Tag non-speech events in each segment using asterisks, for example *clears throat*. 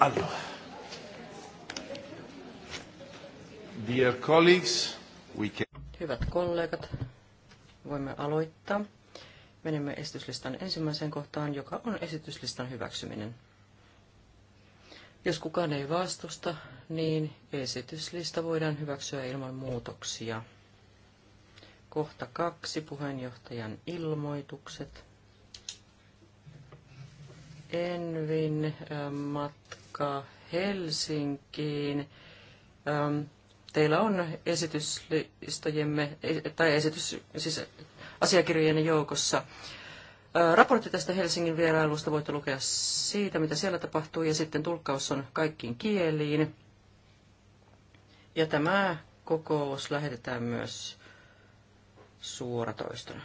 Allora. Dear colleagues, we can... Hyvät kollegat, voimme aloittaa. Menemme esityslistan ensimmäiseen kohtaan, joka on esityslistan hyväksyminen. Jos kukaan ei vastusta, niin esityslista voidaan hyväksyä ilman muutoksia. Kohta kaksi, puheenjohtajan ilmoitukset. Envin äh, matka Helsinkiin. Ähm, teillä on esityslistojemme, e- tai esitys, siis asiakirjojen joukossa. Äh, raportti tästä Helsingin vierailusta voitte lukea siitä, mitä siellä tapahtuu, ja sitten tulkkaus on kaikkiin kieliin. Ja tämä kokous lähetetään myös suoratoistona.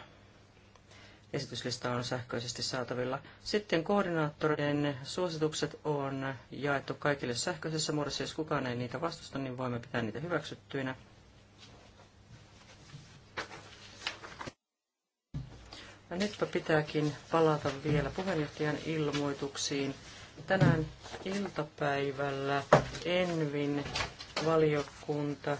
Esityslista on sähköisesti saatavilla. Sitten koordinaattorien suositukset on jaettu kaikille sähköisessä muodossa. Jos kukaan ei niitä vastusta, niin voimme pitää niitä hyväksyttyinä. Ja nytpä pitääkin palata vielä puheenjohtajan ilmoituksiin. Tänään iltapäivällä Envin valiokunta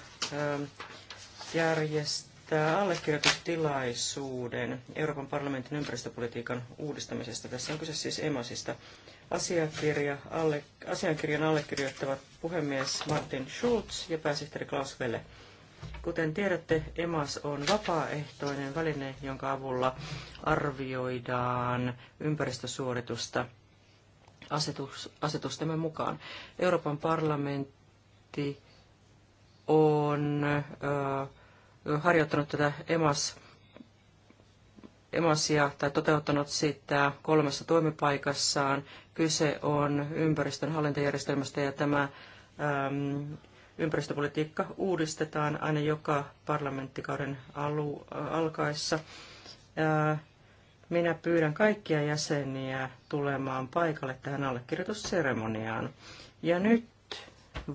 järjestää tämä allekirjoitustilaisuuden Euroopan parlamentin ympäristöpolitiikan uudistamisesta. Tässä on kyse siis EMASista. Asiakirja, alle, asiakirjan allekirjoittavat puhemies Martin Schulz ja pääsihteeri Klaus Welle. Kuten tiedätte, EMAS on vapaaehtoinen väline, jonka avulla arvioidaan ympäristösuoritusta asetus, asetustemme mukaan. Euroopan parlamentti on... Äh, harjoittanut tätä EMAS, EMASia tai toteuttanut sitä kolmessa toimipaikassaan. Kyse on ympäristön hallintajärjestelmästä ja tämä äm, ympäristöpolitiikka uudistetaan aina joka parlamenttikauden alu, alkaessa. Ä, minä pyydän kaikkia jäseniä tulemaan paikalle tähän allekirjoitusseremoniaan. Ja nyt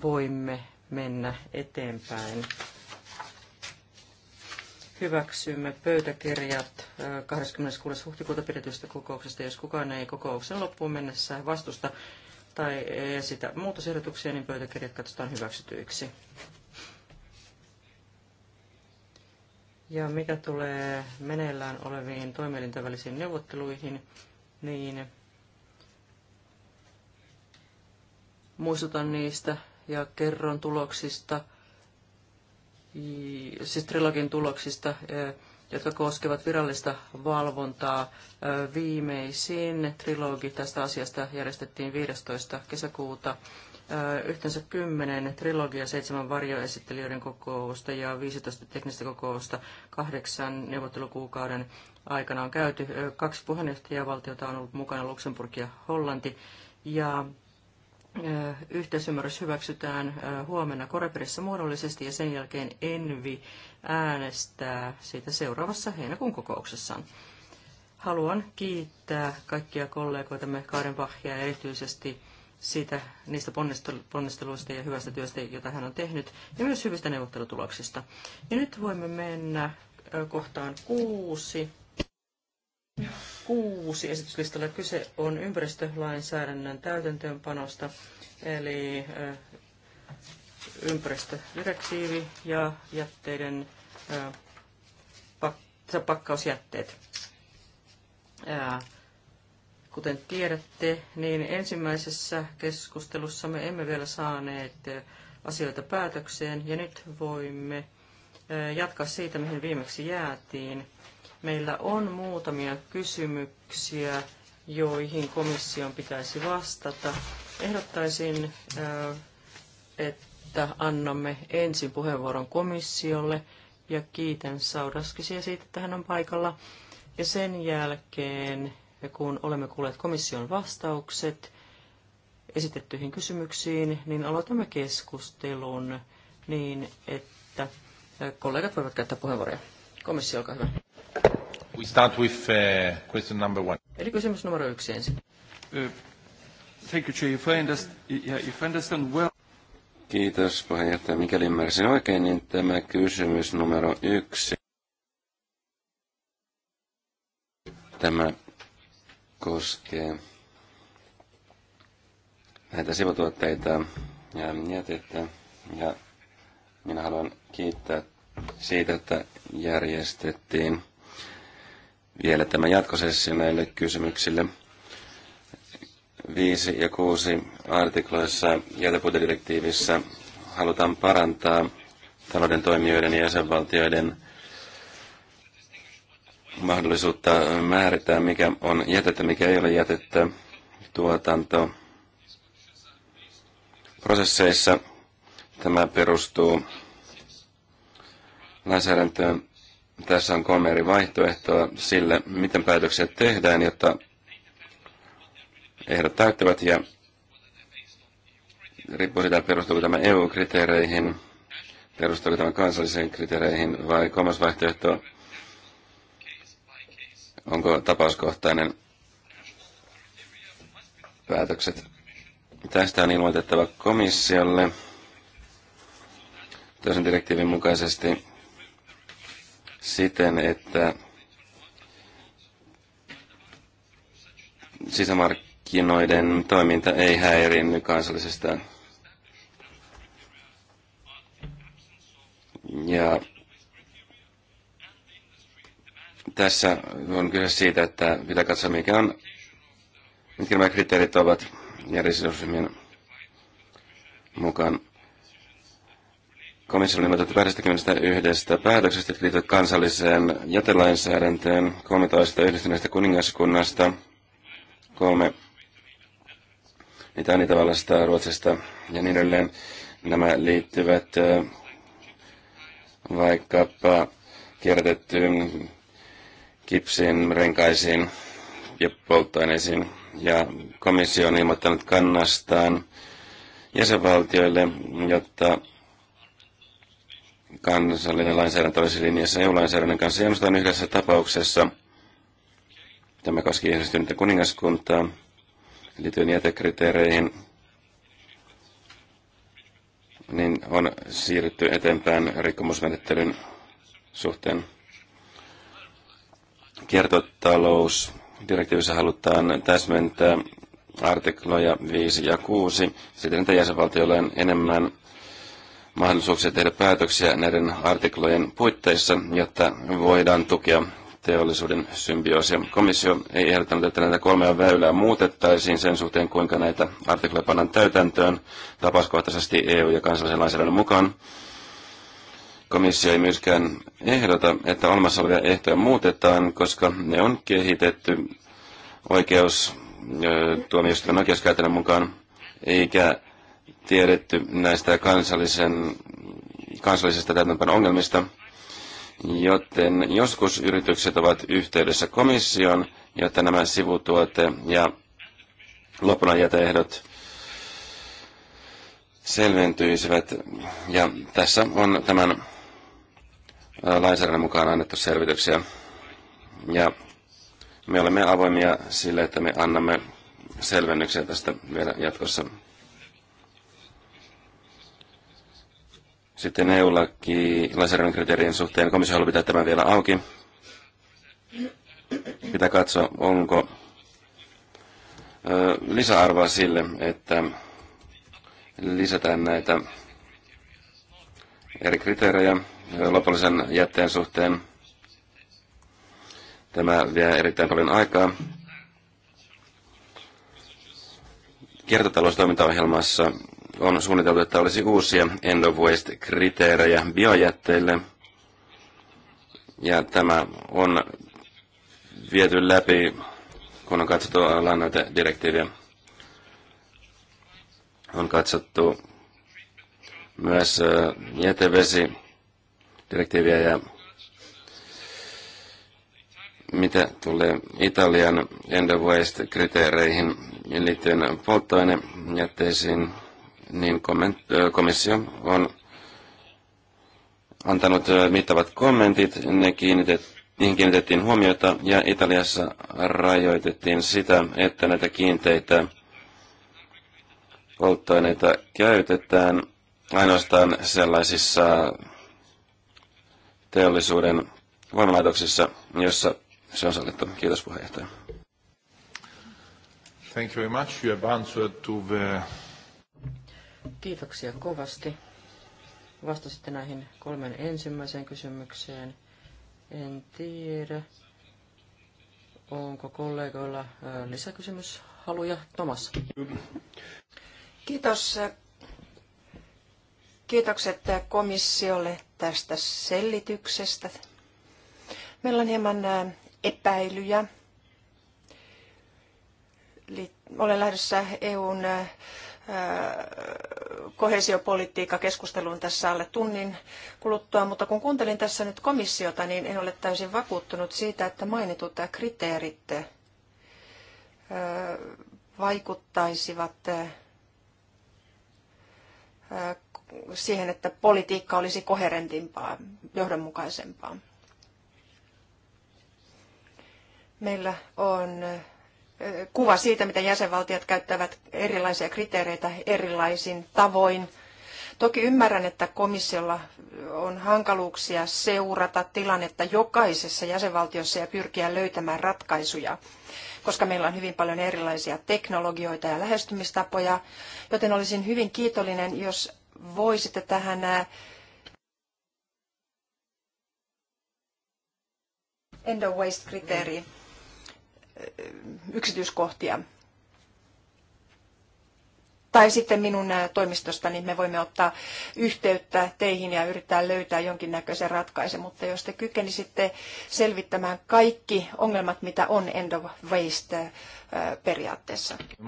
voimme mennä eteenpäin hyväksymme pöytäkirjat 26. huhtikuuta pidetystä kokouksesta. Jos kukaan ei kokouksen loppuun mennessä vastusta tai esitä muutosehdotuksia, niin pöytäkirjat katsotaan hyväksytyiksi. Ja mikä tulee meneillään oleviin toimielintävälisiin neuvotteluihin, niin muistutan niistä ja kerron tuloksista – siis trilogin tuloksista, jotka koskevat virallista valvontaa. Viimeisin trilogi tästä asiasta järjestettiin 15. kesäkuuta. Yhteensä 10 trilogia, 7 varjoesittelijöiden kokousta ja 15 teknistä kokousta kahdeksan neuvottelukuukauden aikana on käyty. Kaksi puheenjohtajavaltiota on ollut mukana, Luxemburg ja Hollanti. Ja Yhteisymmärrys hyväksytään huomenna Koreperissä muodollisesti ja sen jälkeen Envi äänestää siitä seuraavassa heinäkuun kokouksessaan. Haluan kiittää kaikkia kollegoitamme Kaarenbachia erityisesti siitä, niistä ponnisteluista ja hyvästä työstä, jota hän on tehnyt, ja myös hyvistä neuvottelutuloksista. Ja nyt voimme mennä kohtaan kuusi kuusi esityslistalla kyse on ympäristölainsäädännön täytäntöönpanosta, eli ympäristödirektiivi ja jätteiden pakkausjätteet. Kuten tiedätte, niin ensimmäisessä keskustelussa me emme vielä saaneet asioita päätökseen ja nyt voimme jatkaa siitä, mihin viimeksi jäätiin. Meillä on muutamia kysymyksiä, joihin komission pitäisi vastata. Ehdottaisin, äh, että annamme ensin puheenvuoron komissiolle ja kiitän Saudaskisia siitä, että hän on paikalla. Ja sen jälkeen, kun olemme kuulleet komission vastaukset esitettyihin kysymyksiin, niin aloitamme keskustelun niin, että kollegat voivat käyttää puheenvuoroja. Komissio, olkaa hyvä. We start with uh, question number one. Eli kysymys numero yksi ensin. Uh, thank you, Chair. If I yeah, if I understand well... Kiitos puheenjohtaja. Mikäli ymmärsin oikein, niin tämä kysymys numero yksi. Tämä koskee näitä sivutuotteita ja jätettä. Ja minä haluan kiittää siitä, että järjestettiin vielä tämä jatkosessio näille kysymyksille. 5 ja 6 artikloissa jätepuitedirektiivissä halutaan parantaa talouden toimijoiden ja jäsenvaltioiden mahdollisuutta määrittää, mikä on jätettä, mikä ei ole jätettä tuotanto prosesseissa. Tämä perustuu lainsäädäntöön tässä on kolme eri vaihtoehtoa sille, miten päätökset tehdään, jotta ehdot täyttävät ja riippuu siitä, perustuuko tämä EU-kriteereihin, perustuuko tämä kansallisiin kriteereihin vai kolmas vaihtoehto, onko tapauskohtainen päätökset. Tästä on ilmoitettava komissiolle toisen direktiivin mukaisesti siten, että sisämarkkinoiden toiminta ei häirinny kansallisesta ja tässä on kyse siitä, että pitää katsoa, mikä on, mitkä nämä kriteerit ovat järjestelmien mukaan. Komissio oli 21 päätöksestä, jotka liittyvät kansalliseen jätelainsäädäntöön, 13 yhdistyneestä kuningaskunnasta, kolme niitä Anitavallasta, Ruotsista ja niin edelleen. Nämä liittyvät vaikkapa kierrätettyyn kipsiin, renkaisiin ja polttoaineisiin. Ja komissio on ilmoittanut kannastaan jäsenvaltioille, jotta kansallinen lainsäädäntö olisi linjassa EU-lainsäädännön kanssa ja yhdessä tapauksessa. Tämä koski yhdistynyttä kuningaskuntaa liittyen jätekriteereihin, niin on siirrytty eteenpäin rikkomusmenettelyn suhteen. Kiertotalous direktiivissä halutaan täsmentää artikloja 5 ja 6 siten, että jäsenvaltioilla on enemmän mahdollisuuksia tehdä päätöksiä näiden artiklojen puitteissa, jotta voidaan tukea teollisuuden symbioosia. Komissio ei ehdottanut, että näitä kolmea väylää muutettaisiin sen suhteen, kuinka näitä artikloja pannaan täytäntöön tapauskohtaisesti EU- ja kansallisen lainsäädännön mukaan. Komissio ei myöskään ehdota, että olemassa olevia ehtoja muutetaan, koska ne on kehitetty oikeus tuomioistuimen oikeuskäytännön mukaan, eikä tiedetty näistä kansallisen, kansallisesta täytäntöön ongelmista, joten joskus yritykset ovat yhteydessä komission, jotta nämä sivutuote ja lopun jäteehdot selventyisivät. Ja tässä on tämän lainsäädännön mukaan annettu selvityksiä. Ja me olemme avoimia sille, että me annamme selvennyksiä tästä vielä jatkossa Sitten EU-laki lainsäädännön kriteerien suhteen komissio haluaa pitää tämän vielä auki. Pitää katsoa, onko lisäarvoa sille, että lisätään näitä eri kriteerejä lopullisen jätteen suhteen. Tämä vie erittäin paljon aikaa. Kiertotaloustoimintaohjelmassa on suunniteltu, että olisi uusia end of waste-kriteerejä biojätteille. Ja tämä on viety läpi, kun on katsottu lannoitedirektiiviä. On katsottu myös direktiiviä ja mitä tulee Italian end of waste-kriteereihin liittyen polttoainejätteisiin, niin äh, komissio on antanut äh, mittavat kommentit, ne kiinnitettiin Niihin kiinnitettiin huomiota ja Italiassa rajoitettiin sitä, että näitä kiinteitä polttoaineita käytetään ainoastaan sellaisissa teollisuuden voimalaitoksissa, jossa se on sallittu. Kiitos puheenjohtaja. Thank you very much. You have answered to the Kiitoksia kovasti. Vastasitte näihin kolmen ensimmäiseen kysymykseen. En tiedä, onko kollegoilla lisäkysymyshaluja. Tomas. Kiitos. Kiitokset komissiolle tästä selityksestä. Meillä on hieman epäilyjä. Olen lähdössä EUn kohesiopolitiikkakeskusteluun tässä alle tunnin kuluttua, mutta kun kuuntelin tässä nyt komissiota, niin en ole täysin vakuuttunut siitä, että mainitut kriteerit vaikuttaisivat siihen, että politiikka olisi koherentimpaa, johdonmukaisempaa. Meillä on kuva siitä, miten jäsenvaltiot käyttävät erilaisia kriteereitä erilaisin tavoin. Toki ymmärrän, että komissiolla on hankaluuksia seurata tilannetta jokaisessa jäsenvaltiossa ja pyrkiä löytämään ratkaisuja, koska meillä on hyvin paljon erilaisia teknologioita ja lähestymistapoja, joten olisin hyvin kiitollinen, jos voisitte tähän end of waste kriteeriin yksityiskohtia. Tai sitten minun niin me voimme ottaa yhteyttä teihin ja yrittää löytää jonkinnäköisen ratkaisun. Mutta jos te kykenisitte selvittämään kaikki ongelmat, mitä on end of waste periaatteessa. Uh,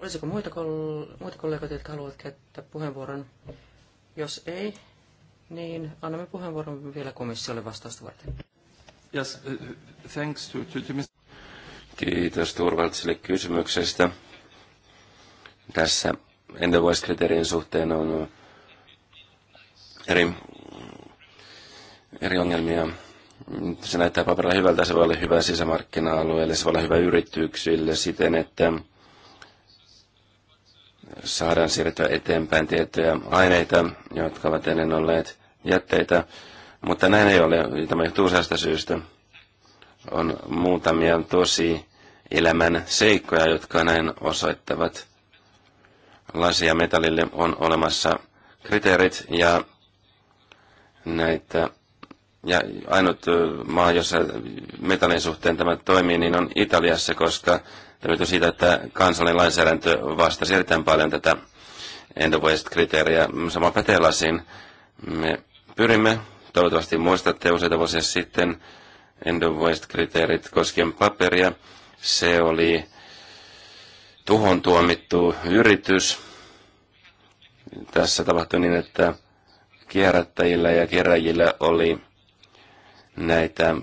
Olisiko muita, kol- muita kollegoita, jotka haluavat käyttää puheenvuoron? Jos ei, niin annamme puheenvuoron vielä komissiolle vastausta varten. Yes, uh, thanks to, to, to Kiitos Turvaltsille kysymyksestä. Tässä End the suhteen on uh, eri, eri ongelmia. Se näyttää paperilla hyvältä, se voi olla hyvä sisämarkkina-alueelle, se voi olla hyvä yrityksille siten, että saadaan siirtyä eteenpäin tiettyjä aineita, jotka ovat ennen olleet jätteitä. Mutta näin ei ole, tämä johtuu useasta syystä. On muutamia tosi elämän seikkoja, jotka näin osoittavat. lasia metallille on olemassa kriteerit ja näitä ja ainut maa, jossa metallin suhteen tämä toimii, niin on Italiassa, koska tämä siitä, että kansallinen lainsäädäntö vastasi erittäin paljon tätä end of kriteeriä Sama pätee lasiin. Me pyrimme Toivottavasti muistatte useita vuosia sitten End of Waste-kriteerit koskien paperia. Se oli tuhon tuomittu yritys. Tässä tapahtui niin, että kierrättäjillä ja keräjillä oli näitä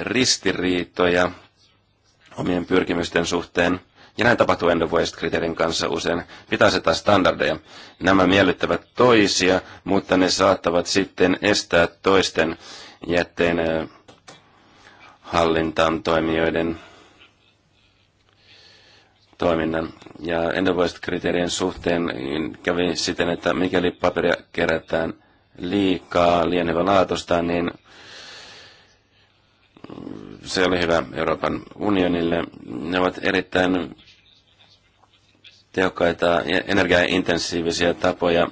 ristiriitoja omien pyrkimysten suhteen – ja näin tapahtuu end of waste-kriteerin kanssa usein. Pitää asettaa standardeja. Nämä miellyttävät toisia, mutta ne saattavat sitten estää toisten jätteen hallintaan toimijoiden toiminnan. Ja end of waste-kriteerien suhteen niin kävi siten, että mikäli paperia kerätään liikaa, liian hyvä laatusta, niin se oli hyvä Euroopan unionille. Ne ovat erittäin tehokkaita ja energiaintensiivisiä tapoja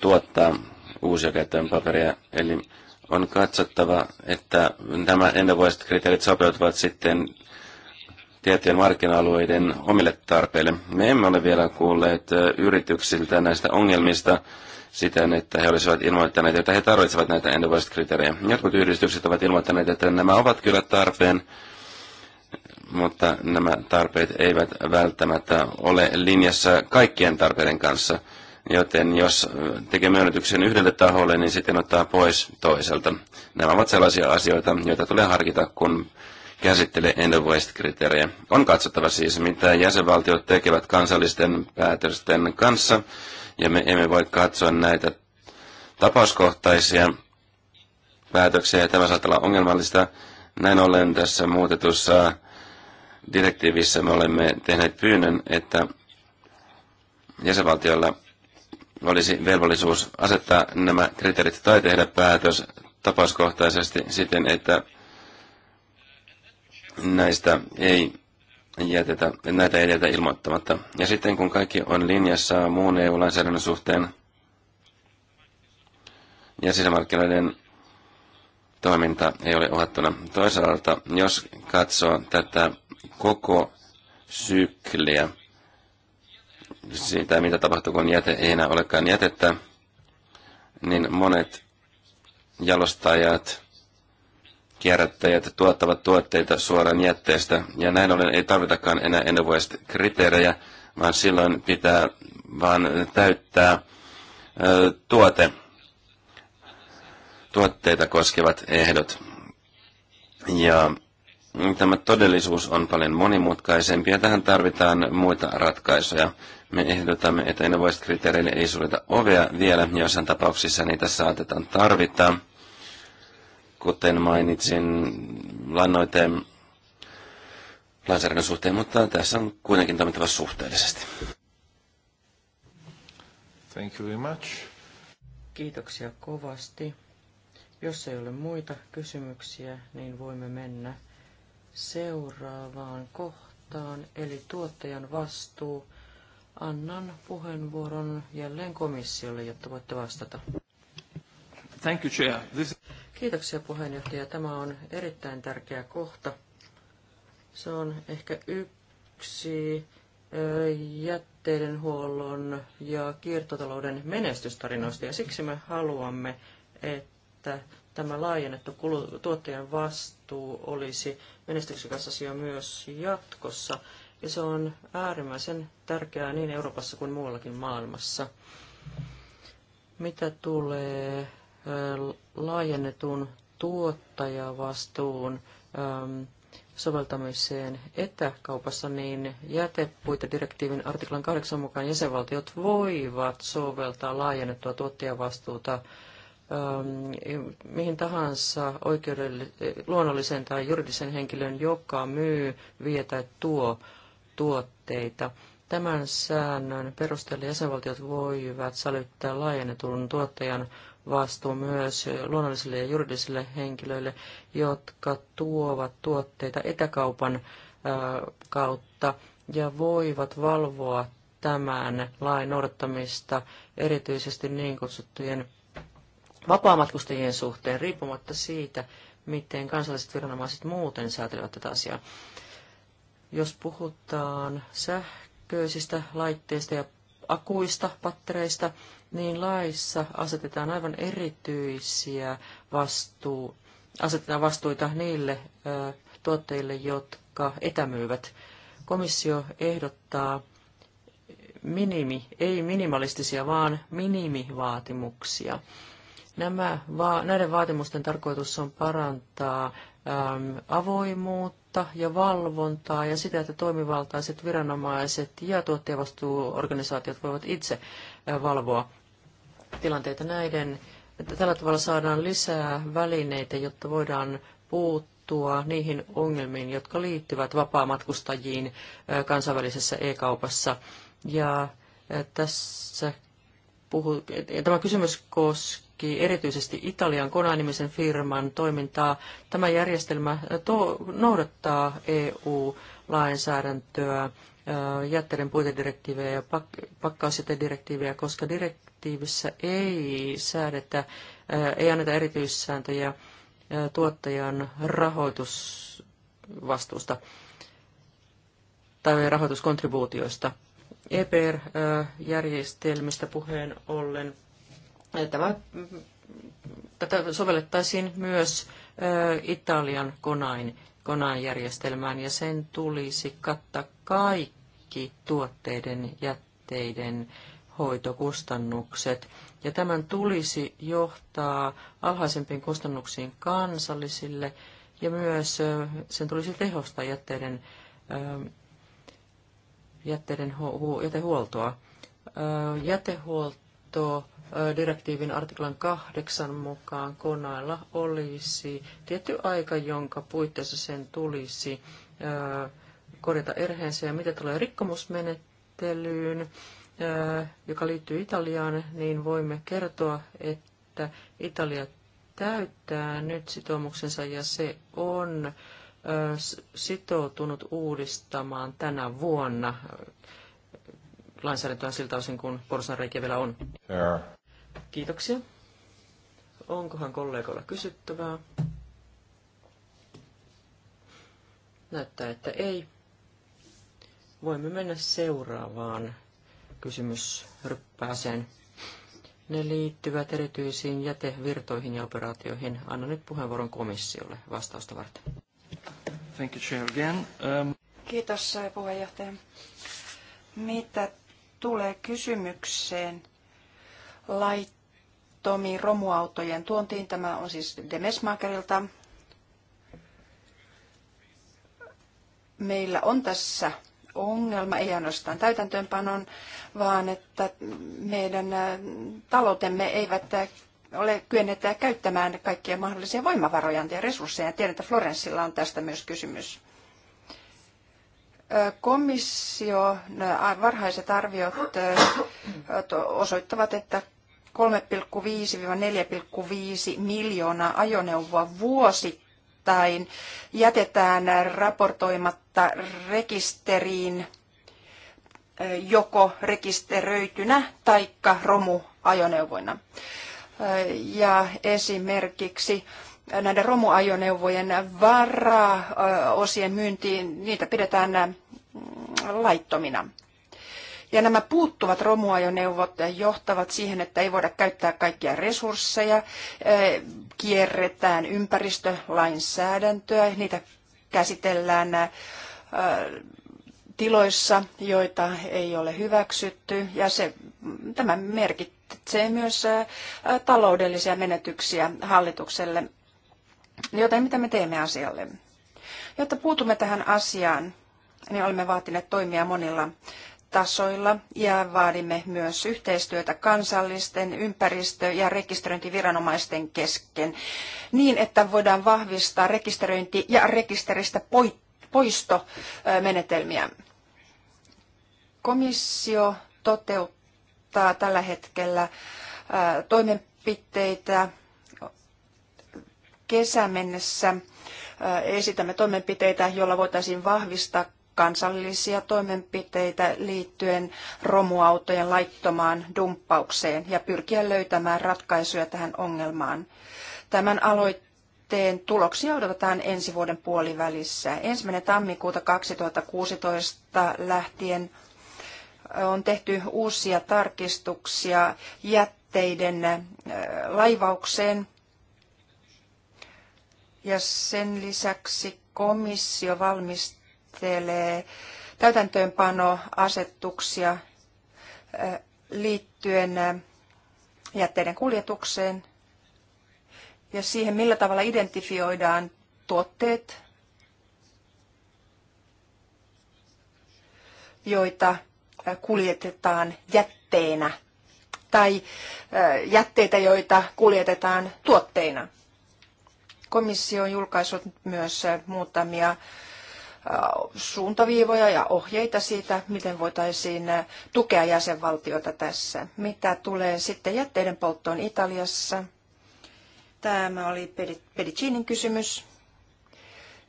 tuottaa uusia käyttöön paperia. Eli on katsottava, että nämä ennenvuoiset kriteerit sopeutuvat sitten tiettyjen markkina-alueiden omille tarpeille. Me emme ole vielä kuulleet yrityksiltä näistä ongelmista siten, että he olisivat ilmoittaneet, että he tarvitsevat näitä ennenvuoiset kriteerejä. Jotkut yhdistykset ovat ilmoittaneet, että nämä ovat kyllä tarpeen, mutta nämä tarpeet eivät välttämättä ole linjassa kaikkien tarpeiden kanssa. Joten jos tekee myönnytyksen yhdelle taholle, niin sitten ottaa pois toiselta. Nämä ovat sellaisia asioita, joita tulee harkita, kun käsittelee end of waste-kriteerejä. On katsottava siis, mitä jäsenvaltiot tekevät kansallisten päätösten kanssa, ja me emme voi katsoa näitä tapauskohtaisia päätöksiä, ja tämä saattaa olla ongelmallista. Näin ollen tässä muutetussa direktiivissä me olemme tehneet pyynnön, että jäsenvaltiolla olisi velvollisuus asettaa nämä kriteerit tai tehdä päätös tapauskohtaisesti siten, että näistä ei jätetä, näitä ei jätetä ilmoittamatta. Ja sitten kun kaikki on linjassa muun EU-lainsäädännön suhteen ja sisämarkkinoiden toiminta ei ole uhattuna. Toisaalta, jos katsoo tätä koko sykliä. Siitä, mitä tapahtuu, kun jäte ei enää olekaan jätettä, niin monet jalostajat, kierrättäjät tuottavat tuotteita suoraan jätteestä, ja näin ollen ei tarvitakaan enää ennakoista kriteerejä, vaan silloin pitää vaan täyttää ö, tuote, tuotteita koskevat ehdot. Ja Tämä todellisuus on paljon monimutkaisempi ja tähän tarvitaan muita ratkaisuja. Me ehdotamme, että innovoiset ei suljeta ovea vielä, joissain tapauksissa niitä saatetaan tarvita. Kuten mainitsin lannoiteen lainsäädännön suhteen, mutta tässä on kuitenkin toimittava suhteellisesti. Thank you very much. Kiitoksia kovasti. Jos ei ole muita kysymyksiä, niin voimme mennä seuraavaan kohtaan, eli tuottajan vastuu. Annan puheenvuoron jälleen komissiolle, jotta voitte vastata. Thank you, Chair. This... Kiitoksia puheenjohtaja. Tämä on erittäin tärkeä kohta. Se on ehkä yksi jätteiden huollon ja kiertotalouden menestystarinoista, ja siksi me haluamme, että tämä laajennettu tuottajan vastuu olisi menestyksekäs asia myös jatkossa, ja se on äärimmäisen tärkeää niin Euroopassa kuin muuallakin maailmassa. Mitä tulee laajennetun tuottajavastuun soveltamiseen etäkaupassa, niin jätepuitedirektiivin artiklan 8 mukaan jäsenvaltiot voivat soveltaa laajennettua tuottajavastuuta Ähm, mihin tahansa luonnollisen tai juridisen henkilön, joka myy, vie tai tuo tuotteita. Tämän säännön perusteella jäsenvaltiot voivat sälyttää laajennetun tuottajan vastuu myös luonnollisille ja juridisille henkilöille, jotka tuovat tuotteita etäkaupan äh, kautta ja voivat valvoa tämän lain noudattamista erityisesti niin kutsuttujen vapaamatkustajien suhteen, riippumatta siitä, miten kansalliset viranomaiset muuten säätelevät tätä asiaa. Jos puhutaan sähköisistä laitteista ja akuista, pattereista, niin laissa asetetaan aivan erityisiä vastuu, asetetaan vastuita niille ö, tuotteille, jotka etämyyvät. Komissio ehdottaa minimi, ei minimalistisia, vaan minimivaatimuksia Nämä, va, näiden vaatimusten tarkoitus on parantaa äm, avoimuutta ja valvontaa ja sitä, että toimivaltaiset viranomaiset ja tuottajavastuuorganisaatiot voivat itse ä, valvoa tilanteita näiden. Että tällä tavalla saadaan lisää välineitä, jotta voidaan puuttua niihin ongelmiin, jotka liittyvät vapaamatkustajiin ä, kansainvälisessä e-kaupassa. Ja ä, tässä puhu, tämä kysymys koskee tutkii erityisesti Italian konanimisen firman toimintaa. Tämä järjestelmä to- noudattaa EU-lainsäädäntöä, jätteiden puitedirektiivejä ja pak- pakkausjätedirektiivejä, koska direktiivissä ei säädetä, ei anneta erityissääntöjä tuottajan rahoitusvastuusta tai rahoituskontribuutioista. EPR-järjestelmistä puheen ollen Tämä, tätä sovellettaisiin myös Italian konain, konain järjestelmään ja sen tulisi kattaa kaikki tuotteiden jätteiden hoitokustannukset. Ja tämän tulisi johtaa alhaisempiin kustannuksiin kansallisille ja myös sen tulisi tehostaa jätteiden, jätteiden jätehuoltoa. Jätehuolto direktiivin artiklan kahdeksan mukaan konailla olisi tietty aika, jonka puitteissa sen tulisi korjata erheensä. Ja mitä tulee rikkomusmenettelyyn, joka liittyy Italiaan, niin voimme kertoa, että Italia täyttää nyt sitoumuksensa ja se on sitoutunut uudistamaan tänä vuonna lainsäädäntöä siltä osin, kun porsanreikiä vielä on. Sure. Kiitoksia. Onkohan kollegoilla kysyttävää? Näyttää, että ei. Voimme mennä seuraavaan kysymysryppääseen. Ne liittyvät erityisiin jätevirtoihin ja operaatioihin. Anna nyt puheenvuoron komissiolle vastausta varten. Thank you, Chair, again. Um... Kiitos puheenjohtaja. Mitä tulee kysymykseen laittomiin romuautojen tuontiin, tämä on siis Demesmakerilta, meillä on tässä ongelma, ei ainoastaan täytäntöönpanon, vaan että meidän äh, taloutemme eivät äh, ole kyenneet äh, käyttämään kaikkia mahdollisia voimavaroja ja resursseja. Tiedän, että Florenssilla on tästä myös kysymys. Komission varhaiset arviot osoittavat, että 3,5-4,5 miljoonaa ajoneuvoa vuosittain jätetään raportoimatta rekisteriin joko rekisteröitynä tai romuajoneuvoina. Ja esimerkiksi näiden romuajoneuvojen varaosien myyntiin, niitä pidetään mm, laittomina. Ja nämä puuttuvat romuajoneuvot johtavat siihen, että ei voida käyttää kaikkia resursseja, e, kierretään ympäristölainsäädäntöä, niitä käsitellään e, tiloissa, joita ei ole hyväksytty, ja se, tämä merkitsee myös e, taloudellisia menetyksiä hallitukselle Joten mitä me teemme asialle? Jotta puutumme tähän asiaan, niin olemme vaatineet toimia monilla tasoilla ja vaadimme myös yhteistyötä kansallisten ympäristö- ja rekisteröintiviranomaisten kesken niin, että voidaan vahvistaa rekisteröinti- ja rekisteristä poistomenetelmiä. Komissio toteuttaa tällä hetkellä toimenpiteitä kesän mennessä esitämme toimenpiteitä, joilla voitaisiin vahvistaa kansallisia toimenpiteitä liittyen romuautojen laittomaan dumppaukseen ja pyrkiä löytämään ratkaisuja tähän ongelmaan. Tämän aloitteen tuloksia odotetaan ensi vuoden puolivälissä. Ensimmäinen tammikuuta 2016 lähtien on tehty uusia tarkistuksia jätteiden laivaukseen ja sen lisäksi komissio valmistelee täytäntöönpanoasetuksia liittyen jätteiden kuljetukseen ja siihen, millä tavalla identifioidaan tuotteet, joita kuljetetaan jätteenä tai jätteitä, joita kuljetetaan tuotteina komissio on julkaissut myös muutamia äh, suuntaviivoja ja ohjeita siitä, miten voitaisiin tukea jäsenvaltioita tässä. Mitä tulee sitten jätteiden polttoon Italiassa? Tämä oli Pedicinin kysymys.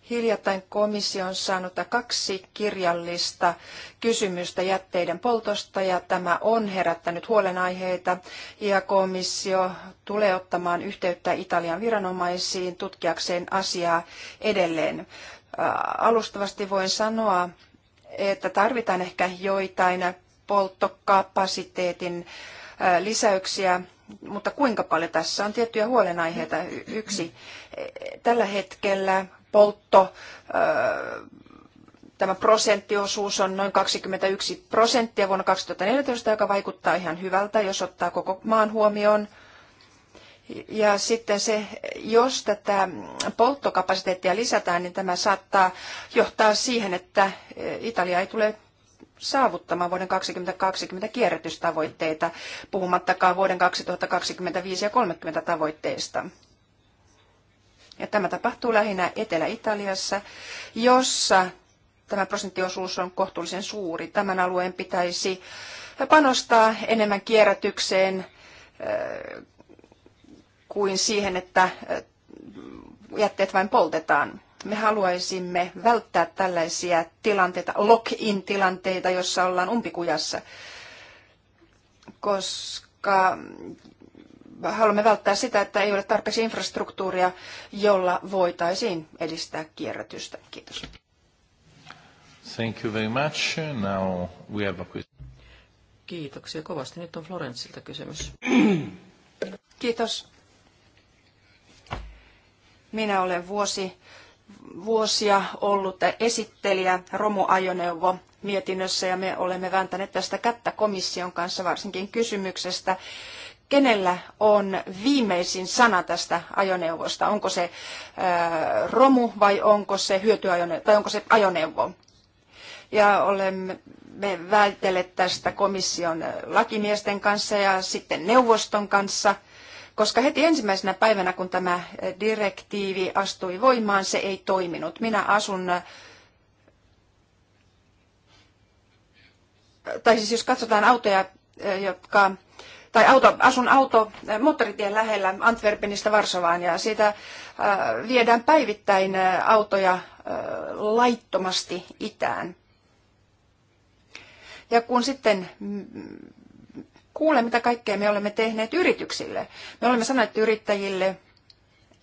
Hiljattain komissio on saanut kaksi kirjallista kysymystä jätteiden poltosta ja tämä on herättänyt huolenaiheita ja komissio tulee ottamaan yhteyttä Italian viranomaisiin tutkiakseen asiaa edelleen. Äh, alustavasti voin sanoa, että tarvitaan ehkä joitain polttokapasiteetin äh, lisäyksiä, mutta kuinka paljon tässä on tiettyjä huolenaiheita. Yksi, e, tällä hetkellä poltto, öö, tämä prosenttiosuus on noin 21 prosenttia vuonna 2014, joka vaikuttaa ihan hyvältä, jos ottaa koko maan huomioon. Ja sitten se, jos tätä polttokapasiteettia lisätään, niin tämä saattaa johtaa siihen, että Italia ei tule saavuttamaan vuoden 2020 kierrätystavoitteita, puhumattakaan vuoden 2025 ja 2030 tavoitteista. Ja tämä tapahtuu lähinnä Etelä-Italiassa, jossa tämä prosenttiosuus on kohtuullisen suuri. Tämän alueen pitäisi panostaa enemmän kierrätykseen kuin siihen, että jätteet vain poltetaan. Me haluaisimme välttää tällaisia tilanteita, lock-in tilanteita, jossa ollaan umpikujassa, koska haluamme välttää sitä, että ei ole tarpeeksi infrastruktuuria, jolla voitaisiin edistää kierrätystä. Kiitos. Thank you very much. Now we have a Kiitoksia kovasti. Nyt on Florensilta kysymys. Kiitos. Minä olen vuosi, vuosia ollut esittelijä romuajoneuvo mietinnössä ja me olemme vääntäneet tästä kättä komission kanssa varsinkin kysymyksestä, kenellä on viimeisin sana tästä ajoneuvosta. Onko se äh, romu vai onko se hyötyajoneuvo tai onko se ajoneuvo? Ja olemme me vältelleet tästä komission äh, lakimiesten kanssa ja sitten neuvoston kanssa, koska heti ensimmäisenä päivänä, kun tämä äh, direktiivi astui voimaan, se ei toiminut. Minä asun tai siis jos katsotaan autoja, jotka tai auto, asun auto eh, moottoritien lähellä Antwerpenista Varsovaan ja siitä eh, viedään päivittäin eh, autoja laittomasti itään. Ja kun sitten kuule, mitä kaikkea me olemme tehneet yrityksille. Me olemme sanoneet yrittäjille,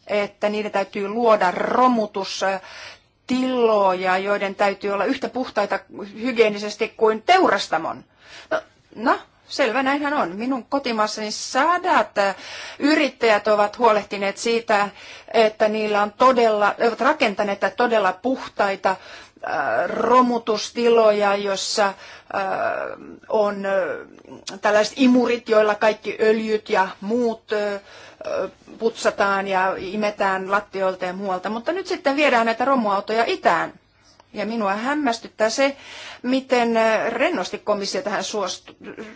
että niiden täytyy luoda romutus tiloja, joiden täytyy olla yhtä puhtaita hygienisesti kuin teurastamon. No, no Selvä, näinhän on. Minun kotimaassani sadat äh, yrittäjät ovat huolehtineet siitä, että niillä on todella, ovat rakentaneet todella puhtaita äh, romutustiloja, jossa äh, on tällaiset imurit, joilla kaikki öljyt ja muut putsataan ja imetään lattioilta ja muualta. Mutta nyt sitten viedään näitä romuautoja itään. Ja minua hämmästyttää se, miten äh, rennosti komissio tähän suost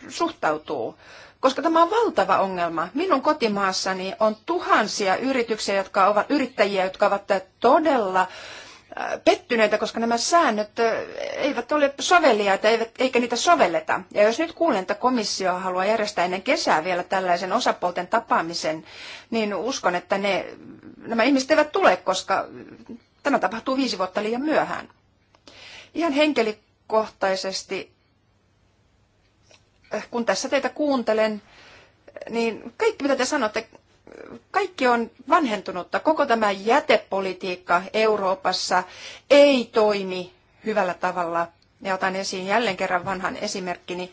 suhtautuu, koska tämä on valtava ongelma. Minun kotimaassani on tuhansia yrityksiä, jotka ovat, yrittäjiä, jotka ovat äh, todella äh, pettyneitä, koska nämä säännöt eivät ole soveliaita eikä niitä sovelleta. Ja jos nyt kuulen, että komissio haluaa järjestää ennen kesää vielä tällaisen osapuolten tapaamisen, niin uskon, että ne, nämä ihmiset eivät tule, koska tämä tapahtuu viisi vuotta liian myöhään. Ihan henkilökohtaisesti, eh, kun tässä teitä kuuntelen, niin kaikki mitä te sanotte, kaikki on vanhentunutta. Koko tämä jätepolitiikka Euroopassa ei toimi hyvällä tavalla. Ja otan esiin jälleen kerran vanhan esimerkkini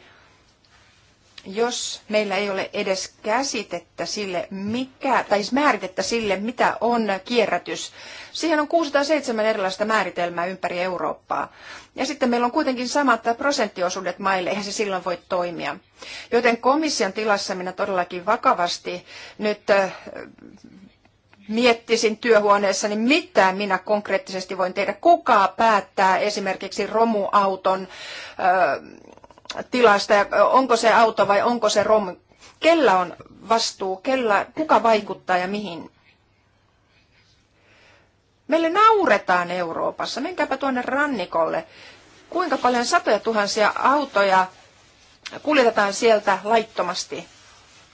jos meillä ei ole edes käsitettä sille, mikä, tai siis määritettä sille, mitä on kierrätys, siihen on 607 erilaista määritelmää ympäri Eurooppaa. Ja sitten meillä on kuitenkin samat prosenttiosuudet maille, eihän se silloin voi toimia. Joten komission tilassa minä todellakin vakavasti nyt äh, miettisin työhuoneessani, niin mitä minä konkreettisesti voin tehdä. Kuka päättää esimerkiksi romuauton äh, tilasta ja onko se auto vai onko se romu. Kellä on vastuu, kellä, kuka vaikuttaa ja mihin? Meille nauretaan Euroopassa. Menkääpä tuonne rannikolle. Kuinka paljon satoja tuhansia autoja kuljetetaan sieltä laittomasti?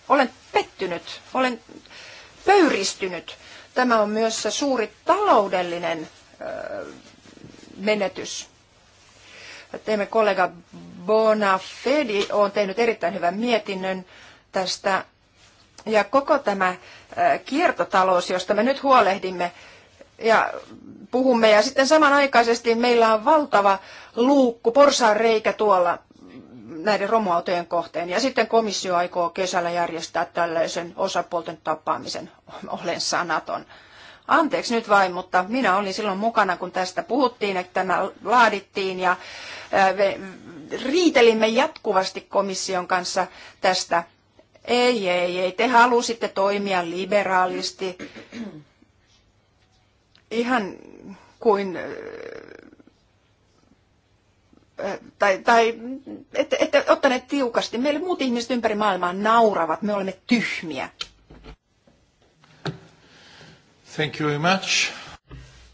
Olen pettynyt, olen pöyristynyt. Tämä on myös suuri taloudellinen menetys. Teemme kollega Bonafedi on tehnyt erittäin hyvän mietinnön tästä. Ja koko tämä äh, kiertotalous, josta me nyt huolehdimme ja puhumme, ja sitten samanaikaisesti meillä on valtava luukku, porsaan reikä tuolla näiden romuautojen kohteen. Ja sitten komissio aikoo kesällä järjestää tällaisen osapuolten tapaamisen. Olen sanaton. Anteeksi nyt vain, mutta minä olin silloin mukana, kun tästä puhuttiin, että tämä laadittiin ja äh, riitelimme jatkuvasti komission kanssa tästä. Ei, ei, ei, te halusitte toimia liberaalisti. Ihan kuin äh, äh, tai, tai ette, ette ottaneet tiukasti. Meille muut ihmiset ympäri maailmaa nauravat, me olemme tyhmiä. Thank you very much.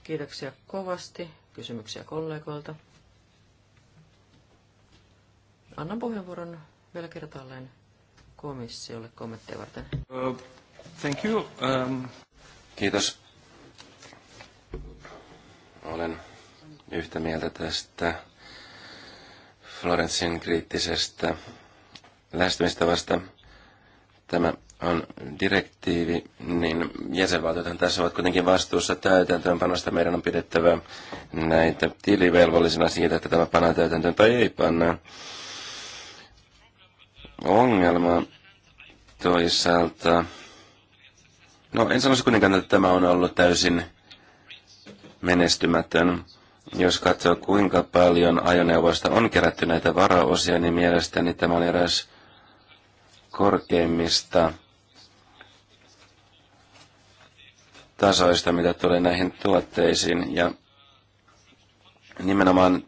Kiitoksia kovasti. Kysymyksiä kollegoilta. Annan puheenvuoron vielä kertaalleen komissiolle kommentteja varten. Uh, thank you. Um... Kiitos. Olen yhtä mieltä tästä Florensin kriittisestä lähestymistavasta. Tämä on direktiivi, niin jäsenvaltiothan tässä ovat kuitenkin vastuussa täytäntöönpanosta. Meidän on pidettävä näitä tilivelvollisena siitä, että tämä pannaan täytäntöön tai ei panna ongelma toisaalta... No en sanoisi kuitenkaan, että tämä on ollut täysin menestymätön. Jos katsoo, kuinka paljon ajoneuvoista on kerätty näitä varaosia, niin mielestäni tämä on eräs korkeimmista tasoista, mitä tulee näihin tuotteisiin. Ja nimenomaan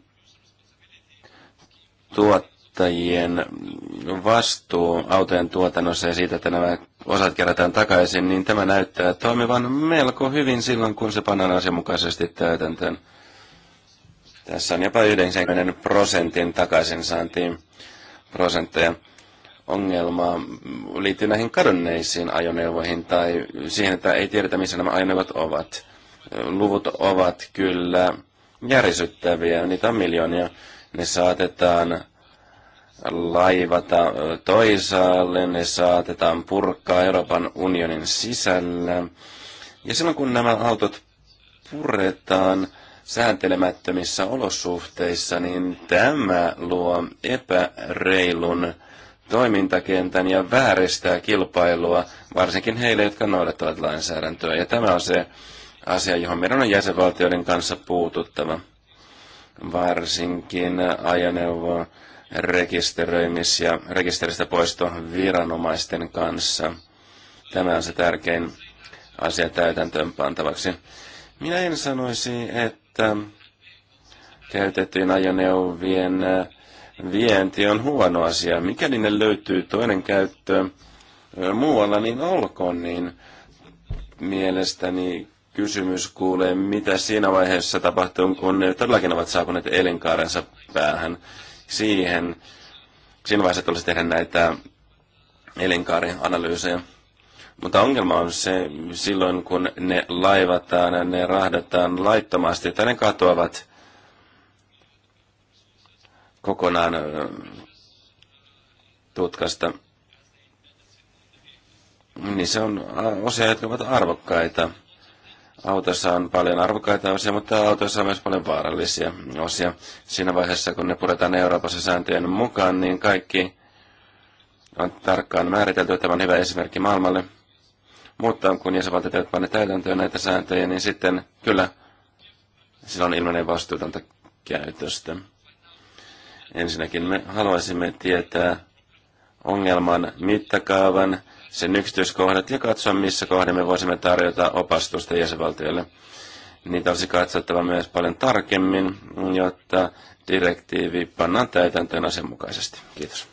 tuot tuottajien vastuu autojen tuotannossa ja siitä, että nämä osat kerätään takaisin, niin tämä näyttää toimivan melko hyvin silloin, kun se pannaan asianmukaisesti täytäntöön. Tässä on jopa 90 prosentin takaisin saantiin prosentteja. Ongelma liittyy näihin kadonneisiin ajoneuvoihin tai siihen, että ei tiedetä, missä nämä ajoneuvot ovat. Luvut ovat kyllä järisyttäviä, niitä on miljoonia. Ne saatetaan laivata toisaalle, ne saatetaan purkaa Euroopan unionin sisällä. Ja silloin kun nämä autot puretaan sääntelemättömissä olosuhteissa, niin tämä luo epäreilun toimintakentän ja vääristää kilpailua, varsinkin heille, jotka noudattavat lainsäädäntöä. Ja tämä on se asia, johon meidän on jäsenvaltioiden kanssa puututtava. Varsinkin ajoneuvoa rekisteröimis- ja rekisteristä poisto viranomaisten kanssa. Tämä on se tärkein asia täytäntöön pantavaksi. Minä en sanoisi, että käytettyjen ajoneuvien äh, vienti on huono asia. Mikäli ne löytyy toinen käyttö äh, muualla, niin olkoon, niin mielestäni kysymys kuulee, mitä siinä vaiheessa tapahtuu, kun ne todellakin ovat saapuneet elinkaarensa päähän siihen, siinä vaiheessa tulisi tehdä näitä elinkaarianalyysejä. Mutta ongelma on se silloin, kun ne laivataan, ne rahdataan laittomasti, että ne katoavat kokonaan tutkasta. Niin se on osia, jotka ovat arvokkaita. Autossa on paljon arvokkaita osia, mutta autoissa on myös paljon vaarallisia osia. Siinä vaiheessa, kun ne puretaan Euroopassa sääntöjen mukaan, niin kaikki on tarkkaan määritelty. Tämä on hyvä esimerkki maailmalle. Mutta kun jäsenvaltiot eivät pane täytäntöön näitä sääntöjä, niin sitten kyllä sillä on ilmenee vastuutonta käytöstä. Ensinnäkin me haluaisimme tietää ongelman mittakaavan, sen yksityiskohdat ja katsoa, missä kohde me voisimme tarjota opastusta jäsenvaltioille. Niitä olisi katsottava myös paljon tarkemmin, jotta direktiivi pannaan täytäntöön asianmukaisesti. Kiitos.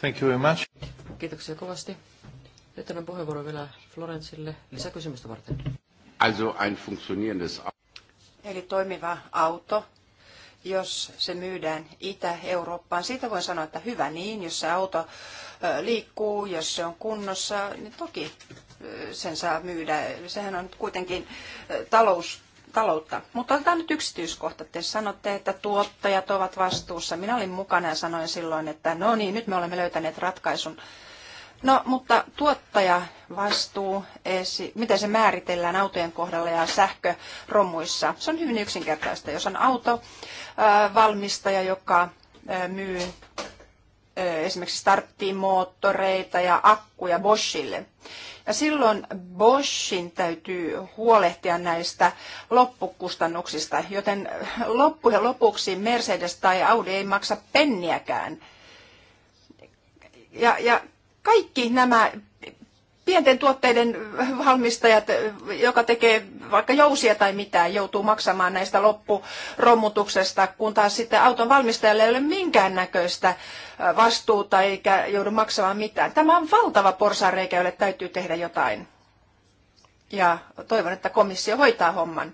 Thank you very much. Kiitoksia kovasti. Nyt annan puheenvuoro vielä Florensille lisäkysymystä varten. Also ein funktionierendes Eli toimiva auto, jos se myydään Itä-Eurooppaan. Siitä voi sanoa, että hyvä niin, jos se auto liikkuu, jos se on kunnossa, niin toki sen saa myydä. Sehän on kuitenkin talous, taloutta. Mutta otetaan nyt yksityiskohta. Te sanotte, että tuottajat ovat vastuussa. Minä olin mukana ja sanoin silloin, että no niin, nyt me olemme löytäneet ratkaisun. No, mutta tuottaja vastuu, miten se määritellään autojen kohdalla ja sähkörommuissa? Se on hyvin yksinkertaista. Jos on auto valmistaja, joka myy esimerkiksi starttimoottoreita ja akkuja Boschille. Ja silloin Boschin täytyy huolehtia näistä loppukustannuksista, joten loppujen lopuksi Mercedes tai Audi ei maksa penniäkään. Ja, ja kaikki nämä pienten tuotteiden valmistajat, joka tekee vaikka jousia tai mitään, joutuu maksamaan näistä loppuromutuksesta, kun taas sitten auton valmistajalle ei ole minkäännäköistä vastuuta eikä joudu maksamaan mitään. Tämä on valtava porsareikä, jolle täytyy tehdä jotain. Ja toivon, että komissio hoitaa homman.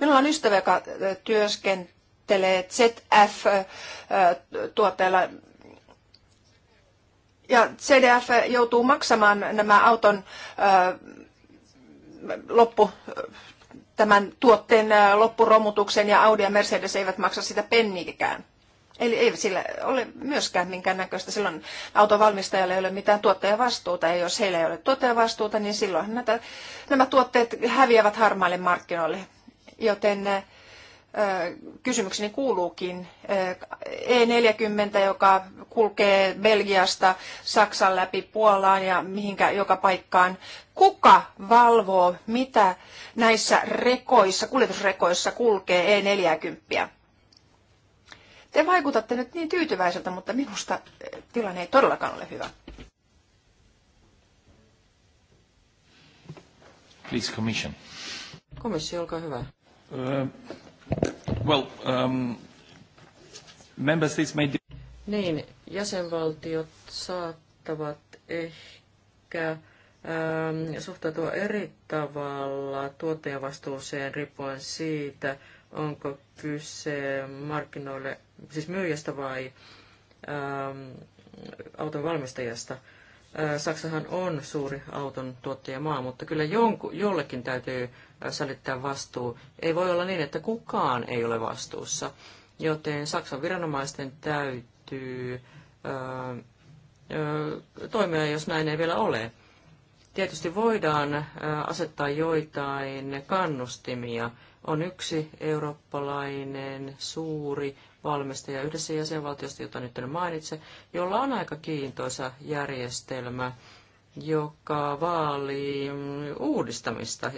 Minulla on ystävä, joka työskentelee ZF-tuotteella ja CDF joutuu maksamaan nämä auton äh, loppu, tämän tuotteen loppuromutuksen ja Audi ja Mercedes eivät maksa sitä penniikään. Eli ei sillä ole myöskään minkäännäköistä. Silloin autovalmistajalla ei ole mitään tuottajavastuuta. Ja jos heillä ei ole tuottajavastuuta, niin silloin näitä, nämä tuotteet häviävät harmaille markkinoille. Joten kysymykseni kuuluukin. Eh, E40, joka kulkee Belgiasta Saksan läpi Puolaan ja mihinkä joka paikkaan. Kuka valvoo, mitä näissä rekoissa, kuljetusrekoissa kulkee E40? Te vaikutatte nyt niin tyytyväiseltä, mutta minusta eh, tilanne ei todellakaan ole hyvä. Please, commission. Komissio, olkaa hyvä. Uh... Well, um, member states may... Niin, jäsenvaltiot saattavat ehkä ähm, suhtautua eri tavalla tuottajavastuuseen riippuen siitä, onko kyse markkinoille, siis myyjästä vai ähm, auton valmistajasta. Äh, Saksahan on suuri auton tuottajamaa, mutta kyllä jonku, jollekin täytyy sälyttää vastuu. Ei voi olla niin, että kukaan ei ole vastuussa, joten Saksan viranomaisten täytyy ö, ö, toimia, jos näin ei vielä ole. Tietysti voidaan ö, asettaa joitain kannustimia. On yksi eurooppalainen suuri valmistaja yhdessä jäsenvaltiosta, jota nyt en mainitse, jolla on aika kiintoisa järjestelmä – joka vaalii uudistamista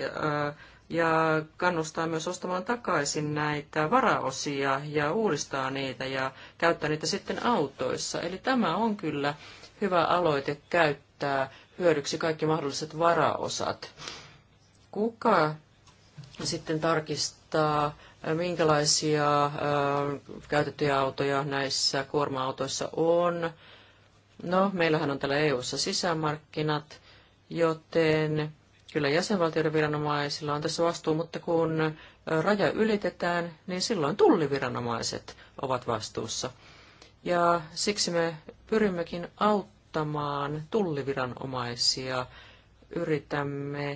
ja kannustaa myös ostamaan takaisin näitä varaosia ja uudistaa niitä ja käyttää niitä sitten autoissa. Eli tämä on kyllä hyvä aloite käyttää hyödyksi kaikki mahdolliset varaosat. Kuka sitten tarkistaa, minkälaisia käytettyjä autoja näissä kuorma-autoissa on? No, meillähän on täällä EU-ssa sisämarkkinat, joten kyllä jäsenvaltioiden viranomaisilla on tässä vastuu, mutta kun raja ylitetään, niin silloin tulliviranomaiset ovat vastuussa. Ja siksi me pyrimmekin auttamaan tulliviranomaisia, yritämme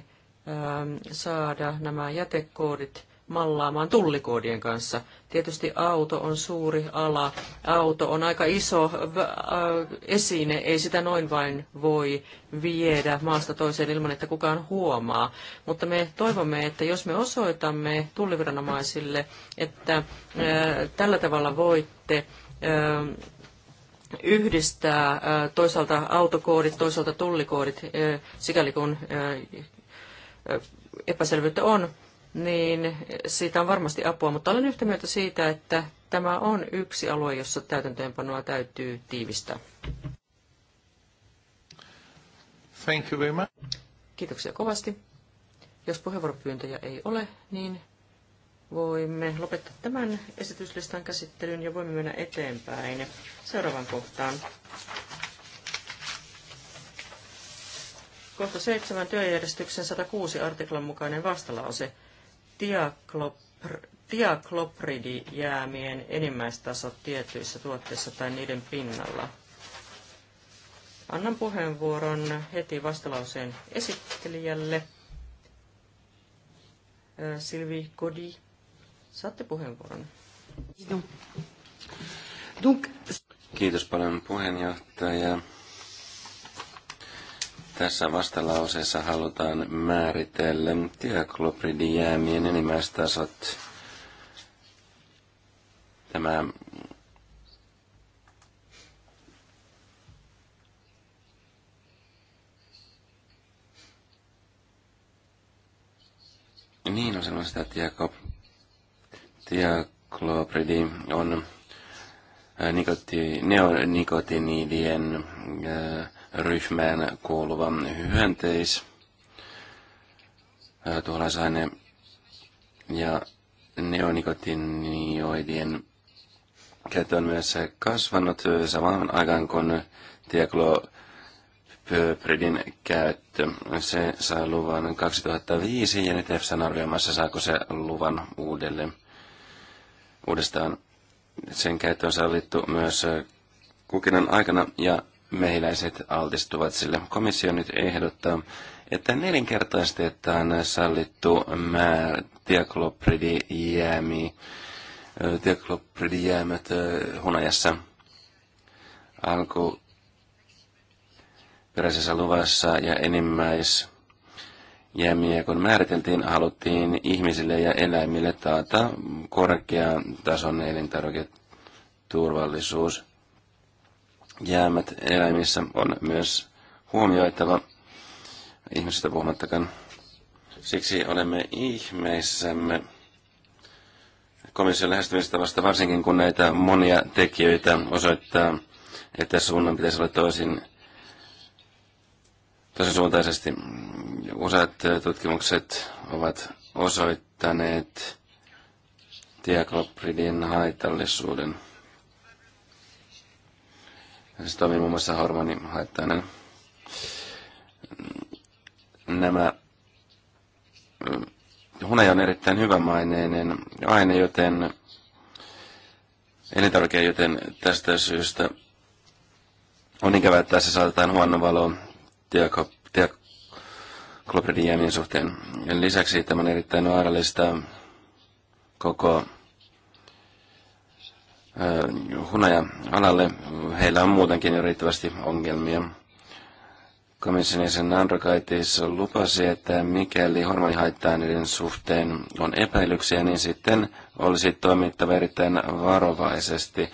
ähm, saada nämä jätekoodit mallaamaan tullikoodien kanssa. Tietysti auto on suuri ala, auto on aika iso äh, esine, ei sitä noin vain voi viedä maasta toiseen ilman, että kukaan huomaa. Mutta me toivomme, että jos me osoitamme tulliviranomaisille, että äh, tällä tavalla voitte äh, yhdistää toisaalta autokoodit, toisaalta tullikoodit, sikäli kun epäselvyyttä on, niin siitä on varmasti apua, mutta olen yhtä mieltä siitä, että tämä on yksi alue, jossa täytäntöönpanoa täytyy tiivistää. Thank you very much. Kiitoksia kovasti. Jos puheenvuoropyyntöjä ei ole, niin voimme lopettaa tämän esityslistan käsittelyn ja voimme mennä eteenpäin seuraavaan kohtaan. Kohta 7 työjärjestyksen 106 artiklan mukainen vastalause diaklopridijäämien enimmäistasot tietyissä tuotteissa tai niiden pinnalla. Annan puheenvuoron heti vastalauseen esittelijälle. Silvi Kodi, saatte puheenvuoron. Kiitos paljon puheenjohtaja. Tässä vastalauseessa halutaan määritellä tiaklopridijäämien enimmäistasot. Tämä Niin no on sellaista, että Tiaklopridi on nikoti, neonikotinidien ryhmään kuuluva hyönteis, tuholasaine ja neonikotinioidien käyttö on myös kasvanut samaan aikaan kuin diaklopyöpridin käyttö. Se sai luvan 2005 ja nyt EFSA on arvioimassa, saako se luvan uudelleen. Uudestaan sen käyttö on sallittu myös kukinnan aikana ja mehiläiset altistuvat sille. Komissio nyt ehdottaa, että nelinkertaistetaan sallittu määrä diaklopridijäämiä, diaklopridijäämät hunajassa alku peräisessä luvassa ja enimmäis jämiä, kun määriteltiin, haluttiin ihmisille ja eläimille taata korkean tason elintarviketurvallisuus jäämät eläimissä on myös huomioitava ihmisistä puhumattakaan. Siksi olemme ihmeissämme komission vasta varsinkin kun näitä monia tekijöitä osoittaa, että suunnan pitäisi olla toisin toisen suuntaisesti. Useat tutkimukset ovat osoittaneet diaklopridin haitallisuuden. Se siis toimii muun muassa hormonihaittainen. Nämä mm, hunaja on erittäin hyvämaineinen aine, joten elintarvike, joten tästä syystä on ikävä, että tässä saatetaan huono valo diaklopridin suhteen. Ja lisäksi tämä on erittäin vaarallista koko Äh, hunaja-alalle. Heillä on muutenkin jo riittävästi ongelmia. Komission jäsen Androkaitis lupasi, että mikäli niiden suhteen on epäilyksiä, niin sitten olisi toimittava erittäin varovaisesti.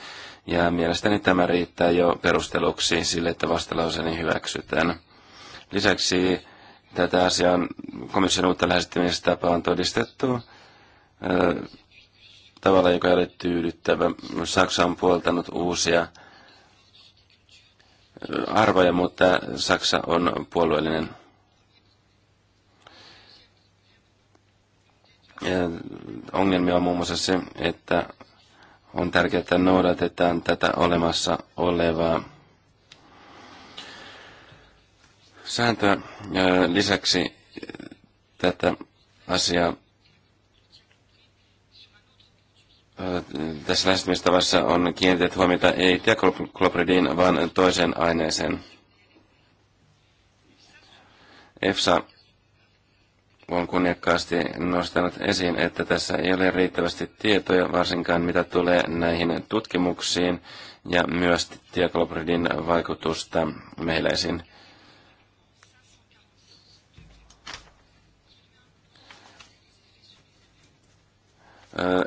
Ja mielestäni tämä riittää jo perusteluksi sille, että vastalauseni hyväksytään. Lisäksi tätä asiaa komission uutta lähestymistapaa on todistettu äh, tavalla, joka ei ole tyydyttävä. Saksa on puoltanut uusia äh, arvoja, mutta Saksa on puolueellinen. Ja ongelmia on muun muassa se, että on tärkeää, että noudatetaan tätä olemassa olevaa sääntöä. Ja lisäksi tätä asiaa tässä lähestymistavassa on kiinnitetty huomiota ei tiaklopridin, vaan toiseen aineeseen. EFSA on kunniakkaasti nostanut esiin, että tässä ei ole riittävästi tietoja, varsinkaan mitä tulee näihin tutkimuksiin ja myös tiaklopridin vaikutusta mehiläisiin.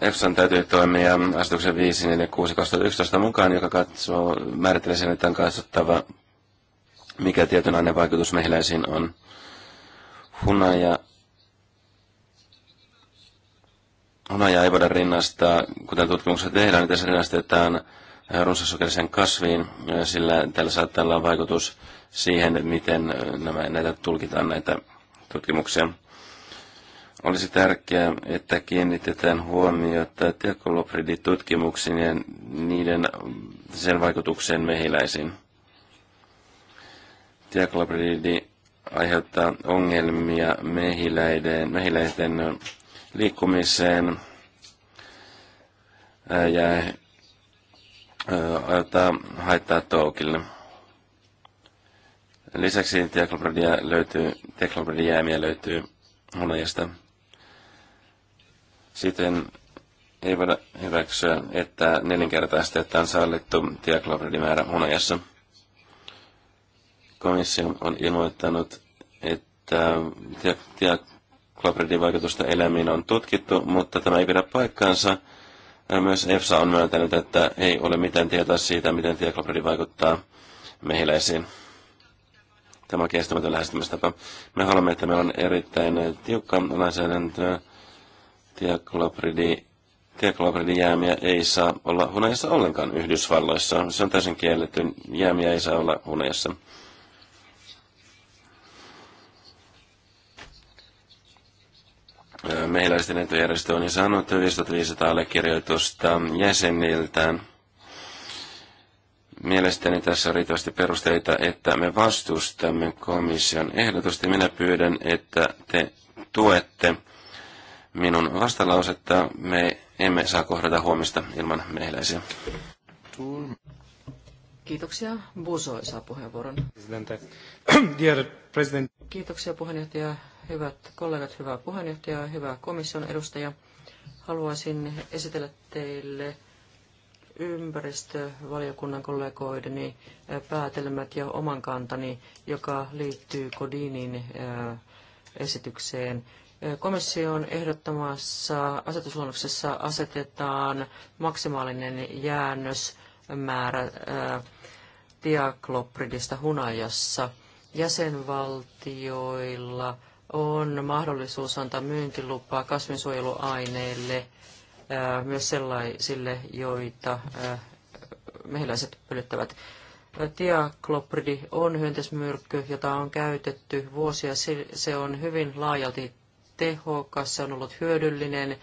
EFSAn täytyy toimia asetuksen 546-2011 mukaan, joka katsoo, määrittelee sen, että on katsottava, mikä tietyn aineen vaikutus mehiläisiin on. Hunaja, hunaja ei voida rinnastaa, kuten tutkimuksessa tehdään, niin tässä rinnastetaan runsassokerisen kasviin, sillä tällä saattaa olla vaikutus siihen, miten nämä, näitä tulkitaan näitä tutkimuksia. Olisi tärkeää, että kiinnitetään huomiota tiakolopriditutkimuksiin ja niiden sen vaikutukseen mehiläisiin. Tiakolopridi aiheuttaa ongelmia mehiläiden, mehiläisten liikkumiseen ja aiheuttaa haittaa toukille. Lisäksi tiakloprediä löytyy, teklobradiä löytyy hunajasta. Siten ei voida hyväksyä, että nelinkertaistetaan sallittu diaklofrenimäärä hunajassa. Komissio on ilmoittanut, että diaklofredin vaikutusta eläimiin on tutkittu, mutta tämä ei pidä paikkaansa. Myös EFSA on myöntänyt, että ei ole mitään tietoa siitä, miten diaklofredi vaikuttaa mehiläisiin. Tämä on kestämätön lähestymistapa. Me haluamme, että meillä on erittäin tiukka lainsäädäntö Tiakolabridi Tiaklopridin jäämiä ei saa olla hunajassa ollenkaan Yhdysvalloissa. Se on täysin kielletty. Jäämiä ei saa olla hunajassa. Mehiläisten etujärjestö on jo saanut 1500 allekirjoitusta jäseniltään. Mielestäni tässä on riittävästi perusteita, että me vastustamme komission ehdotusta. Minä pyydän, että te tuette minun vastalausetta. Me emme saa kohdata huomista ilman mehiläisiä. Kiitoksia. Busoi saa puheenvuoron. *clears throat* Kiitoksia puheenjohtaja. Hyvät kollegat, hyvä puheenjohtaja, hyvä komission edustaja. Haluaisin esitellä teille ympäristövaliokunnan kollegoideni eh, päätelmät ja oman kantani, joka liittyy Kodinin eh, esitykseen. Komission ehdottamassa asetusluonnoksessa asetetaan maksimaalinen jäännösmäärä äh, diaklopridista hunajassa. Jäsenvaltioilla on mahdollisuus antaa myyntilupaa kasvinsuojeluaineille äh, myös sellaisille, joita äh, mehiläiset pölyttävät. Tiaklopridi on hyönteismyrkky, jota on käytetty vuosia. Se on hyvin laajalti tehokas, se on ollut hyödyllinen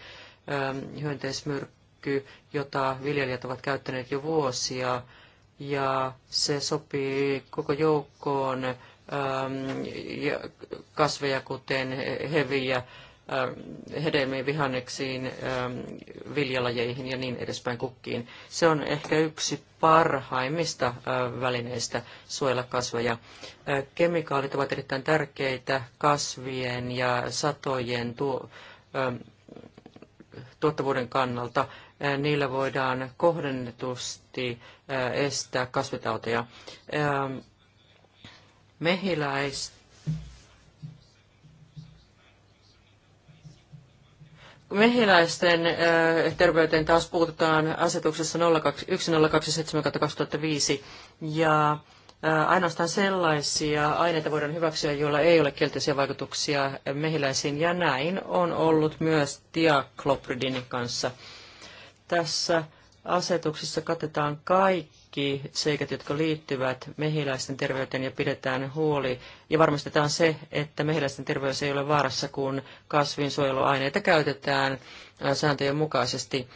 ähm, hyönteismyrkky, jota viljelijät ovat käyttäneet jo vuosia, ja se sopii koko joukkoon ähm, kasveja, kuten heviä, Ähm, hedelmiin, vihanneksiin, ähm, viljalajeihin ja niin edespäin kukkiin. Se on ehkä yksi parhaimmista äh, välineistä suojella kasveja. Äh, kemikaalit ovat erittäin tärkeitä kasvien ja satojen tu- ähm, tuottavuuden kannalta. Äh, niillä voidaan kohdennetusti estää kasvitauteja. Mehiläistä Mehiläisten äh, terveyteen taas puututaan asetuksessa 01027 2005 ja äh, ainoastaan sellaisia aineita voidaan hyväksyä, joilla ei ole kielteisiä vaikutuksia mehiläisiin ja näin on ollut myös diaklopridin kanssa. Tässä asetuksessa katetaan kaikki kaikki seikat, jotka liittyvät mehiläisten terveyteen ja pidetään huoli ja varmistetaan se, että mehiläisten terveys ei ole vaarassa, kun kasvinsuojeluaineita käytetään sääntöjen mukaisesti.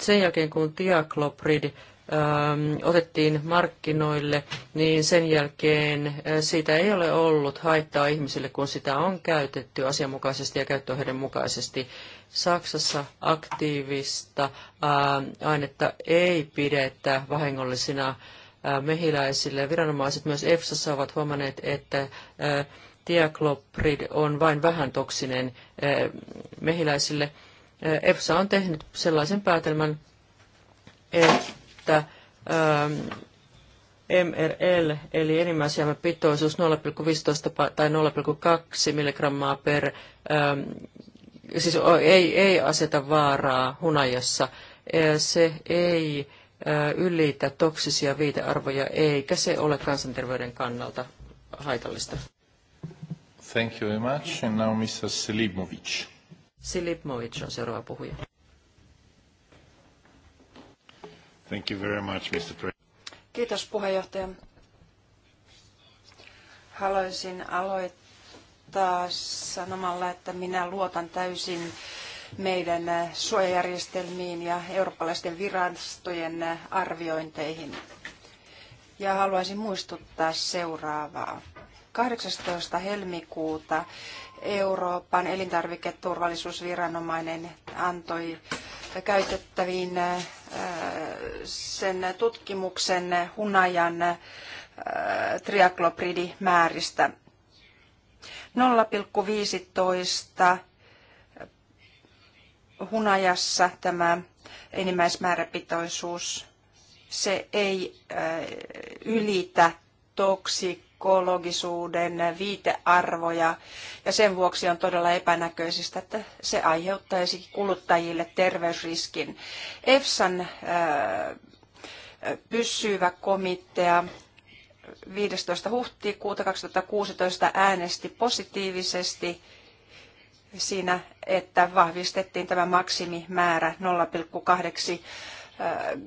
Sen jälkeen, kun tiakloprid Ähm, otettiin markkinoille, niin sen jälkeen äh, siitä ei ole ollut haittaa ihmisille, kun sitä on käytetty asianmukaisesti ja käyttöohjeiden mukaisesti. Saksassa aktiivista äh, ainetta ei pidetä vahingollisina äh, mehiläisille. Viranomaiset myös EFSAssa ovat huomanneet, että diakloprid on vain vähän toksinen mehiläisille. EFSA on tehnyt sellaisen päätelmän, että että MRL ähm, eli enimmäisjäämäpitoisuus 0,15 tai 0,2 mg per, ähm, siis ei, ei aseta vaaraa hunajassa. Äh, se ei äh, ylitä toksisia viitearvoja, eikä se ole kansanterveyden kannalta haitallista. Thank you very much. And now Mr. Selimovic. Selimovic on seuraava puhuja. Thank you very much, Mr. Kiitos puheenjohtaja. Haluaisin aloittaa sanomalla, että minä luotan täysin meidän suojajärjestelmiin ja eurooppalaisten virastojen arviointeihin. Ja haluaisin muistuttaa seuraavaa. 18. helmikuuta Euroopan elintarviketurvallisuusviranomainen antoi käytettäviin sen tutkimuksen hunajan äh, triaklopridimääristä. 0,15 hunajassa tämä enimmäismääräpitoisuus, se ei äh, ylitä toksik ekologisuuden viitearvoja ja sen vuoksi on todella epänäköisistä, että se aiheuttaisi kuluttajille terveysriskin. EFSAn äh, pysyvä komitea 15. huhtikuuta 2016 äänesti positiivisesti siinä, että vahvistettiin tämä maksimimäärä 0,8 äh,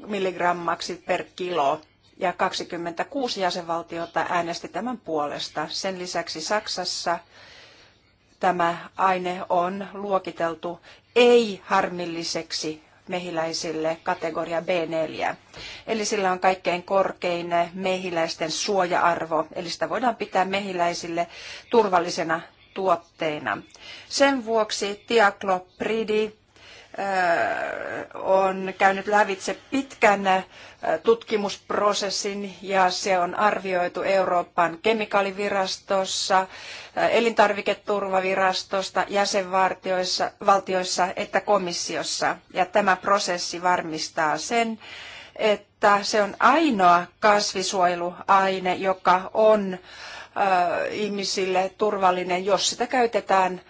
milligrammaksi per kilo ja 26 jäsenvaltiota äänesti tämän puolesta. Sen lisäksi Saksassa tämä aine on luokiteltu ei-harmilliseksi mehiläisille kategoria B4. Eli sillä on kaikkein korkein mehiläisten suoja-arvo, eli sitä voidaan pitää mehiläisille turvallisena tuotteena. Sen vuoksi tiaklopridi on käynyt lävitse pitkän tutkimusprosessin ja se on arvioitu Euroopan kemikaalivirastossa, elintarviketurvavirastosta, jäsenvaltioissa että komissiossa. Ja tämä prosessi varmistaa sen, että se on ainoa kasvisuojeluaine, joka on ihmisille turvallinen, jos sitä käytetään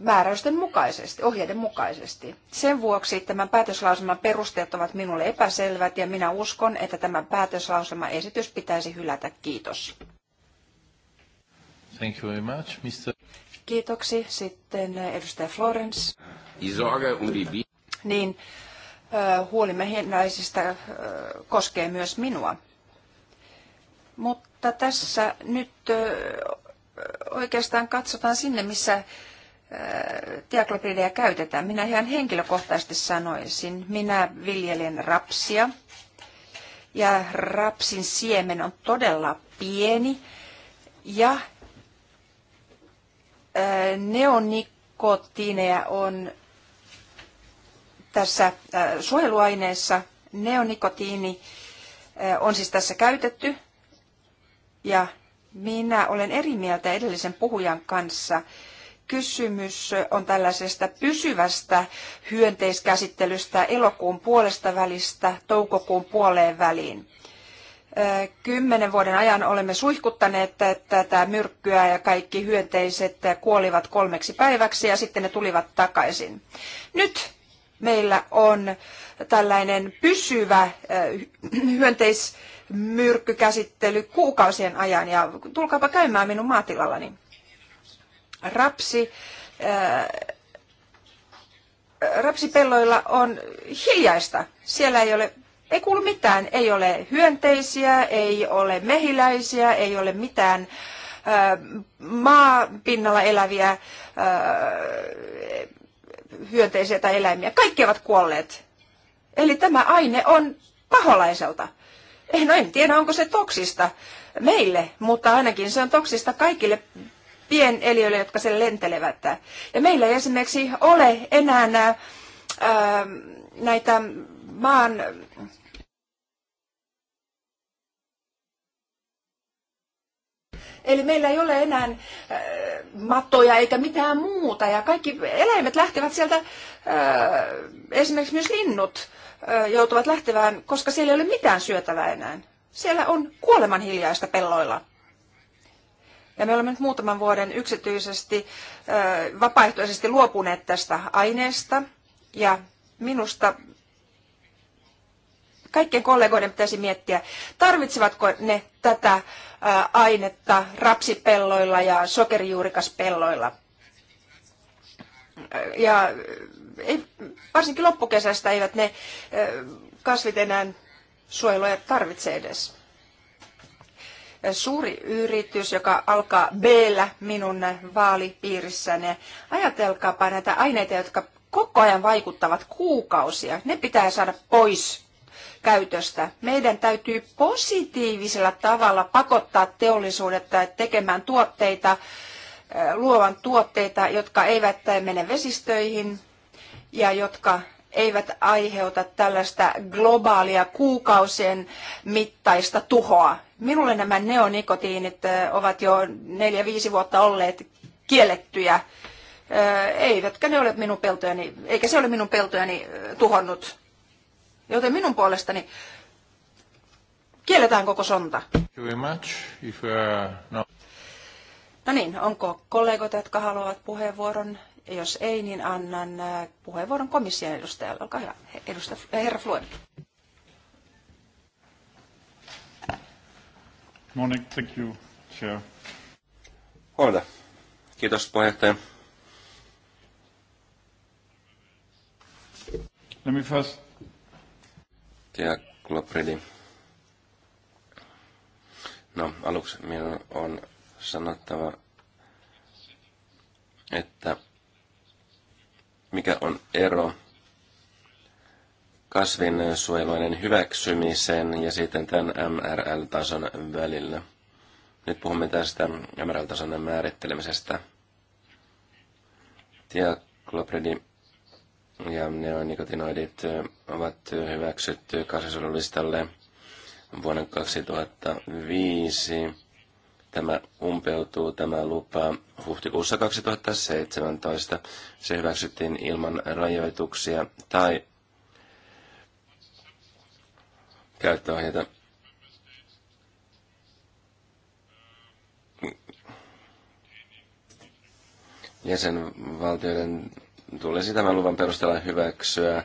määräysten mukaisesti, ohjeiden mukaisesti. Sen vuoksi tämän päätöslauselman perusteet ovat minulle epäselvät ja minä uskon, että tämä päätöslauselman esitys pitäisi hylätä. Kiitos. Thank you very much, Mr. Kiitoksi. Sitten eh, edustaja Florence. Um niin, eh, huolimme naisista eh, koskee myös minua. Mutta tässä nyt oikeastaan katsotaan sinne, missä diaklopiideja käytetään. Minä ihan henkilökohtaisesti sanoisin, minä viljelen rapsia ja rapsin siemen on todella pieni ja neonikotiineja on tässä suojeluaineessa. Neonikotiini on siis tässä käytetty ja minä olen eri mieltä edellisen puhujan kanssa kysymys on tällaisesta pysyvästä hyönteiskäsittelystä elokuun puolesta välistä toukokuun puoleen väliin. Kymmenen vuoden ajan olemme suihkuttaneet tätä myrkkyä ja kaikki hyönteiset kuolivat kolmeksi päiväksi ja sitten ne tulivat takaisin. Nyt meillä on tällainen pysyvä hyönteismyrkkykäsittely kuukausien ajan ja tulkaapa käymään minun maatilallani. Rapsi, ää, äh, rapsipelloilla on hiljaista. Siellä ei ole ei kuulu mitään. Ei ole hyönteisiä, ei ole mehiläisiä, ei ole mitään ö, äh, maapinnalla eläviä ö, äh, hyönteisiä tai eläimiä. Kaikki ovat kuolleet. Eli tämä aine on paholaiselta. Ei, eh, no en tiedä, onko se toksista meille, mutta ainakin se on toksista kaikille pieneliöille, jotka sen lentelevät. Ja meillä ei esimerkiksi ole enää nää, ää, näitä maan... Eli meillä ei ole enää äh, mattoja eikä mitään muuta. Ja kaikki eläimet lähtevät sieltä, äh, esimerkiksi myös linnut äh, joutuvat lähtevään, koska siellä ei ole mitään syötävää enää. Siellä on kuoleman hiljaista pelloilla. Ja me olemme nyt muutaman vuoden yksityisesti vapaaehtoisesti luopuneet tästä aineesta. Ja minusta kaikkien kollegoiden pitäisi miettiä, tarvitsevatko ne tätä ainetta rapsipelloilla ja sokerijuurikaspelloilla. Ja varsinkin loppukesästä eivät ne kasvit enää suojelua tarvitse edes suuri yritys, joka alkaa b minun vaalipiirissäni. Ajatelkaapa näitä aineita, jotka koko ajan vaikuttavat kuukausia. Ne pitää saada pois käytöstä. Meidän täytyy positiivisella tavalla pakottaa teollisuudet tekemään tuotteita, eh, luovan tuotteita, jotka eivät mene vesistöihin ja jotka eivät aiheuta tällaista globaalia kuukausien mittaista tuhoa. Minulle nämä neonikotiinit ovat jo neljä viisi vuotta olleet kiellettyjä. Eivätkä ne ole minun peltojani, eikä se ole minun peltojani tuhonnut. Joten minun puolestani kielletään koko sonta. Uh, no. no niin, onko kollegoita, jotka haluavat puheenvuoron? Jos ei, niin annan puheenvuoron komission edustajalle. Olkaa hyvä, edustaja, herra Fluen. Morning, thank you, Chair. Huomenta. Kiitos puheenjohtaja. Let me first... Diaglopridi. No, aluksi minun on sanottava, että mikä on ero kasvinsuojeluiden hyväksymisen ja sitten tämän MRL-tason välillä. Nyt puhumme tästä MRL-tason määrittelemisestä. Tiaklopridi ja neonikotinoidit ovat hyväksytty kasvinsuojelulistalle vuonna 2005. Tämä umpeutuu tämä lupa huhtikuussa 2017. Se hyväksyttiin ilman rajoituksia tai heitä Jäsenvaltioiden tulisi tämän luvan perusteella hyväksyä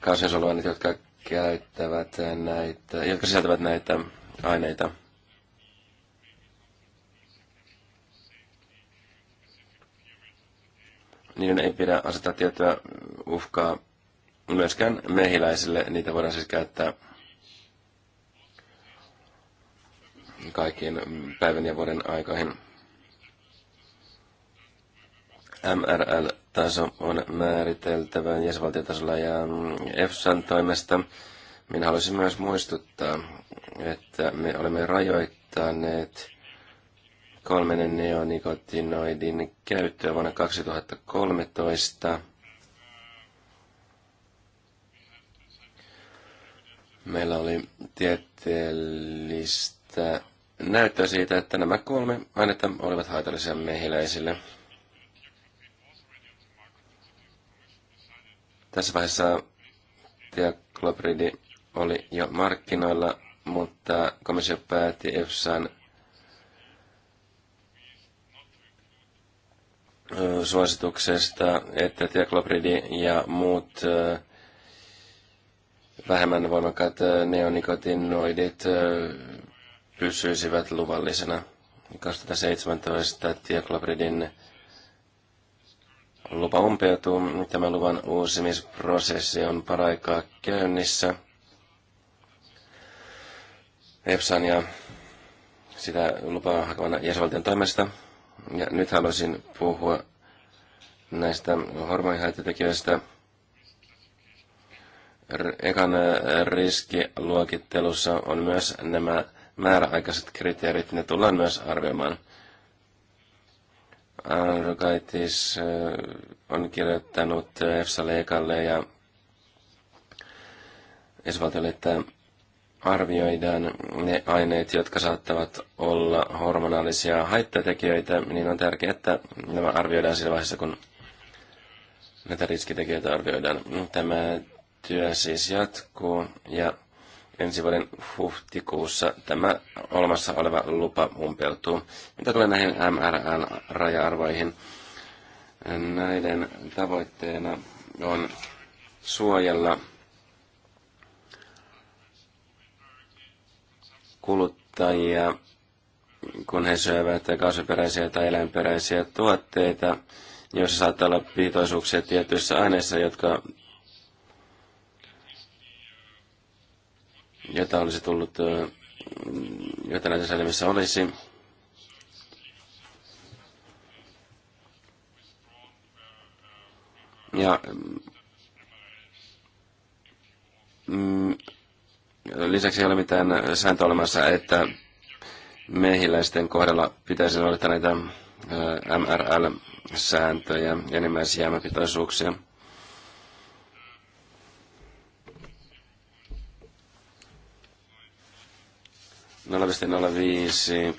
kasvinsuojeluaineet, jotka käyttävät näitä, jotka sisältävät näitä aineita. Niiden ei pidä asettaa tiettyä uhkaa myöskään mehiläisille. Niitä voidaan siis käyttää kaikkiin päivän ja vuoden aikoihin. MRL-taso on määriteltävä jäsenvaltiotasolla ja EFSAn toimesta. Minä haluaisin myös muistuttaa, että me olemme rajoittaneet kolmennen neonikotinoidin käyttöä vuonna 2013. Meillä oli tieteellistä Näyttää siitä, että nämä kolme ainetta olivat haitallisia mehiläisille. Tässä vaiheessa tiaklopridi oli jo markkinoilla, mutta komissio päätti EFSAn suosituksesta, että tiaklopridi ja muut vähemmän voimakkaat neonikotinoidit pysyisivät luvallisena. 2017 Tiaklopridin lupa umpeutuu. Tämä luvan uusimisprosessi on paraikaa käynnissä. EPSAN ja sitä lupaa hakevan jäsenvaltion toimesta. Ja nyt haluaisin puhua näistä hormonihaittatekijöistä. Ekan riskiluokittelussa on myös nämä määräaikaiset kriteerit, ne tullaan myös arvioimaan. Arrogaitis äh, on kirjoittanut EFSA ekalle ja esivaltiolle, että arvioidaan ne aineet, jotka saattavat olla hormonaalisia haittatekijöitä, niin on tärkeää, että nämä arvioidaan siinä vaiheessa, kun näitä riskitekijöitä arvioidaan. Tämä työ siis jatkuu ja ensi vuoden huhtikuussa tämä olemassa oleva lupa umpeutuu. Mitä tulee näihin mrn raja arvoihin Näiden tavoitteena on suojella kuluttajia, kun he syövät kasviperäisiä tai eläinperäisiä tuotteita, joissa saattaa olla pitoisuuksia tietyissä aineissa, jotka jota olisi tullut, jota näissä selvissä olisi. Ja mm, lisäksi ei ole mitään sääntö olemassa, että mehiläisten kohdalla pitäisi noudattaa näitä MRL-sääntöjä, enimmäisiä jäämäpitoisuuksia. 0,05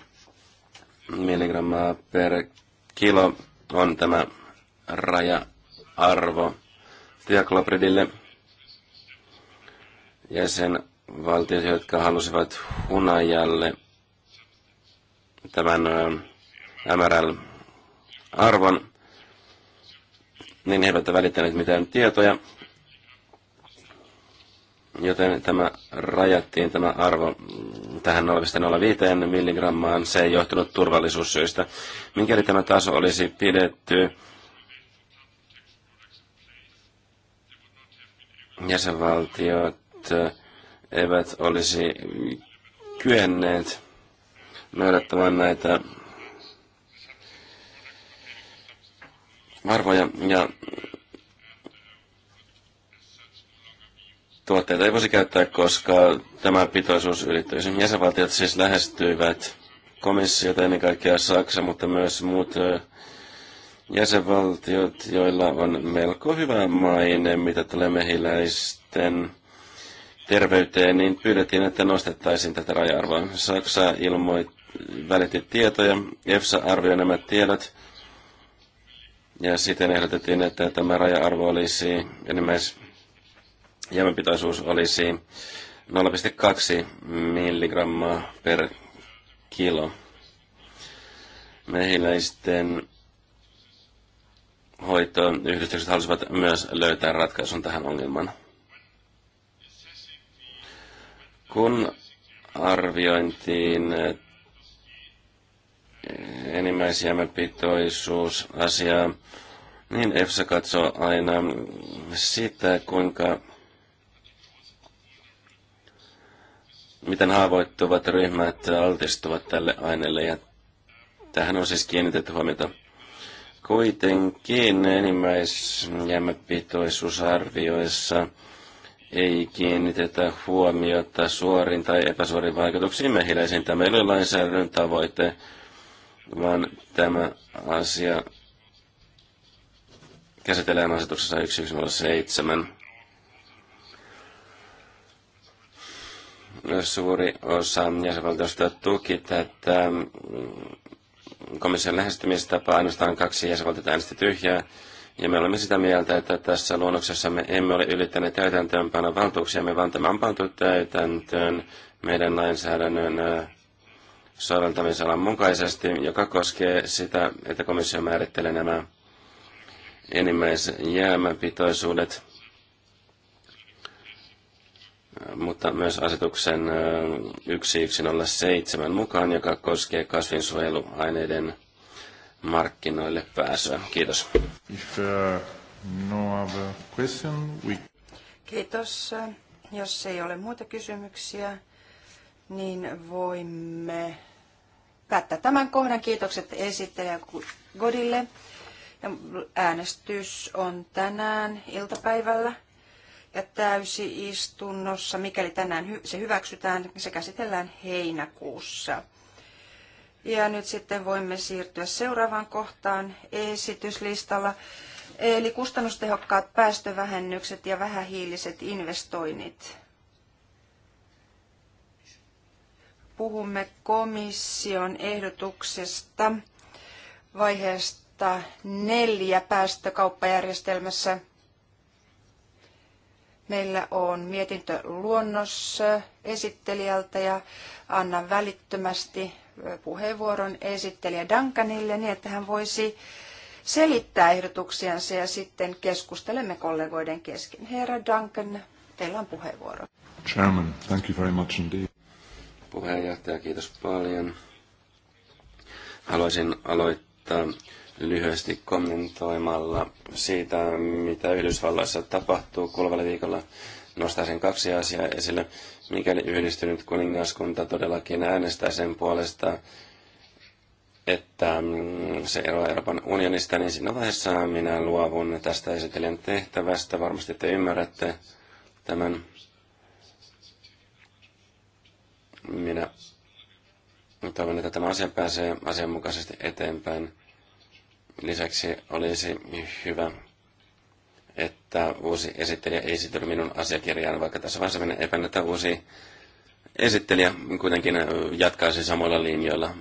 milligrammaa per kilo on tämä raja-arvo tiaklopridille. Ja sen valtiot, jotka halusivat hunajalle tämän äh, MRL-arvon, niin he eivät välittäneet mitään tietoja. Joten tämä rajattiin tämä arvo tähän 0,05 milligrammaan. Se ei johtunut turvallisuussyistä. Mikäli tämä taso olisi pidetty jäsenvaltiot äh, eivät olisi kyenneet noudattamaan näitä arvoja ja tuotteita ei voisi käyttää, koska tämä pitoisuus ylittyisi. Jäsenvaltiot siis lähestyivät komissiota ennen kaikkea Saksa, mutta myös muut jäsenvaltiot, joilla on melko hyvä maine, mitä tulee mehiläisten terveyteen, niin pyydettiin, että nostettaisiin tätä raja-arvoa. Saksa ilmoitti, välitti tietoja, EFSA arvioi nämä tiedot, ja sitten ehdotettiin, että tämä raja-arvo olisi enimmäis Jäämäpitoisuus olisi 0,2 milligrammaa per kilo. Mehiläisten hoitoyhdistykset halusivat myös löytää ratkaisun tähän ongelmaan. Kun arviointiin enimmäisjäämäpitoisuusasiaa, niin EFSA katsoo aina sitä, kuinka miten haavoittuvat ryhmät altistuvat tälle aineelle ja tähän on siis kiinnitetty huomiota. Kuitenkin enimmäisjäämäpitoisuusarvioissa ei kiinnitetä huomiota suorin tai epäsuorin vaikutuksiin mehiläisiin. Tämä ei ole lainsäädännön tavoite, vaan tämä asia käsitellään asetuksessa 1107. suuri osa jäsenvaltiosta tuki tätä mm, komission lähestymistapaa. Ainoastaan kaksi jäsenvaltiota äänesti tyhjää. Ja me olemme sitä mieltä, että tässä luonnoksessa me emme ole ylittäneet täytäntöönpanon valtuuksia, me vaan tämä on täytäntöön meidän lainsäädännön soveltamisalan mukaisesti, joka koskee sitä, että komissio määrittelee nämä enimmäisjäämäpitoisuudet mutta myös asetuksen 1107 mukaan, joka koskee kasvinsuojeluaineiden markkinoille pääsyä. Kiitos. If, uh, no other question, we... Kiitos. Jos ei ole muita kysymyksiä, niin voimme päättää tämän kohdan. Kiitokset esittäjä Godille. äänestys on tänään iltapäivällä ja täysiistunnossa, mikäli tänään se hyväksytään, se käsitellään heinäkuussa. Ja nyt sitten voimme siirtyä seuraavaan kohtaan esityslistalla, eli kustannustehokkaat päästövähennykset ja vähähiiliset investoinnit. Puhumme komission ehdotuksesta vaiheesta neljä päästökauppajärjestelmässä Meillä on mietintö luonnos esittelijältä ja annan välittömästi puheenvuoron esittelijä Duncanille, niin, että hän voisi selittää ehdotuksiansa ja sitten keskustelemme kollegoiden kesken. Herra Duncan, teillä on puheenvuoro. Chairman, thank you very much indeed. Puheenjohtaja, kiitos paljon. Haluaisin aloittaa lyhyesti kommentoimalla siitä, mitä Yhdysvalloissa tapahtuu kuluvalla viikolla. Nostaisin kaksi asiaa esille. Mikäli yhdistynyt kuningaskunta todellakin äänestää sen puolesta, että mm, se eroaa Euroopan unionista, niin siinä vaiheessa minä luovun tästä esittelijän tehtävästä. Varmasti te ymmärrätte tämän. Minä toivon, että tämä asia pääsee asianmukaisesti eteenpäin. Lisäksi olisi hyvä, että uusi esittelijä ei esitellä minun asiakirjaan, vaikka tässä vaiheessa minä epän, että uusi esittelijä kuitenkin jatkaisi samoilla linjoilla.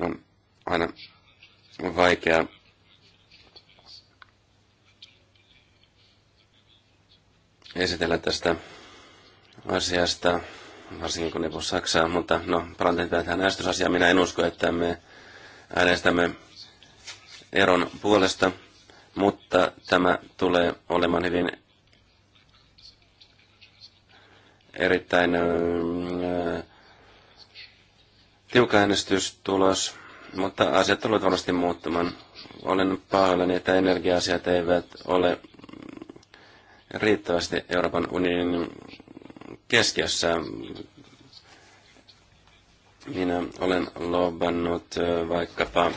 On aina vaikea esitellä tästä asiasta varsinkin kun ne puhuu Saksaa, mutta no, palaan tähän äänestysasiaan. Minä en usko, että me äänestämme eron puolesta, mutta tämä tulee olemaan hyvin erittäin äh, tiukka äänestystulos, mutta asiat tulevat varmasti muuttumaan. Olen pahoillani, että energia-asiat eivät ole riittävästi Euroopan unionin keskiössä. Minä olen lobannut vaikkapa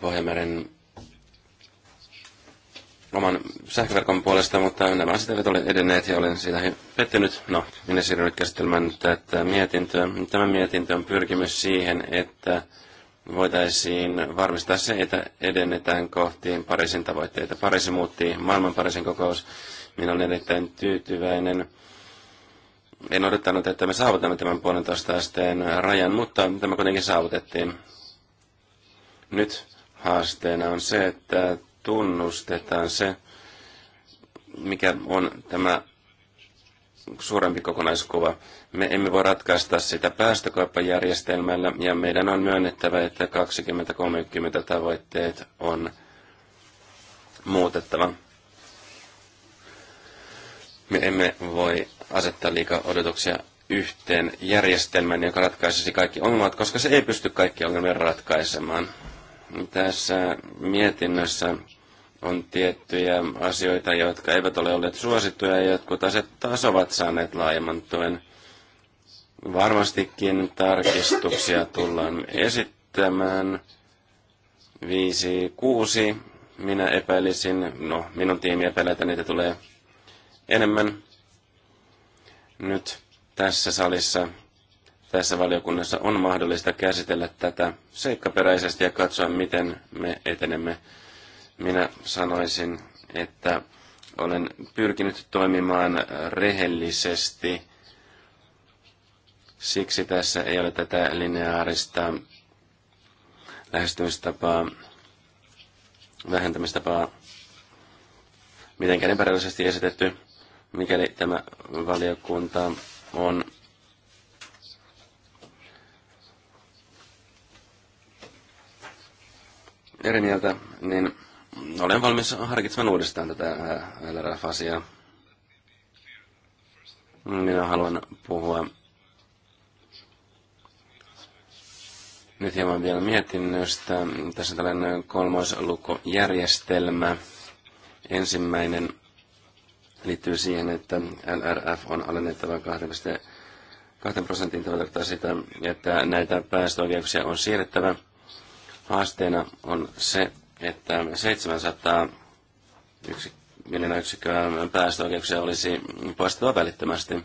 Pohjanmeren oman sähköverkon puolesta, mutta nämä asiat eivät ole edenneet ja olen siitä pettynyt. No, minä siirryn käsittelemään tätä mietintöä. Tämä mietintö on pyrkimys siihen, että voitaisiin varmistaa se, että edennetään kohti Pariisin tavoitteita. Pariisi muutti maailman Pariisin kokous minä olen erittäin tyytyväinen. En odottanut, että me saavutamme tämän puolentoista asteen rajan, mutta tämä kuitenkin saavutettiin. Nyt haasteena on se, että tunnustetaan se, mikä on tämä suurempi kokonaiskuva. Me emme voi ratkaista sitä päästökauppajärjestelmällä ja meidän on myönnettävä, että 2030 tavoitteet on muutettava. Me emme voi asettaa liikaa odotuksia yhteen järjestelmään, joka ratkaisisi kaikki ongelmat, koska se ei pysty kaikki ongelmia ratkaisemaan. Tässä mietinnössä on tiettyjä asioita, jotka eivät ole olleet suosittuja, ja jotkut aset taas ovat saaneet laajemman tuen. Varmastikin tarkistuksia tullaan esittämään. 5, 6, minä epäilisin, no minun tiimi epäilee, että niitä tulee enemmän. Nyt tässä salissa, tässä valiokunnassa on mahdollista käsitellä tätä seikkaperäisesti ja katsoa, miten me etenemme. Minä sanoisin, että olen pyrkinyt toimimaan rehellisesti. Siksi tässä ei ole tätä lineaarista lähestymistapaa, vähentämistapaa mitenkään epäreellisesti esitetty mikäli tämä valiokunta on eri mieltä, niin olen valmis harkitsemaan uudestaan tätä LRF-asiaa. Minä haluan puhua nyt hieman vielä mietinnöstä. Tässä on tällainen järjestelmä Ensimmäinen liittyy siihen, että LRF on alennettava 2 prosentin. Tämä tarkoittaa sitä, että näitä päästöoikeuksia on siirrettävä. Haasteena on se, että 700 yksi, miljoonaa yksikköä päästöoikeuksia olisi poistettava välittömästi.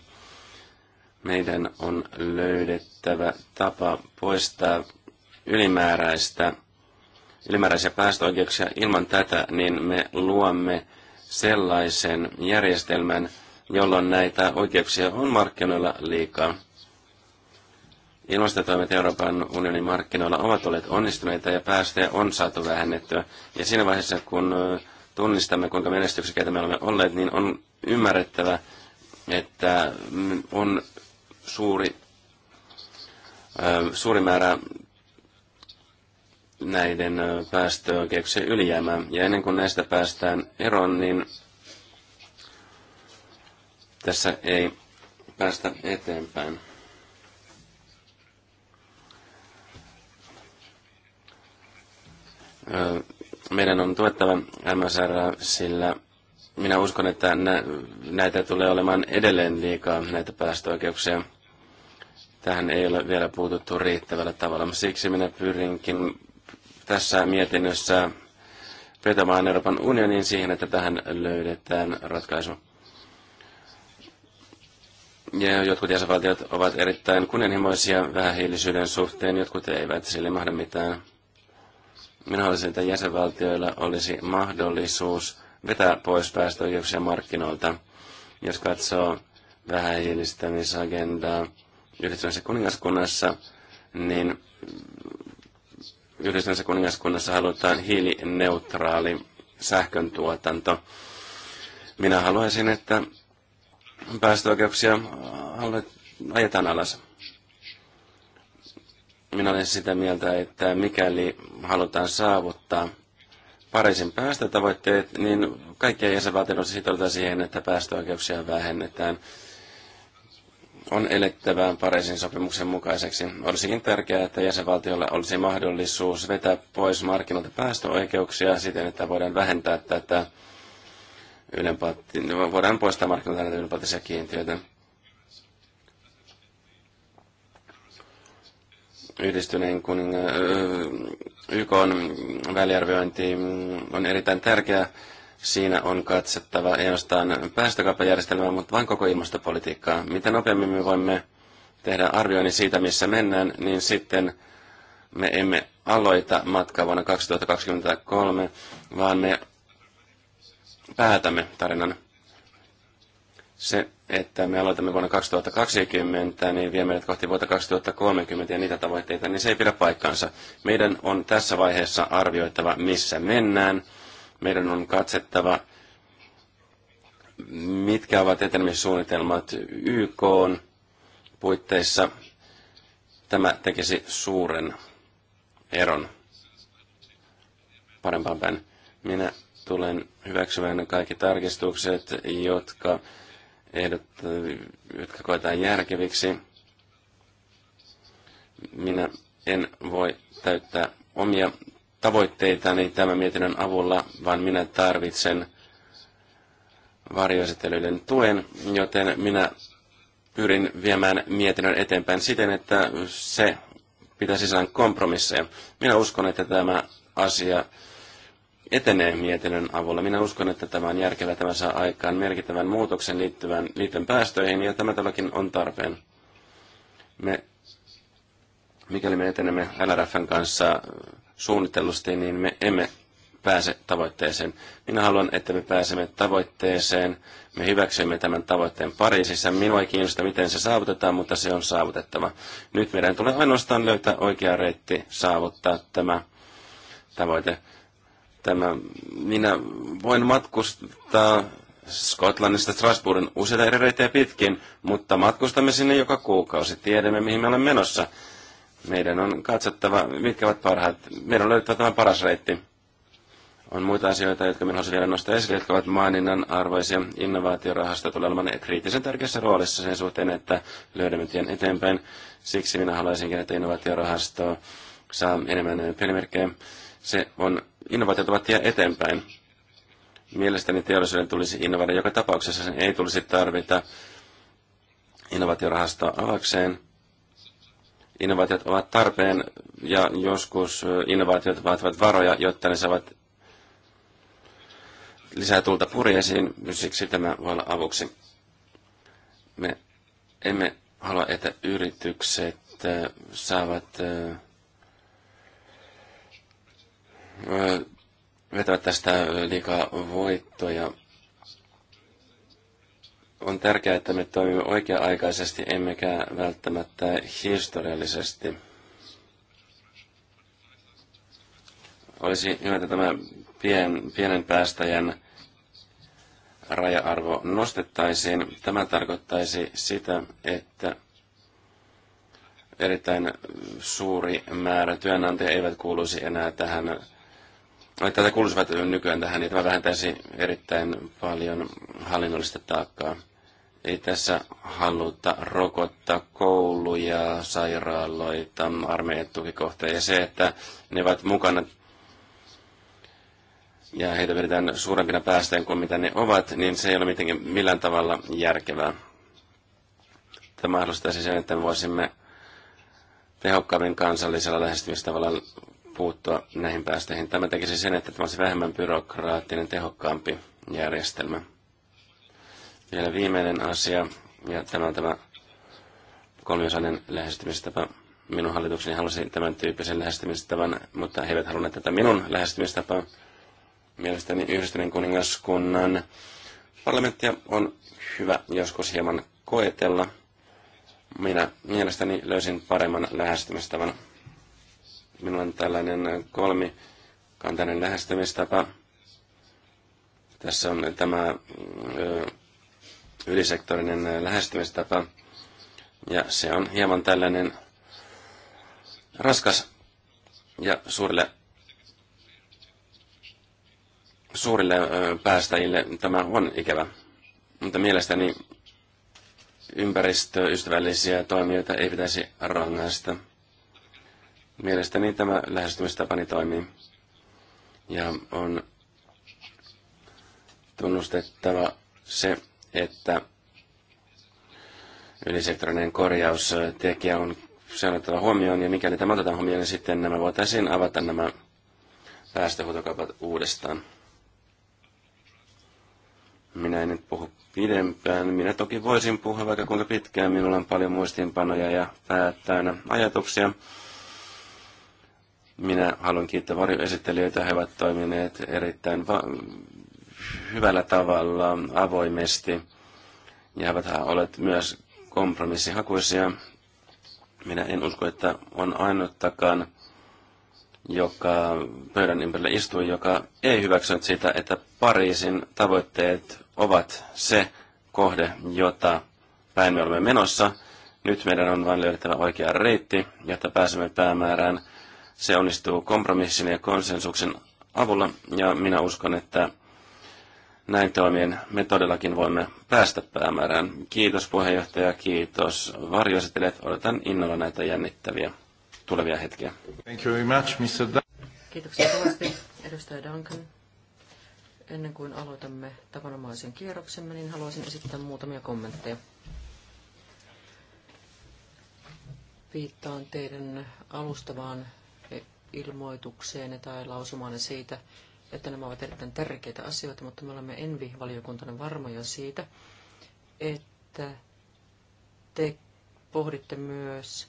Meidän on löydettävä tapa poistaa ylimääräistä, ylimääräisiä päästöoikeuksia. Ilman tätä niin me luomme sellaisen järjestelmän, jolloin näitä oikeuksia on markkinoilla liikaa. Ilmastotoimet Euroopan unionin markkinoilla ovat olleet onnistuneita ja päästöjä on saatu vähennettyä. Ja siinä vaiheessa, kun tunnistamme, kuinka menestyksekäitä me olemme olleet, niin on ymmärrettävä, että mm, on suuri, suuri määrä näiden päästöoikeuksien ylijäämään. Ja ennen kuin näistä päästään eroon, niin tässä ei päästä eteenpäin. Meidän on tuettava MSR, sillä minä uskon, että näitä tulee olemaan edelleen liikaa, näitä päästöoikeuksia. Tähän ei ole vielä puututtu riittävällä tavalla. Siksi minä pyrinkin tässä mietinnössä vetämään Euroopan unionin siihen, että tähän löydetään ratkaisu. Ja jotkut jäsenvaltiot ovat erittäin kunnianhimoisia vähähiilisyyden suhteen, jotkut eivät sille mahda mitään. Minä haluaisin, että jäsenvaltioilla olisi mahdollisuus vetää pois päästöoikeuksia markkinoilta. Jos katsoo vähähiilistämisagendaa yhdistyneessä kuningaskunnassa, niin Yhdessä kuningaskunnassa halutaan hiilineutraali sähköntuotanto. Minä haluaisin, että päästöoikeuksia ajetaan alas. Minä olen sitä mieltä, että mikäli halutaan saavuttaa Pariisin päästötavoitteet, niin kaikkien jäsenvaltioiden sitoutetaan siihen, että päästöoikeuksia vähennetään on elettävä Pariisin sopimuksen mukaiseksi. Olisikin tärkeää, että jäsenvaltioilla olisi mahdollisuus vetää pois markkinoilta päästöoikeuksia siten, että voidaan vähentää tätä voidaan poistaa markkinoilta näitä ylenpalttisia kiintiöitä. Yhdistyneen kuningan YK on väliarviointi on erittäin tärkeää. Siinä on katsottava ei ainoastaan päästökauppajärjestelmää, mutta vain koko ilmastopolitiikkaa. Mitä nopeammin me voimme tehdä arvioinnin siitä, missä mennään, niin sitten me emme aloita matkaa vuonna 2023, vaan me päätämme tarinan. Se, että me aloitamme vuonna 2020, niin vie meidät kohti vuotta 2030 ja niitä tavoitteita, niin se ei pidä paikkaansa. Meidän on tässä vaiheessa arvioitava, missä mennään – meidän on katsettava, mitkä ovat etenemissuunnitelmat YK puitteissa. Tämä tekisi suuren eron parempaan päin. Minä tulen hyväksymään kaikki tarkistukset, jotka, ehdot, jotka koetaan järkeviksi. Minä en voi täyttää omia tavoitteitani niin tämän mietinnön avulla, vaan minä tarvitsen varjoesittelyiden tuen, joten minä pyrin viemään mietinnön eteenpäin siten, että se pitäisi saada kompromisseja. Minä uskon, että tämä asia etenee mietinnön avulla. Minä uskon, että tämä on järkevä, tämä saa aikaan merkittävän muutoksen liittyvän, liittyen päästöihin, ja tämä todellakin on tarpeen. Me, mikäli me etenemme LRFn kanssa suunnitellusti, niin me emme pääse tavoitteeseen. Minä haluan, että me pääsemme tavoitteeseen. Me hyväksymme tämän tavoitteen Pariisissa. Minua ei kiinnosta, miten se saavutetaan, mutta se on saavutettava. Nyt meidän tulee ainoastaan löytää oikea reitti saavuttaa tämä tavoite. Tämä, minä voin matkustaa Skotlannista Strasbourgin useita eri reittejä pitkin, mutta matkustamme sinne joka kuukausi. Tiedämme, mihin me olemme menossa. Meidän on katsottava, mitkä ovat parhaat. Meidän on löydettävä tämä paras reitti. On muita asioita, jotka minä haluaisin vielä nostaa esille, jotka ovat maininnan arvoisia. Innovaatiorahasto tulee olemaan kriittisen tärkeässä roolissa sen suhteen, että löydämme tien eteenpäin. Siksi minä haluaisinkin, että innovaatiorahasto saa enemmän pelimerkkejä. Se on, innovaatiot ovat tie eteenpäin. Mielestäni teollisuuden tulisi innovaatio joka tapauksessa. Sen ei tulisi tarvita innovaatiorahastoa avakseen. Innovaatiot ovat tarpeen ja joskus innovaatiot vaativat varoja, jotta ne saavat lisää tulta purjeisiin. Siksi tämä voi olla avuksi. Me emme halua, että yritykset äh, saavat äh, äh, vetävät tästä liikaa voittoja on tärkeää, että me toimimme oikea-aikaisesti, emmekä välttämättä historiallisesti. Olisi hyvä, että tämä pien, pienen päästäjän raja-arvo nostettaisiin. Tämä tarkoittaisi sitä, että erittäin suuri määrä työnantajia eivät kuuluisi enää tähän, tätä kuuluisivat nykyään tähän, niin tämä vähentäisi erittäin paljon hallinnollista taakkaa. Ei tässä haluta rokottaa kouluja, sairaaloita, armeijan tukikohtia ja se, että ne ovat mukana ja heitä vedetään suurempina päästään kuin mitä ne ovat, niin se ei ole mitenkään millään tavalla järkevää. Tämä mahdollistaisi siis sen, että me voisimme tehokkaammin kansallisella lähestymistavalla puuttua näihin päästöihin. Tämä tekisi sen, että tämä olisi vähemmän byrokraattinen, tehokkaampi järjestelmä. Vielä viimeinen asia, ja tämä on tämä kolmiosainen lähestymistapa. Minun hallitukseni halusi tämän tyyppisen lähestymistavan, mutta he eivät halunneet tätä minun lähestymistapaa. Mielestäni yhdistyneen kuningaskunnan parlamenttia on hyvä joskus hieman koetella. Minä mielestäni löysin paremman lähestymistavan. Minulla on tällainen kolmikantainen lähestymistapa. Tässä on tämä ö, ylisektorinen eh, lähestymistapa. Ja se on hieman tällainen raskas ja suurille, suurille eh, päästäjille tämä on ikävä. Mutta mielestäni ympäristöystävällisiä toimijoita ei pitäisi rangaista. Mielestäni tämä lähestymistapani toimii. Ja on tunnustettava se, että ylisektorinen korjaustekijä on seurattava huomioon, ja mikäli tämä otetaan huomioon, niin sitten nämä voitaisiin avata nämä päästöhuutokaupat uudestaan. Minä en nyt puhu pidempään. Minä toki voisin puhua vaikka kuinka pitkään. Minulla on paljon muistiinpanoja ja päät ajatuksia. Minä haluan kiittää varjoesittelijöitä. He ovat toimineet erittäin va- hyvällä tavalla avoimesti ja ovat olleet myös kompromissihakuisia. Minä en usko, että on ainuttakaan, joka pöydän ympärillä istui, joka ei hyväksynyt sitä, että Pariisin tavoitteet ovat se kohde, jota päin me olemme menossa. Nyt meidän on vain löydettävä oikea reitti, jotta pääsemme päämäärään. Se onnistuu kompromissin ja konsensuksen avulla, ja minä uskon, että näin toimien me todellakin voimme päästä päämäärään. Kiitos puheenjohtaja, kiitos varjoesittelijät. Odotan innolla näitä jännittäviä tulevia hetkiä. Thank you very much, Mr. Dan. Kiitoksia kovasti, edustaja Duncan. Ennen kuin aloitamme tavanomaisen kierroksemme, niin haluaisin esittää muutamia kommentteja. Viittaan teidän alustavaan ilmoitukseen tai lausumaan siitä, että nämä ovat erittäin tärkeitä asioita, mutta me olemme Envi-valiokuntana varmoja siitä, että te pohditte myös,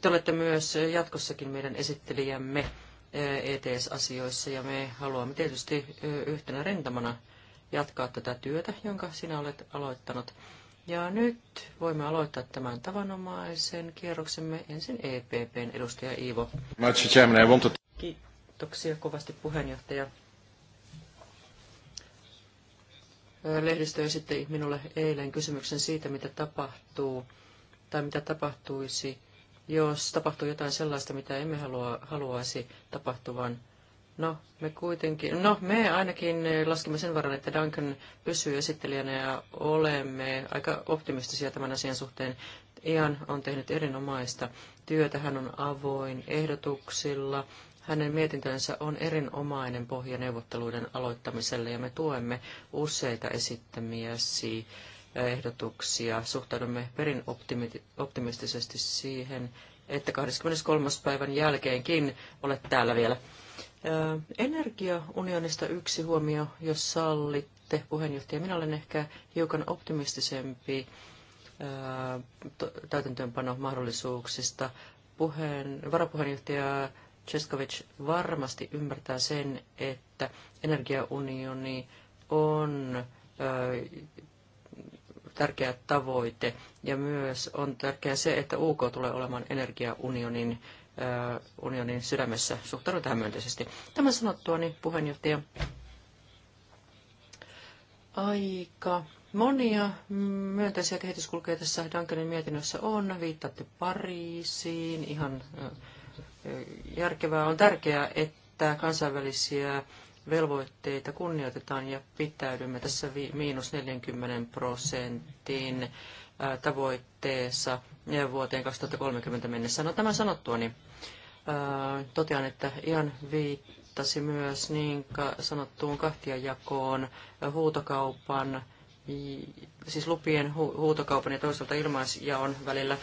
te olette myös jatkossakin meidän esittelijämme ETS-asioissa eh, e ja me haluamme tietysti eh, yhtenä rentamana jatkaa tätä työtä, jonka sinä olet aloittanut. Ja nyt voimme aloittaa tämän tavanomaisen kierroksemme ensin EPPn edustaja Iivo. Kiitos Kiitoksia kovasti puheenjohtaja. Lehdistö esitti minulle eilen kysymyksen siitä, mitä tapahtuu tai mitä tapahtuisi, jos tapahtuu jotain sellaista, mitä emme halua, haluaisi tapahtuvan. No, me kuitenkin, no me ainakin laskimme sen varan, että Duncan pysyy esittelijänä ja olemme aika optimistisia tämän asian suhteen. Ian on tehnyt erinomaista työtä, hän on avoin ehdotuksilla, hänen mietintönsä on erinomainen pohja neuvotteluiden aloittamiselle ja me tuemme useita esittämiäsi ehdotuksia. Suhtaudumme perin optimistisesti siihen, että 23. päivän jälkeenkin olet täällä vielä. Energiaunionista yksi huomio, jos sallitte, puheenjohtaja. Minä olen ehkä hiukan optimistisempi mahdollisuuksista Puheen, varapuheenjohtaja Cheskovic varmasti ymmärtää sen, että energiaunioni on tärkeä tavoite ja myös on tärkeää se, että UK tulee olemaan energiaunionin unionin sydämessä. Suhtaudun tähän myönteisesti. Tämän sanottua, niin puheenjohtaja, aika monia myönteisiä kehityskulkuja tässä Duncanin mietinnössä on. Viittaatte Pariisiin ihan järkevää. On tärkeää, että kansainvälisiä velvoitteita kunnioitetaan ja pitäydymme tässä miinus 40 prosentin tavoitteessa vuoteen 2030 mennessä. No tämän sanottuani niin totean, että ihan viittasi myös niin sanottuun kahtiajakoon huutokaupan, siis lupien huutokaupan ja toisaalta ilmaisjaon välillä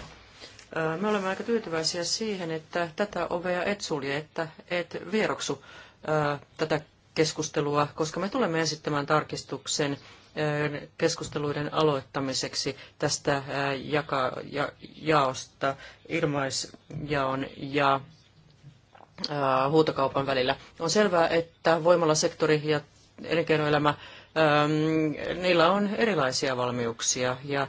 Äh, me olemme aika tyytyväisiä siihen, että tätä ovea et sulje, että et vieroksu äh, tätä keskustelua, koska me tulemme esittämään tarkistuksen äh, keskusteluiden aloittamiseksi tästä jaka, ja, jaosta, ilmaisjaon ja huutokaupan välillä. On selvää, että voimalasektori ja elinkeinoelämä, ähm, niillä on erilaisia valmiuksia ja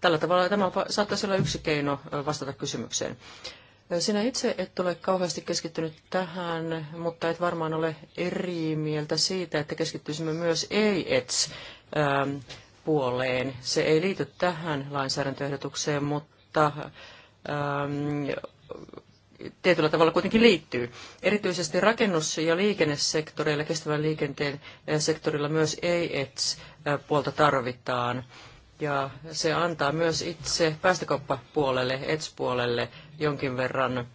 Tällä tavalla tämä saattaisi olla yksi keino vastata kysymykseen. Sinä itse et ole kauheasti keskittynyt tähän, mutta et varmaan ole eri mieltä siitä, että keskittyisimme myös ei-ets puoleen. Se ei liity tähän lainsäädäntöehdotukseen, mutta tietyllä tavalla kuitenkin liittyy. Erityisesti rakennus- ja liikennesektoreilla, kestävän liikenteen sektorilla myös ei-ets puolta tarvitaan ja se antaa myös itse päästökauppapuolelle, ETS-puolelle jonkin verran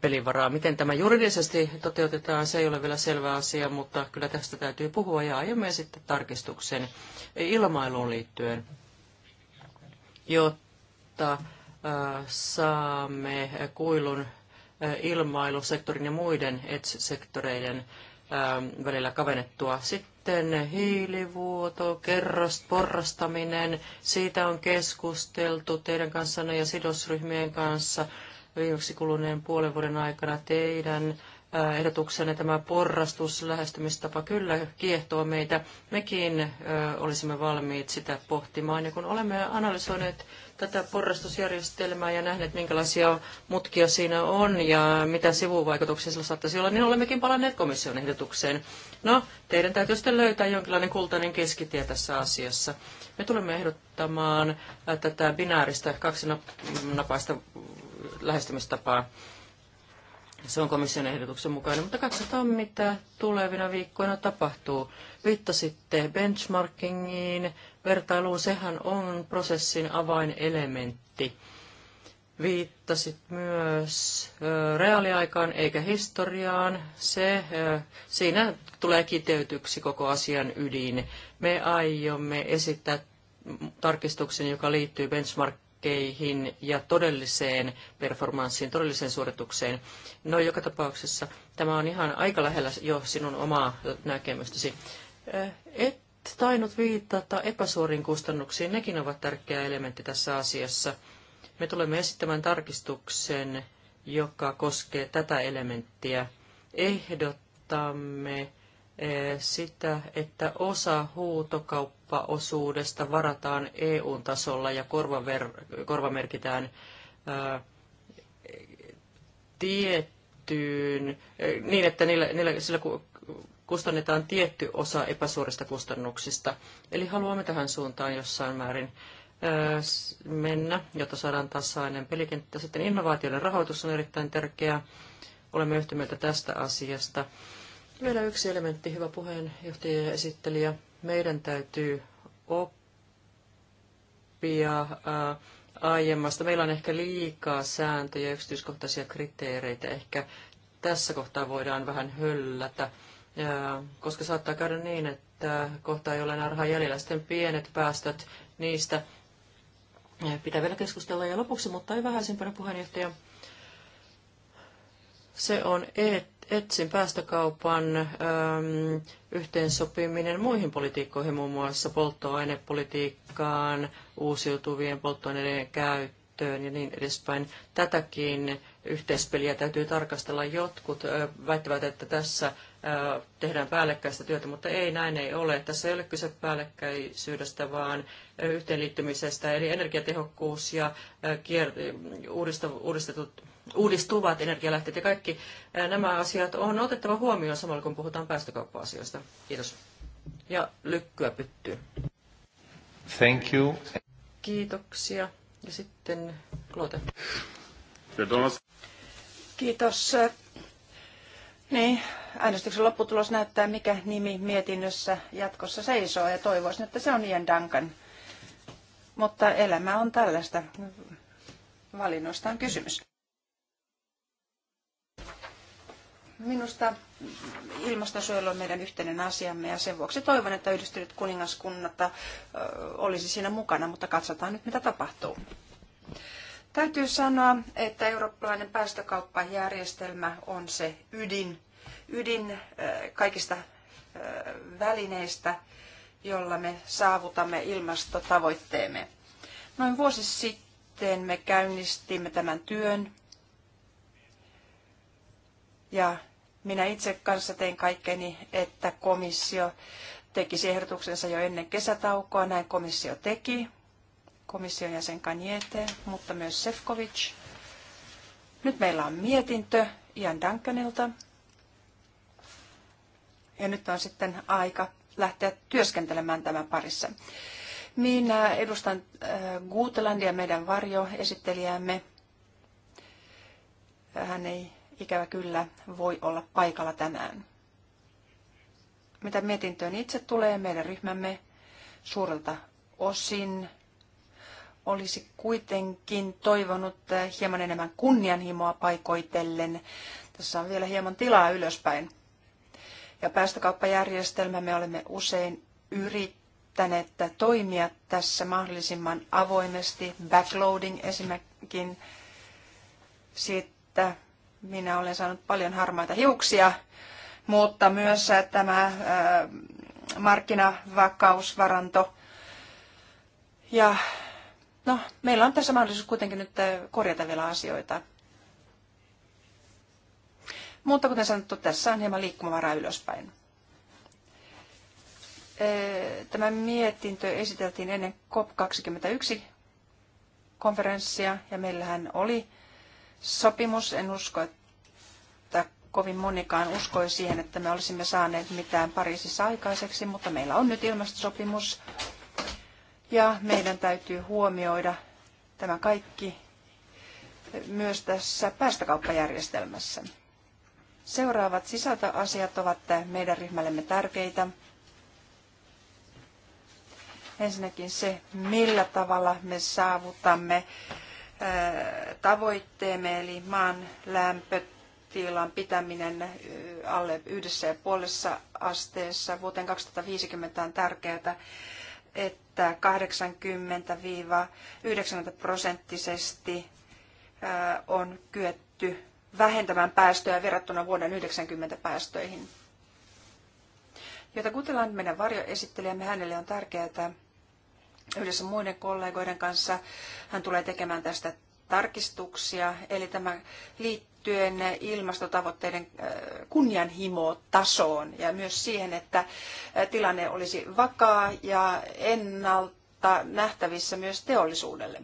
pelivaraa. Miten tämä juridisesti toteutetaan, se ei ole vielä selvä asia, mutta kyllä tästä täytyy puhua ja aiemme sitten tarkistuksen ilmailuun liittyen, jotta saamme kuilun ilmailusektorin ja muiden ETS-sektoreiden välillä kavennettua. Sitten sitten hiilivuoto, kerrast, porrastaminen, siitä on keskusteltu teidän kanssanne ja sidosryhmien kanssa viimeksi kuluneen puolen vuoden aikana teidän äh, ehdotuksenne tämä porrastus, lähestymistapa kyllä kiehtoo meitä. Mekin äh, olisimme valmiit sitä pohtimaan. Ja kun olemme analysoineet tätä porrastusjärjestelmää ja nähneet, minkälaisia mutkia siinä on ja mitä sivuvaikutuksia sillä saattaisi olla, niin olemmekin palanneet komission ehdotukseen. No, teidän täytyy sitten löytää jonkinlainen kultainen keskitie tässä asiassa. Me tulemme ehdottamaan äh, tätä binääristä kaksinapaista lähestymistapaa. Se on komission ehdotuksen mukainen, mutta katsotaan, mitä tulevina viikkoina tapahtuu. Viittasitte benchmarkingiin, vertailuun, sehän on prosessin avainelementti. Viittasit myös reaaliaikaan eikä historiaan. Se, siinä tulee kiteytyksi koko asian ydin. Me aiomme esittää tarkistuksen, joka liittyy benchmark ja todelliseen performanssiin, todelliseen suoritukseen. No joka tapauksessa tämä on ihan aika lähellä jo sinun omaa näkemystäsi. Et tainnut viittata epäsuoriin kustannuksiin. Nekin ovat tärkeä elementti tässä asiassa. Me tulemme esittämään tarkistuksen, joka koskee tätä elementtiä. Ehdottamme eh, sitä, että osa huutokauppaosuudesta varataan EU-tasolla ja korvaver- korvamerkitään ää, eh, tiettyyn, eh, niin että niillä, niillä, sillä kustannetaan tietty osa epäsuorista kustannuksista. Eli haluamme tähän suuntaan jossain määrin mennä, jotta saadaan tasainen pelikenttä. Sitten innovaatioiden rahoitus on erittäin tärkeää. Olemme yhtä mieltä tästä asiasta. Vielä yksi elementti, hyvä puheenjohtaja ja esittelijä. Meidän täytyy oppia aiemmasta. Meillä on ehkä liikaa sääntöjä, yksityiskohtaisia kriteereitä. Ehkä tässä kohtaa voidaan vähän höllätä koska saattaa käydä niin, että kohta ei ole enää rahaa jäljellä. Sitten pienet päästöt, niistä pitää vielä keskustella. Ja lopuksi, mutta ei vähäisimpänä puheenjohtaja, se on ETSin päästökaupan äm, yhteensopiminen muihin politiikkoihin, muun muassa polttoainepolitiikkaan, uusiutuvien polttoaineiden käyttöön ja niin edespäin. Tätäkin yhteispeliä täytyy tarkastella. Jotkut äh, väittävät, että tässä tehdään päällekkäistä työtä, mutta ei, näin ei ole. Tässä ei ole kyse päällekkäisyydestä, vaan yhteenliittymisestä, eli energiatehokkuus ja uudistetut, uudistuvat energialähteet ja kaikki nämä asiat on otettava huomioon samalla, kun puhutaan päästökauppa-asioista. Kiitos. Ja lykkyä pyttyy. Thank you. Kiitoksia. Ja sitten Klote. Kiitos. Niin, äänestyksen lopputulos näyttää, mikä nimi mietinnössä jatkossa seisoo ja toivoisin, että se on Ian Duncan. Mutta elämä on tällaista. Valinnoista on kysymys. Minusta ilmastonsuojelu on meidän yhteinen asiamme ja sen vuoksi toivon, että yhdistynyt kuningaskunnat olisi siinä mukana, mutta katsotaan nyt mitä tapahtuu. Täytyy sanoa, että eurooppalainen päästökauppajärjestelmä on se ydin, ydin äh, kaikista äh, välineistä, jolla me saavutamme ilmastotavoitteemme. Noin vuosi sitten me käynnistimme tämän työn ja minä itse kanssa tein kaikkeni, että komissio tekisi ehdotuksensa jo ennen kesätaukoa. Näin komissio teki komission jäsen Kanjete, mutta myös Sefcovic. Nyt meillä on mietintö Ian Duncanilta. Ja nyt on sitten aika lähteä työskentelemään tämän parissa. Minä edustan äh, Gutelandia, meidän varjoesittelijäämme. Hän ei ikävä kyllä voi olla paikalla tänään. Mitä mietintöön itse tulee, meidän ryhmämme suurelta osin olisi kuitenkin toivonut eh, hieman enemmän kunnianhimoa paikoitellen. Tässä on vielä hieman tilaa ylöspäin. Ja päästökauppajärjestelmä me olemme usein yrittäneet toimia tässä mahdollisimman avoimesti. Backloading esimerkiksi siitä minä olen saanut paljon harmaita hiuksia, mutta myös tämä eh, markkinavakausvaranto ja No, meillä on tässä mahdollisuus kuitenkin nyt eh, korjata vielä asioita. Mutta kuten sanottu, tässä on hieman liikkumavaraa ylöspäin. Eh, tämä mietintö esiteltiin ennen COP21 konferenssia ja meillähän oli sopimus. En usko, että kovin monikaan uskoi siihen, että me olisimme saaneet mitään Pariisissa aikaiseksi, mutta meillä on nyt ilmastosopimus ja meidän täytyy huomioida tämä kaikki myös tässä päästökauppajärjestelmässä. Seuraavat sisältöasiat ovat meidän ryhmällemme tärkeitä. Ensinnäkin se, millä tavalla me saavutamme tavoitteemme, eli maan lämpötilan pitäminen alle yhdessä ja puolessa asteessa vuoteen 2050 on tärkeää, että 80-90 prosenttisesti on kyetty vähentämään päästöjä verrattuna vuoden 90 päästöihin. Jota kutellaan meidän varjoesittelijämme, hänelle on tärkeää, yhdessä muiden kollegoiden kanssa. Hän tulee tekemään tästä tarkistuksia, eli tämä liittyen ilmastotavoitteiden äh, kunnianhimotasoon ja myös siihen, että äh, tilanne olisi vakaa ja ennalta nähtävissä myös teollisuudelle.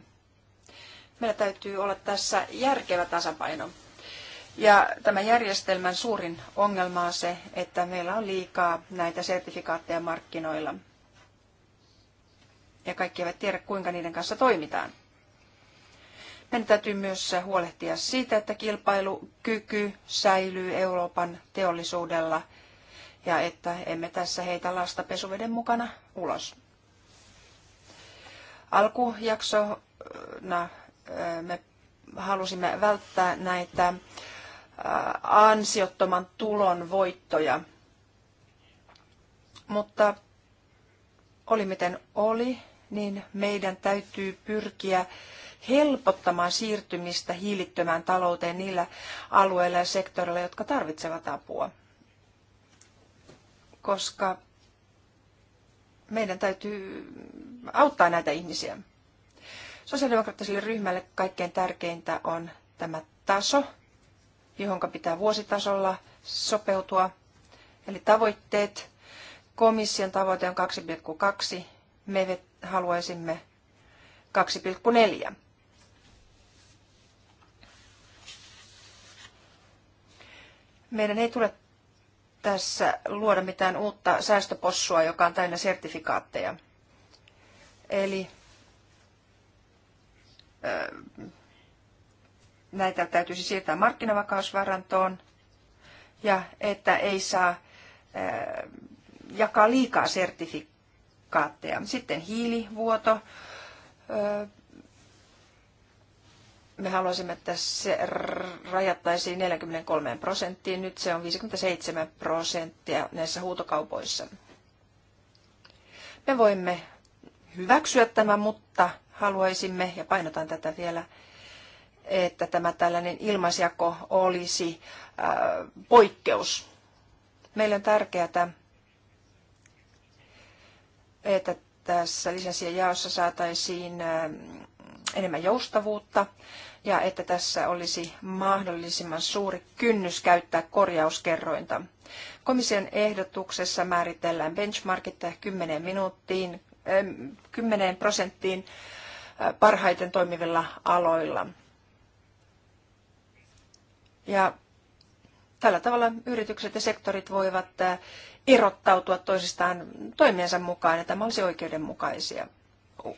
Meillä täytyy olla tässä järkevä tasapaino. Ja tämän järjestelmän suurin ongelma on se, että meillä on liikaa näitä sertifikaatteja markkinoilla. Ja kaikki eivät tiedä, kuinka niiden kanssa toimitaan. Meidän täytyy myös huolehtia siitä, että kilpailukyky säilyy Euroopan teollisuudella ja että emme tässä heitä lasta pesuveden mukana ulos. Alkujaksona äh, me halusimme välttää näitä äh, ansiottoman tulon voittoja, mutta oli miten oli, niin meidän täytyy pyrkiä helpottamaan siirtymistä hiilittömään talouteen niillä alueilla ja sektoreilla, jotka tarvitsevat apua. Koska meidän täytyy auttaa näitä ihmisiä. Sosiaalidemokraattiselle ryhmälle kaikkein tärkeintä on tämä taso, johon pitää vuositasolla sopeutua. Eli tavoitteet. Komission tavoite on 2,2. Me haluaisimme 2,4. Meidän ei tule tässä luoda mitään uutta säästöpossua, joka on täynnä sertifikaatteja. Eli näitä täytyisi siirtää markkinavakausvarantoon ja että ei saa jakaa liikaa sertifikaatteja. Sitten hiilivuoto, me haluaisimme, että se rajattaisiin 43 prosenttiin. Nyt se on 57 prosenttia näissä huutokaupoissa. Me voimme hyväksyä tämän, mutta haluaisimme, ja painotan tätä vielä, että tämä tällainen ilmaisjako olisi äh, poikkeus. Meille on tärkeää, että tässä lisenssien jaossa saataisiin äh, enemmän joustavuutta ja että tässä olisi mahdollisimman suuri kynnys käyttää korjauskerrointa. Komission ehdotuksessa määritellään benchmarkit 10 minuuttiin, 10 prosenttiin parhaiten toimivilla aloilla. Ja tällä tavalla yritykset ja sektorit voivat irrottautua toisistaan toimiensa mukaan, ja tämä olisi oikeudenmukaisia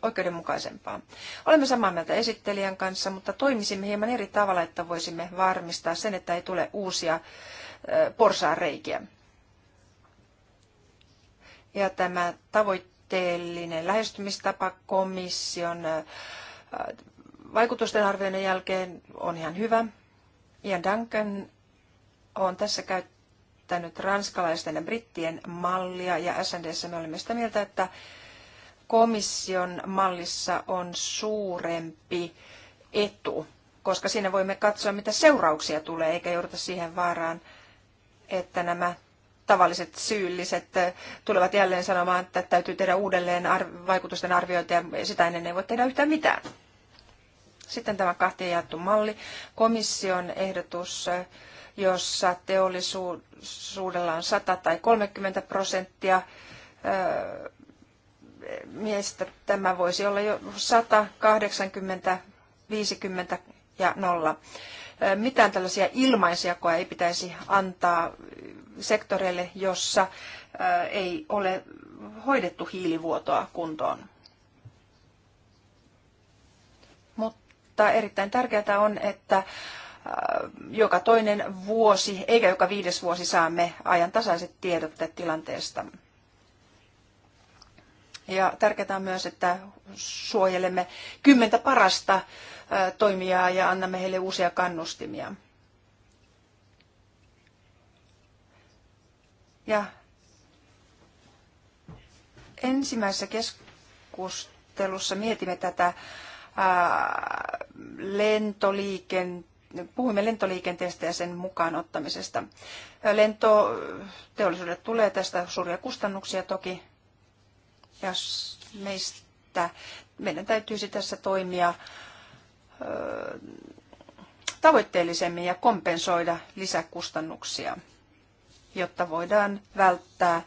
oikeudenmukaisempaa. Olemme samaa mieltä esittelijän kanssa, mutta toimisimme hieman eri tavalla, että voisimme varmistaa sen, että ei tule uusia porsaanreikiä. Ja tämä tavoitteellinen lähestymistapa komission vaikutusten arvioinnin jälkeen on ihan hyvä. Ian Duncan on tässä käyttänyt ranskalaisten ja brittien mallia ja SNDssä me olimme sitä mieltä, että komission mallissa on suurempi etu, koska siinä voimme katsoa, mitä seurauksia tulee, eikä jouduta siihen vaaraan, että nämä tavalliset syylliset tulevat jälleen sanomaan, että täytyy tehdä uudelleen vaikutusten arviointia ja sitä ennen ei voi tehdä yhtään mitään. Sitten tämä kahteen jaettu malli, komission ehdotus, jossa teollisuudella on 100 tai 30 prosenttia miestä tämä voisi olla jo 100, 80, 50 ja nolla. Mitään tällaisia ilmaisjakoja ei pitäisi antaa sektoreille, jossa ei ole hoidettu hiilivuotoa kuntoon. Mutta erittäin tärkeää on, että joka toinen vuosi eikä joka viides vuosi saamme ajantasaiset tiedot tilanteesta. Ja tärkeää on myös, että suojelemme kymmentä parasta toimijaa ja annamme heille uusia kannustimia. Ja ensimmäisessä keskustelussa mietimme tätä ää, lentoliikenteen puhumme lentoliikenteestä ja sen mukaan ottamisesta. Lentoteollisuudelle tulee tästä suuria kustannuksia toki, ja meistä, meidän täytyisi tässä toimia ö, tavoitteellisemmin ja kompensoida lisäkustannuksia, jotta voidaan välttää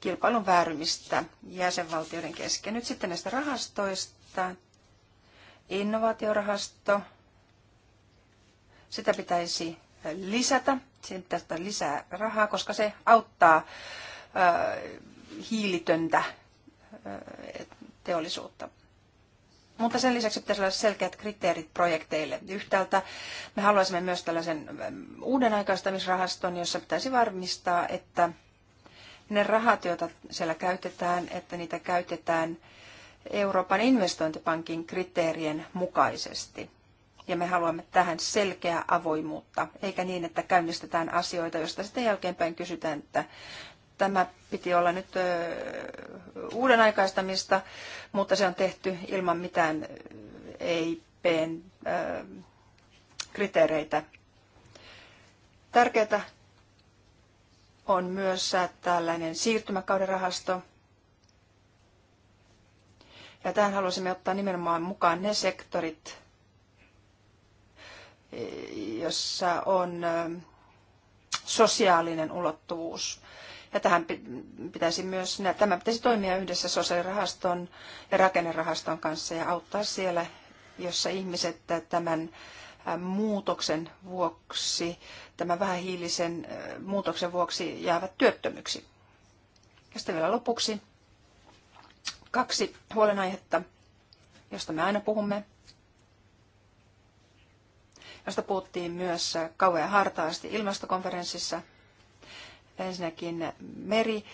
kilpailun väärymistä jäsenvaltioiden kesken. Nyt sitten näistä rahastoista. Innovaatiorahasto. Sitä pitäisi lisätä, siitä tästä lisää rahaa, koska se auttaa hiilitöntä teollisuutta. Mutta sen lisäksi pitäisi olla selkeät kriteerit projekteille. Yhtäältä me haluaisimme myös tällaisen uuden aikaistamisrahaston, jossa pitäisi varmistaa, että ne rahat, joita siellä käytetään, että niitä käytetään Euroopan investointipankin kriteerien mukaisesti. Ja me haluamme tähän selkeää avoimuutta, eikä niin, että käynnistetään asioita, joista sitten jälkeenpäin kysytään, että Tämä piti olla nyt uuden aikaistamista, mutta se on tehty ilman mitään EIPn kriteereitä. Tärkeää on myös tällainen siirtymäkauden rahasto. Ja tähän haluaisimme ottaa nimenomaan mukaan ne sektorit, jossa on sosiaalinen ulottuvuus. Ja tähän pitäisi myös, tämä pitäisi toimia yhdessä sosiaalirahaston ja rakennerahaston kanssa ja auttaa siellä, jossa ihmiset tämän muutoksen vuoksi, tämän vähähiilisen muutoksen vuoksi jäävät työttömyksi. Ja sitten vielä lopuksi kaksi huolenaihetta, josta me aina puhumme, josta puhuttiin myös kauhean hartaasti ilmastokonferenssissa – Ensinnäkin meri,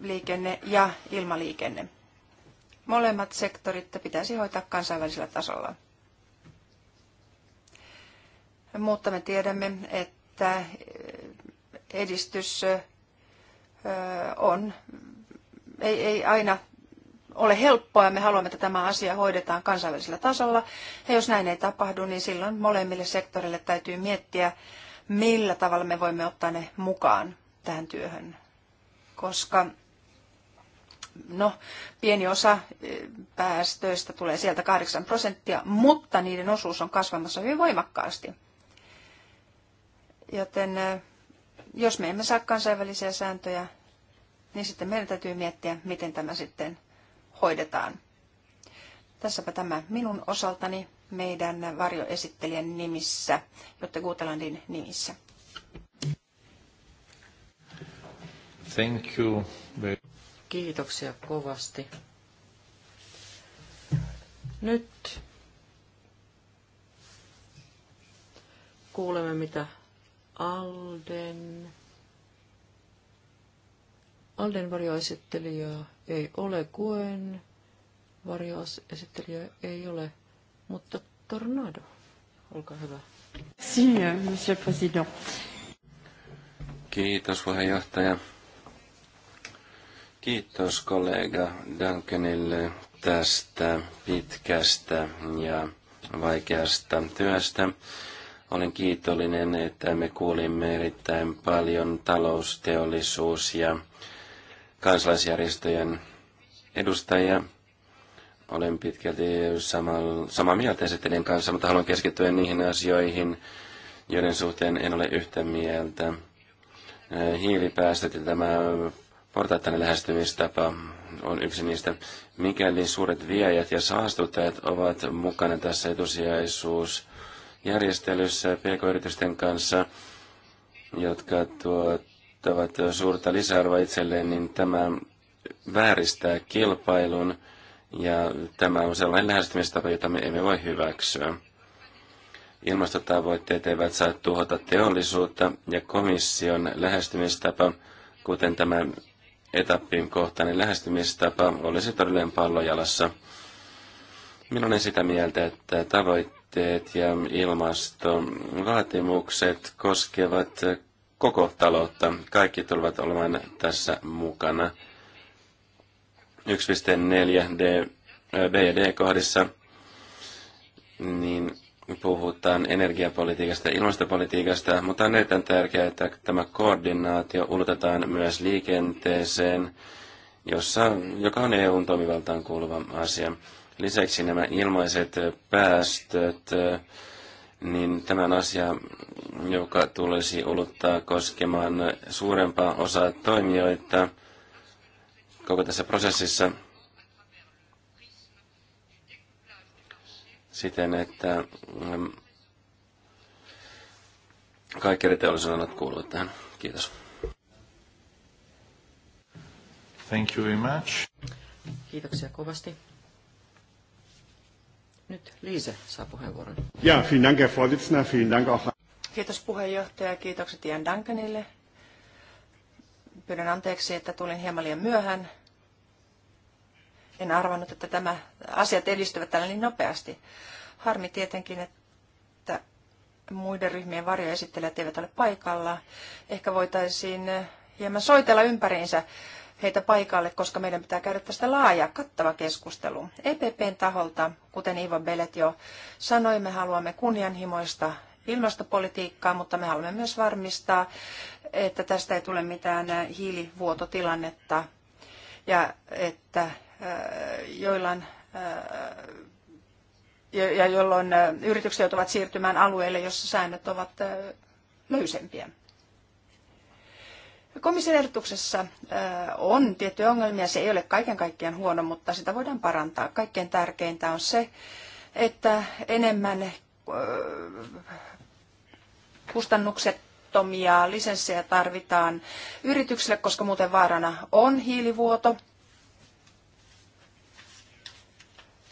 liikenne ja ilmaliikenne. Molemmat sektorit pitäisi hoitaa kansainvälisellä tasolla. Mutta me tiedämme, että edistys on, ei, ei aina ole helppoa ja me haluamme, että tämä asia hoidetaan kansainvälisellä tasolla. Ja jos näin ei tapahdu, niin silloin molemmille sektoreille täytyy miettiä, millä tavalla me voimme ottaa ne mukaan tähän työhön. Koska no, pieni osa eh, päästöistä tulee sieltä 8 prosenttia, mutta niiden osuus on kasvamassa hyvin voimakkaasti. Joten eh, jos me emme saa kansainvälisiä sääntöjä, niin sitten meidän täytyy miettiä, miten tämä sitten hoidetaan. Tässäpä tämä minun osaltani meidän varjoesittelijän nimissä, Jotte Gutelandin nimissä. Thank you. Kiitoksia kovasti. Nyt kuulemme, mitä Alden... Alden varjoesittelijä ei ole, Kuen varjoesittelijä ei ole. Mutta Tornado, olkaa hyvä. monsieur Kiitos puheenjohtaja. Kiitos kollega Duncanille tästä pitkästä ja vaikeasta työstä. Olen kiitollinen, että me kuulimme erittäin paljon talousteollisuus ja kansalaisjärjestöjen edustajia olen pitkälti sama, samaa mieltä esittelijän kanssa, mutta haluan keskittyä niihin asioihin, joiden suhteen en ole yhtä mieltä. Eh, hiilipäästöt ja tämä portaittainen lähestymistapa on yksi niistä. Mikäli suuret viejät ja saastuttajat ovat mukana tässä etusijaisuusjärjestelyssä pk-yritysten kanssa, jotka tuottavat suurta lisäarvoa itselleen, niin tämä vääristää kilpailun – ja tämä on sellainen lähestymistapa, jota me emme voi hyväksyä. Ilmastotavoitteet eivät saa tuhota teollisuutta ja komission lähestymistapa, kuten tämä etappin kohtainen lähestymistapa, olisi todellinen pallojalassa. Minä olen sitä mieltä, että tavoitteet ja ilmastovaatimukset koskevat koko taloutta. Kaikki tulevat olemaan tässä mukana. 1.4 D, B ja D kohdissa, niin puhutaan energiapolitiikasta ja ilmastopolitiikasta, mutta on erittäin tärkeää, että tämä koordinaatio ulotetaan myös liikenteeseen, jossa, joka on EUn toimivaltaan kuuluva asia. Lisäksi nämä ilmaiset päästöt, niin tämän asia, joka tulisi ulottaa koskemaan suurempaa osaa toimijoita – koko tässä prosessissa siten, että mm, kaikki eri teollisuudenat kuuluvat tähän. Kiitos. Thank you very much. Kiitoksia kovasti. Nyt Liise saa puheenvuoron. Ja, vielen Dank, Herr Vorsitzender, vielen Dank auch. Kiitos puheenjohtaja, kiitokset Ian Duncanille Pyydän anteeksi, että tulin hieman liian myöhään. En arvannut, että tämä asiat edistyvät tällä niin nopeasti. Harmi tietenkin, että muiden ryhmien varjoesittelijät eivät ole paikalla. Ehkä voitaisiin hieman soitella ympäriinsä heitä paikalle, koska meidän pitää käydä tästä laaja, kattava keskustelu. EPPn taholta, kuten Ivo Belet jo sanoi, me haluamme kunnianhimoista ilmastopolitiikkaa, mutta me haluamme myös varmistaa, että tästä ei tule mitään hiilivuototilannetta ja että äh, joillain äh, ja jolloin äh, yritykset joutuvat siirtymään alueille, jossa säännöt ovat löysempiä. Komission ehdotuksessa on tiettyjä ongelmia. Se ei ole kaiken kaikkiaan huono, mutta sitä voidaan parantaa. Kaikkein tärkeintä on se, että enemmän kustannuksettomia lisenssejä tarvitaan yrityksille, koska muuten vaarana on hiilivuoto.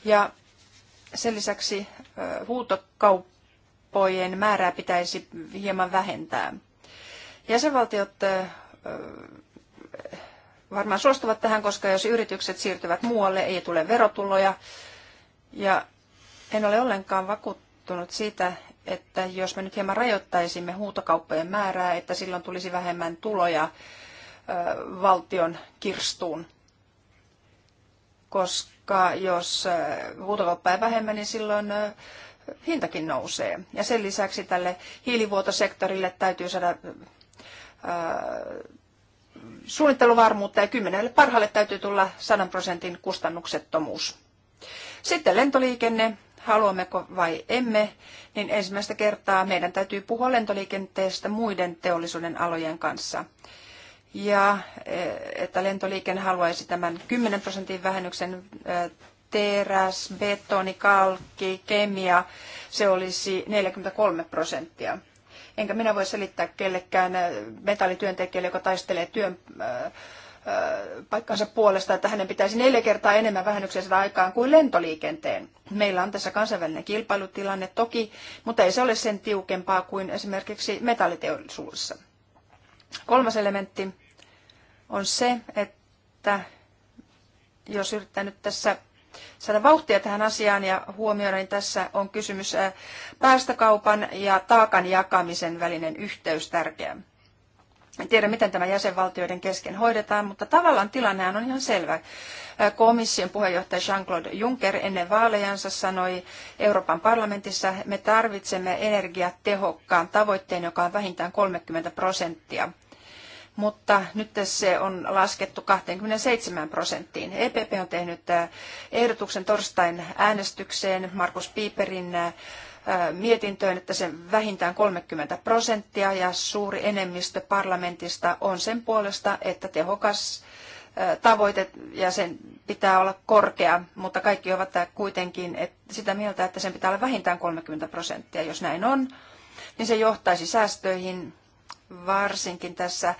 Ja sen lisäksi huutokauppojen määrää pitäisi hieman vähentää. Jäsenvaltiot varmaan suostuvat tähän, koska jos yritykset siirtyvät muualle, ei tule verotuloja. Ja en ole ollenkaan vakuuttunut siitä, että jos me nyt hieman rajoittaisimme huutokauppojen määrää, että silloin tulisi vähemmän tuloja valtion kirstuun. Koska jos huutokauppa ei vähemmän, niin silloin hintakin nousee. Ja sen lisäksi tälle hiilivuotosektorille täytyy saada suunnitteluvarmuutta ja kymmenelle parhaalle täytyy tulla 100 prosentin kustannuksettomuus. Sitten lentoliikenne haluammeko vai emme, niin ensimmäistä kertaa meidän täytyy puhua lentoliikenteestä muiden teollisuuden alojen kanssa. Ja e, että lentoliikenne haluaisi tämän 10 prosentin vähennyksen e, teräs, betoni, kalkki, kemia, se olisi 43 prosenttia. Enkä minä voi selittää kellekään e, metallityöntekijälle, joka taistelee työn äh, paikkansa puolesta, että hänen pitäisi neljä kertaa enemmän vähennyksiä saada aikaan kuin lentoliikenteen. Meillä on tässä kansainvälinen kilpailutilanne toki, mutta ei se ole sen tiukempaa kuin esimerkiksi metalliteollisuudessa. Kolmas elementti on se, että jos yrittää nyt tässä saada vauhtia tähän asiaan ja huomioida, niin tässä on kysymys päästökaupan ja taakan jakamisen välinen yhteys tärkeä. En tiedä, miten tämä jäsenvaltioiden kesken hoidetaan, mutta tavallaan tilannehan on ihan selvä. Komission puheenjohtaja Jean-Claude Juncker ennen vaalejansa sanoi Euroopan parlamentissa, että me tarvitsemme energiatehokkaan tavoitteen, joka on vähintään 30 prosenttia. Mutta nyt se on laskettu 27 prosenttiin. EPP on tehnyt ehdotuksen torstain äänestykseen Markus Piiperin mietintöön, että sen vähintään 30 prosenttia ja suuri enemmistö parlamentista on sen puolesta, että tehokas tavoite ja sen pitää olla korkea, mutta kaikki ovat kuitenkin sitä mieltä, että sen pitää olla vähintään 30 prosenttia. Jos näin on, niin se johtaisi säästöihin varsinkin tässä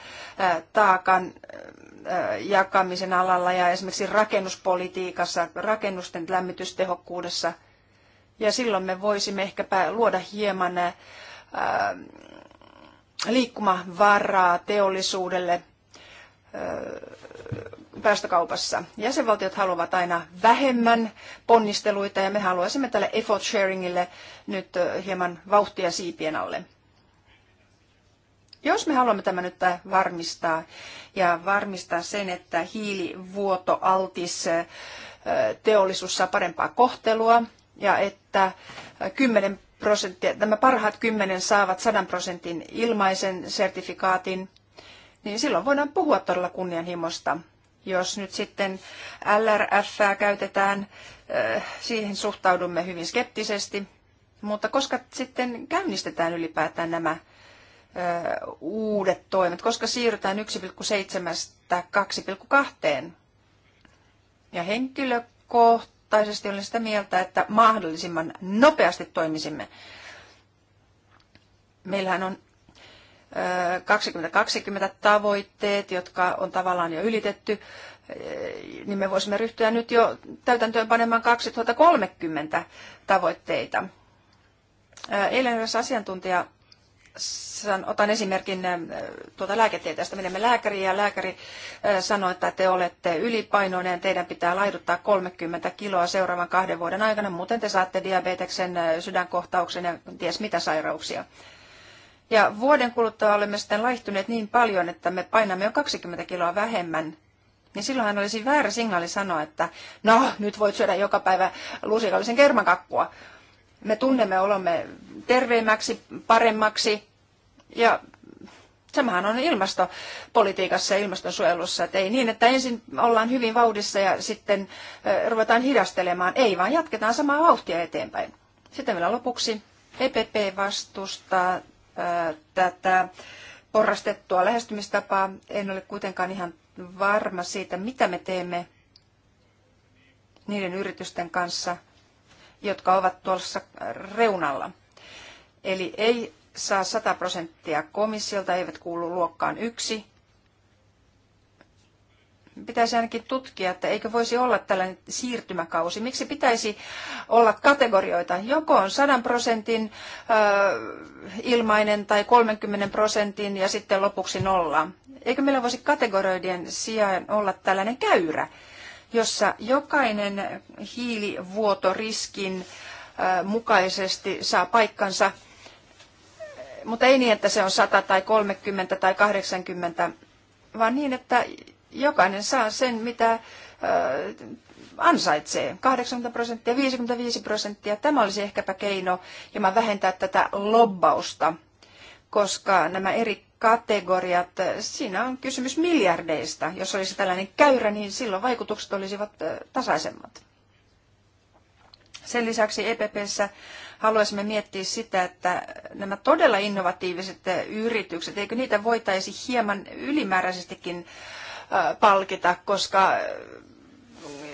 taakan jakamisen alalla ja esimerkiksi rakennuspolitiikassa, rakennusten lämmitystehokkuudessa – ja silloin me voisimme ehkäpä luoda hieman ää, liikkumavaraa teollisuudelle ää, päästökaupassa. Jäsenvaltiot haluavat aina vähemmän ponnisteluita ja me haluaisimme tälle effort sharingille nyt hieman vauhtia siipien alle. Jos me haluamme tämän nyt varmistaa ja varmistaa sen, että hiilivuotoaltis teollisuus saa parempaa kohtelua, ja että 10 prosenttia, nämä parhaat kymmenen saavat 100 prosentin ilmaisen sertifikaatin, niin silloin voidaan puhua todella kunnianhimosta. Jos nyt sitten LRF käytetään, eh, siihen suhtaudumme hyvin skeptisesti, mutta koska sitten käynnistetään ylipäätään nämä eh, uudet toimet, koska siirrytään 1,7-2,2. Ja henkilökohtaisesti lähtökohtaisesti olen sitä mieltä, että mahdollisimman nopeasti toimisimme. Meillähän on 2020 tavoitteet, jotka on tavallaan jo ylitetty, niin me voisimme ryhtyä nyt jo täytäntöön panemaan 2030 tavoitteita. Eilen eräs asiantuntija otan esimerkin äh, tuota lääketieteestä. Menemme lääkäriin ja lääkäri äh, sanoi, että te olette ylipainoinen, teidän pitää laiduttaa 30 kiloa seuraavan kahden vuoden aikana, muuten te saatte diabeteksen, äh, sydänkohtauksen ja ties mitä sairauksia. Ja vuoden kuluttua olemme sitten laihtuneet niin paljon, että me painamme jo 20 kiloa vähemmän niin silloinhan olisi väärä signaali sanoa, että no, nyt voit syödä joka päivä lusikallisen kermakakkua me tunnemme olemme terveemmäksi, paremmaksi ja samahan on ilmastopolitiikassa ja ilmastonsuojelussa, että ei niin, että ensin ollaan hyvin vauhdissa ja sitten ruvetaan hidastelemaan. Ei, vaan jatketaan samaa vauhtia eteenpäin. Sitten vielä lopuksi EPP vastustaa tätä porrastettua lähestymistapaa. En ole kuitenkaan ihan varma siitä, mitä me teemme niiden yritysten kanssa, jotka ovat tuossa reunalla. Eli ei saa 100 prosenttia komissiolta, eivät kuulu luokkaan yksi. Pitäisi ainakin tutkia, että eikö voisi olla tällainen siirtymäkausi. Miksi pitäisi olla kategorioita? Joko on 100 prosentin ilmainen tai 30 prosentin ja sitten lopuksi nolla. Eikö meillä voisi kategorioiden sijaan olla tällainen käyrä? jossa jokainen hiilivuotoriskin mukaisesti saa paikkansa, mutta ei niin, että se on 100 tai 30 tai 80, vaan niin, että jokainen saa sen, mitä ansaitsee. 80 prosenttia, 55 prosenttia. Tämä olisi ehkäpä keino hieman vähentää tätä lobbausta – koska nämä eri kategoriat, siinä on kysymys miljardeista. Jos olisi tällainen käyrä, niin silloin vaikutukset olisivat tasaisemmat. Sen lisäksi EPPssä haluaisimme miettiä sitä, että nämä todella innovatiiviset yritykset, eikö niitä voitaisi hieman ylimääräisestikin palkita, koska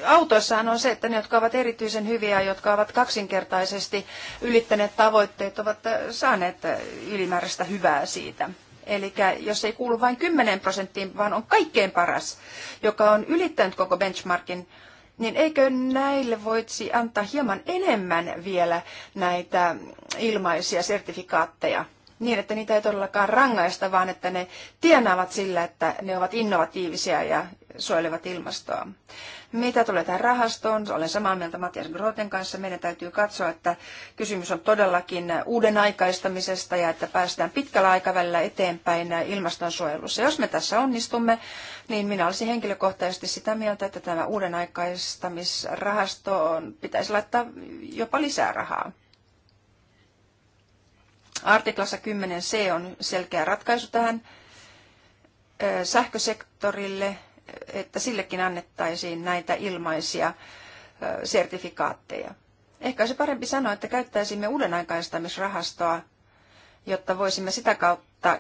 autoissahan on se, että ne, jotka ovat erityisen hyviä, jotka ovat kaksinkertaisesti ylittäneet tavoitteet, ovat äh, saaneet äh, ylimääräistä hyvää siitä. Eli jos ei kuulu vain 10 prosenttiin, vaan on kaikkein paras, joka on ylittänyt koko benchmarkin, niin eikö näille voisi antaa hieman enemmän vielä näitä ilmaisia sertifikaatteja? Niin, että niitä ei todellakaan rangaista, vaan että ne tienaavat sillä, että ne ovat innovatiivisia ja suojelevat ilmastoa. Mitä tulee tähän rahastoon, olen samaa mieltä Matias Groten kanssa. Meidän täytyy katsoa, että kysymys on todellakin uuden aikaistamisesta ja että päästään pitkällä aikavälillä eteenpäin ilmastonsuojelussa. Jos me tässä onnistumme, niin minä olisin henkilökohtaisesti sitä mieltä, että tämä uuden aikaistamisrahastoon pitäisi laittaa jopa lisää rahaa. Artiklassa 10c on selkeä ratkaisu tähän sähkösektorille että sillekin annettaisiin näitä ilmaisia sertifikaatteja. Ehkä olisi parempi sanoa, että käyttäisimme uudenaikaistamisrahastoa, jotta voisimme sitä kautta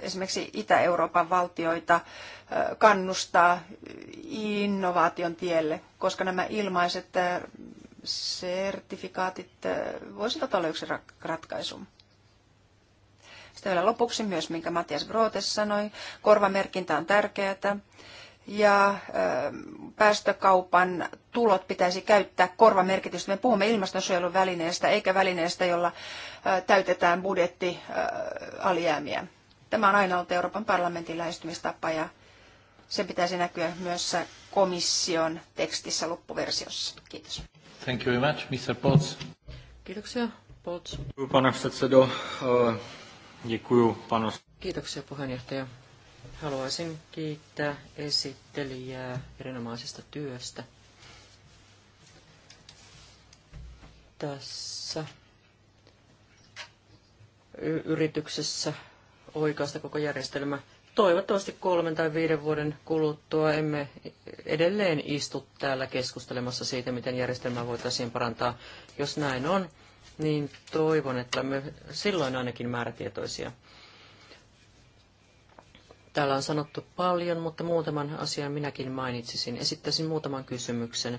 esimerkiksi Itä-Euroopan valtioita kannustaa innovaation tielle, koska nämä ilmaiset sertifikaatit voisivat olla yksi ratkaisu. Sitten vielä lopuksi myös, minkä Matias Brotes sanoi, korvamerkintä on tärkeää ja päästökaupan tulot pitäisi käyttää korvamerkitystä. Me puhumme ilmastonsuojelun välineestä eikä välineestä, jolla täytetään budjettialijäämiä. Tämä on aina ollut Euroopan parlamentin lähestymistapa ja sen pitäisi näkyä myös komission tekstissä loppuversiossa. Kiitos. Thank you very much, Mr. Potts. Kiitoksia, Potts. Kiitoksia puheenjohtaja. Haluaisin kiittää esittelijää erinomaisesta työstä. Tässä yrityksessä oikeasta koko järjestelmä. Toivottavasti kolmen tai viiden vuoden kuluttua emme edelleen istu täällä keskustelemassa siitä, miten järjestelmää voitaisiin parantaa. Jos näin on, niin toivon, että me silloin ainakin määrätietoisia. Täällä on sanottu paljon, mutta muutaman asian minäkin mainitsisin. Esittäisin muutaman kysymyksen.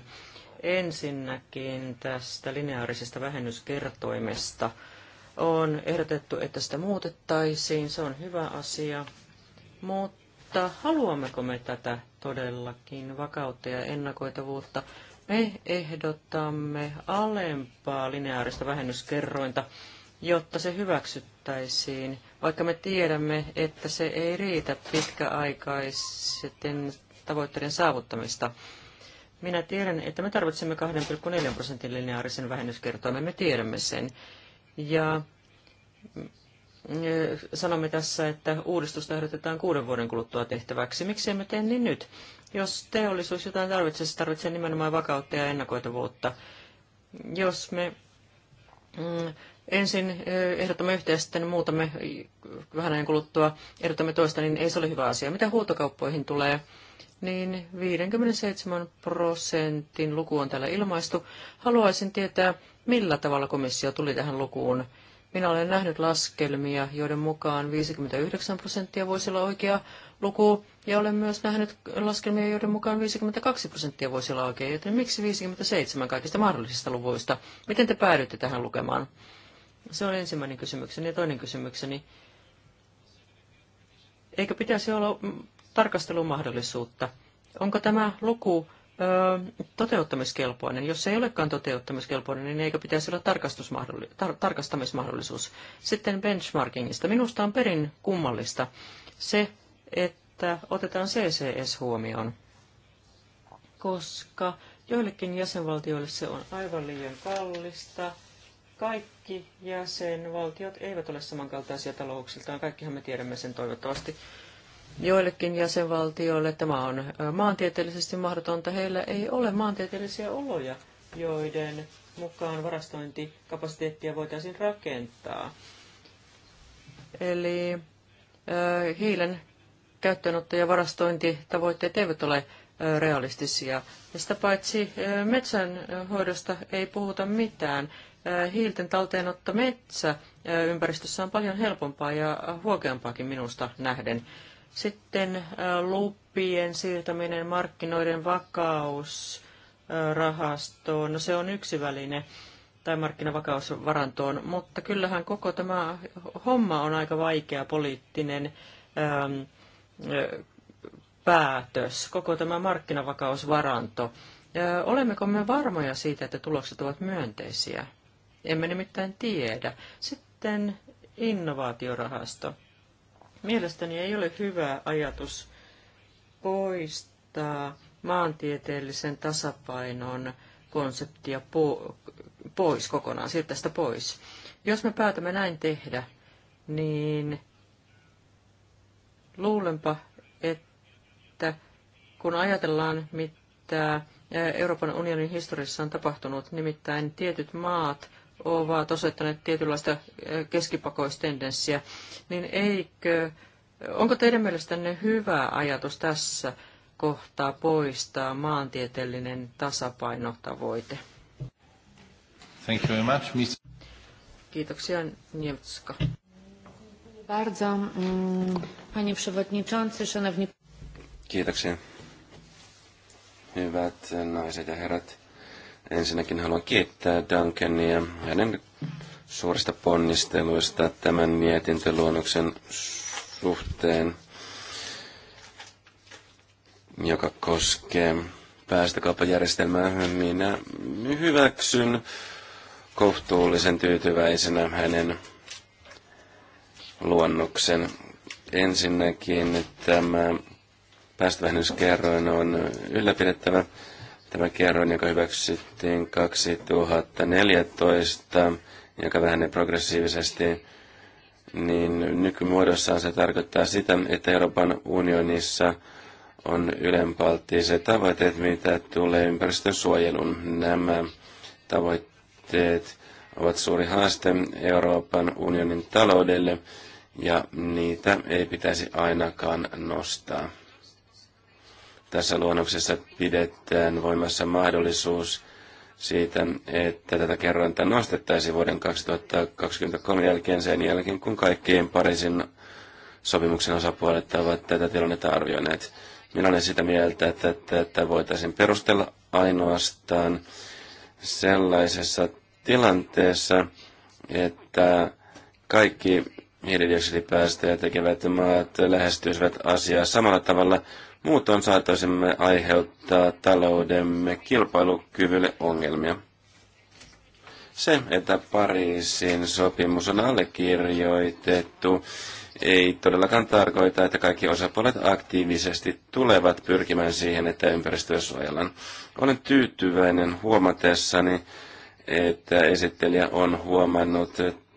Ensinnäkin tästä lineaarisesta vähennyskertoimesta on ehdotettu, että sitä muutettaisiin. Se on hyvä asia, mutta haluammeko me tätä todellakin vakautta ja ennakoitavuutta? Me ehdotamme alempaa lineaarista vähennyskerrointa jotta se hyväksyttäisiin, vaikka me tiedämme, että se ei riitä pitkäaikaisten tavoitteiden saavuttamista. Minä tiedän, että me tarvitsemme 2,4 prosentin lineaarisen vähennyskertoimen, me tiedämme sen. Ja sanomme tässä, että uudistusta ehdotetaan kuuden vuoden kuluttua tehtäväksi. Miksi emme tee niin nyt? Jos teollisuus jotain tarvitsee, se tarvitsee nimenomaan vakautta ja ennakoitavuutta. Jos me mm, ensin ehdotamme yhtä ja sitten niin muutamme vähän ajan kuluttua ehdotamme toista, niin ei se ole hyvä asia. Mitä huutokauppoihin tulee, niin 57 prosentin luku on täällä ilmaistu. Haluaisin tietää, millä tavalla komissio tuli tähän lukuun. Minä olen nähnyt laskelmia, joiden mukaan 59 prosenttia voisi olla oikea luku, ja olen myös nähnyt laskelmia, joiden mukaan 52 prosenttia voisi olla oikea, joten miksi 57 kaikista mahdollisista luvuista? Miten te päädyitte tähän lukemaan? Se on ensimmäinen kysymykseni. Ja toinen kysymykseni. Eikö pitäisi olla mm, tarkastelumahdollisuutta? Onko tämä luku ö, toteuttamiskelpoinen? Jos se ei olekaan toteuttamiskelpoinen, niin eikö pitäisi olla tar- tarkastamismahdollisuus? Sitten benchmarkingista. Minusta on perin kummallista se, että otetaan CCS huomioon, koska joillekin jäsenvaltioille se on aivan liian kallista – kaikki jäsenvaltiot eivät ole samankaltaisia talouksiltaan. Kaikkihan me tiedämme sen toivottavasti. Joillekin jäsenvaltioille tämä on maantieteellisesti mahdotonta. Heillä ei ole maantieteellisiä oloja, joiden mukaan varastointikapasiteettia voitaisiin rakentaa. Eli äh, hiilen käyttöönotto- ja varastointitavoitteet eivät ole realistisia. Ja sitä paitsi metsänhoidosta ei puhuta mitään hiilten talteenotto metsä ympäristössä on paljon helpompaa ja huokeampaakin minusta nähden. Sitten lupien siirtäminen markkinoiden rahastoon, no se on yksi väline tai markkinavakausvarantoon, mutta kyllähän koko tämä homma on aika vaikea poliittinen ähm, päätös, koko tämä markkinavakausvaranto. Olemmeko me varmoja siitä, että tulokset ovat myönteisiä? Emme nimittäin tiedä. Sitten innovaatiorahasto. Mielestäni ei ole hyvä ajatus poistaa maantieteellisen tasapainon konseptia pois kokonaan, siirtää sitä pois. Jos me päätämme näin tehdä, niin luulenpa, että kun ajatellaan, mitä Euroopan unionin historiassa on tapahtunut, nimittäin tietyt maat ovat osoittaneet tietynlaista keskipakoistendenssiä, niin eikö, onko teidän mielestänne hyvä ajatus tässä kohtaa poistaa maantieteellinen tasapainotavoite? Thank you very much, Mr. Kiitoksia, Niemtska. Bardzo, mm, panie przewodniczący, szanowni... Kiitoksia. Hyvät naiset ja herrat, Ensinnäkin haluan kiittää Duncania hänen suurista ponnisteluista tämän mietintöluonnoksen suhteen, joka koskee päästökauppajärjestelmää. Minä hyväksyn kohtuullisen tyytyväisenä hänen luonnoksen. Ensinnäkin tämä päästövähennyskerroin on ylläpidettävä Tämä kerroin, joka hyväksyttiin 2014, joka vähenee progressiivisesti, niin nykymuodossaan se tarkoittaa sitä, että Euroopan unionissa on ylenpalttiset tavoitteet, mitä tulee ympäristön suojelun. Nämä tavoitteet ovat suuri haaste Euroopan unionin taloudelle, ja niitä ei pitäisi ainakaan nostaa. Tässä luonnoksessa pidetään voimassa mahdollisuus siitä, että tätä kerrointa nostettaisiin vuoden 2023 jälkeen sen jälkeen, kun kaikkiin Pariisin sopimuksen osapuolet ovat tätä tilannetta arvioineet. Minä olen sitä mieltä, että tätä voitaisiin perustella ainoastaan sellaisessa tilanteessa, että kaikki hiilidioksidipäästöjä tekevät maat lähestyisivät asiaa samalla tavalla Muutoin saataisimme aiheuttaa taloudemme kilpailukyvylle ongelmia. Se, että Pariisin sopimus on allekirjoitettu, ei todellakaan tarkoita, että kaikki osapuolet aktiivisesti tulevat pyrkimään siihen, että ympäristöä suojellaan. Olen tyytyväinen huomatessani, että esittelijä on huomannut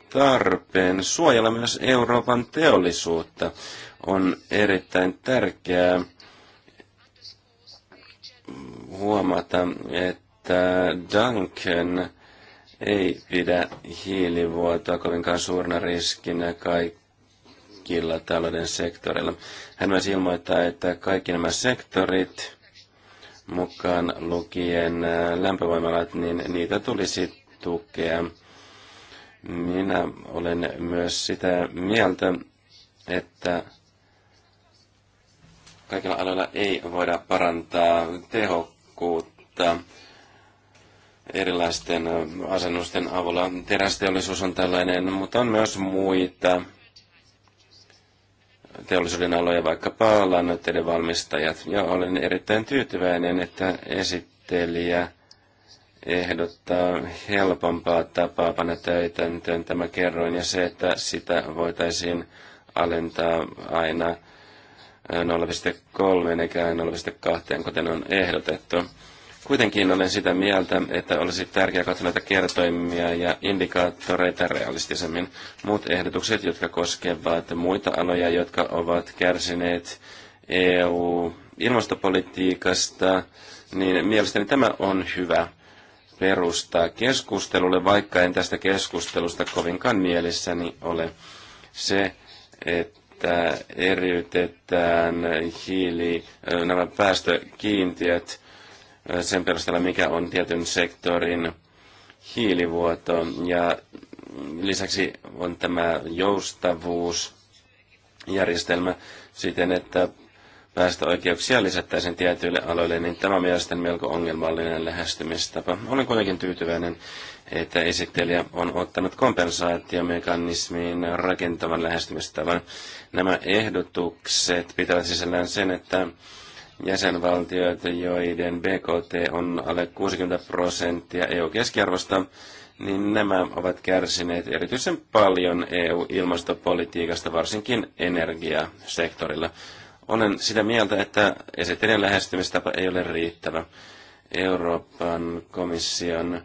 tarpeen suojella myös Euroopan teollisuutta. On erittäin tärkeää huomata, että Duncan ei pidä hiilivuotoa kovinkaan suurna riskinä kaikilla talouden sektoreilla. Hän myös ilmoittaa, että kaikki nämä sektorit, mukaan lukien lämpövoimalat, niin niitä tulisi tukea. Minä olen myös sitä mieltä, että kaikilla aloilla ei voida parantaa tehokkuutta tehokkuutta erilaisten asennusten avulla. Terästeollisuus on tällainen, mutta on myös muita teollisuuden aloja, vaikkapa lannoitteiden valmistajat. Ja olen erittäin tyytyväinen, että esittelijä ehdottaa helpompaa tapaa panna täytäntöön tämä kerroin ja se, että sitä voitaisiin alentaa aina 0,3 eikä 0,2, kuten on ehdotettu. Kuitenkin olen sitä mieltä, että olisi tärkeää katsoa näitä kertoimia ja indikaattoreita realistisemmin. Muut ehdotukset, jotka koskevat muita aloja, jotka ovat kärsineet EU-ilmastopolitiikasta, niin mielestäni tämä on hyvä perustaa keskustelulle, vaikka en tästä keskustelusta kovinkaan mielissäni ole se, että että eriytetään hiili, nämä päästökiintiöt sen perusteella, mikä on tietyn sektorin hiilivuoto. Ja lisäksi on tämä joustavuusjärjestelmä siten, että päästöoikeuksia lisättäisiin tietyille aloille, niin tämä on mielestäni melko ongelmallinen lähestymistapa. Olen kuitenkin tyytyväinen, että esittelijä on ottanut kompensaatiomekanismiin rakentavan lähestymistavan. Nämä ehdotukset pitävät sisällään sen, että jäsenvaltioita, joiden BKT on alle 60 prosenttia EU-keskiarvosta, niin nämä ovat kärsineet erityisen paljon EU-ilmastopolitiikasta, varsinkin energiasektorilla. Olen sitä mieltä, että esittelijän lähestymistapa ei ole riittävä. Euroopan komission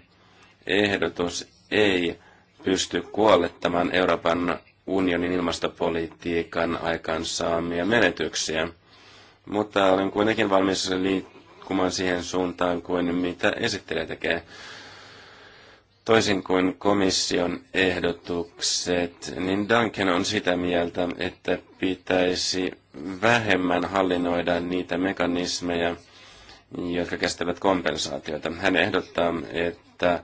ehdotus ei pysty kuolettamaan Euroopan unionin ilmastopolitiikan aikaansaamia menetyksiä. Mutta olen kuitenkin valmis liikkumaan siihen suuntaan kuin mitä esittelijä tekee. Toisin kuin komission ehdotukset, niin Duncan on sitä mieltä, että pitäisi vähemmän hallinnoida niitä mekanismeja, jotka kestävät kompensaatiota. Hän ehdottaa, että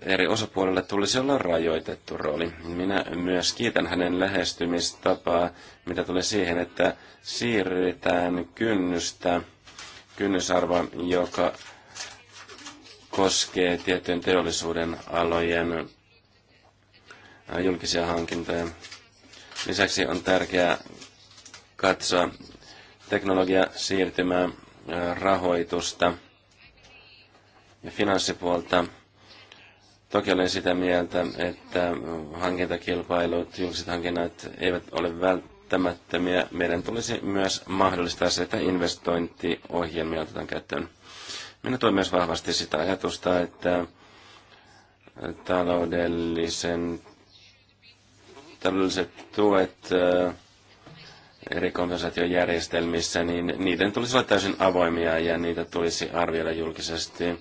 eri osapuolille tulisi olla rajoitettu rooli. Minä myös kiitän hänen lähestymistapaa, mitä tulee siihen, että siirretään kynnystä, kynnysarva, joka koskee tiettyjen teollisuuden alojen julkisia hankintoja. Lisäksi on tärkeää katsoa teknologia siirtymää rahoitusta ja finanssipuolta Toki olen sitä mieltä, että hankintakilpailut, julkiset hankinnat eivät ole välttämättömiä. Meidän tulisi myös mahdollistaa se, että investointiohjelmia otetaan käyttöön. Minä tuen myös vahvasti sitä ajatusta, että taloudellisen, taloudelliset tuet eri kompensaatiojärjestelmissä, niin niiden tulisi olla täysin avoimia ja niitä tulisi arvioida julkisesti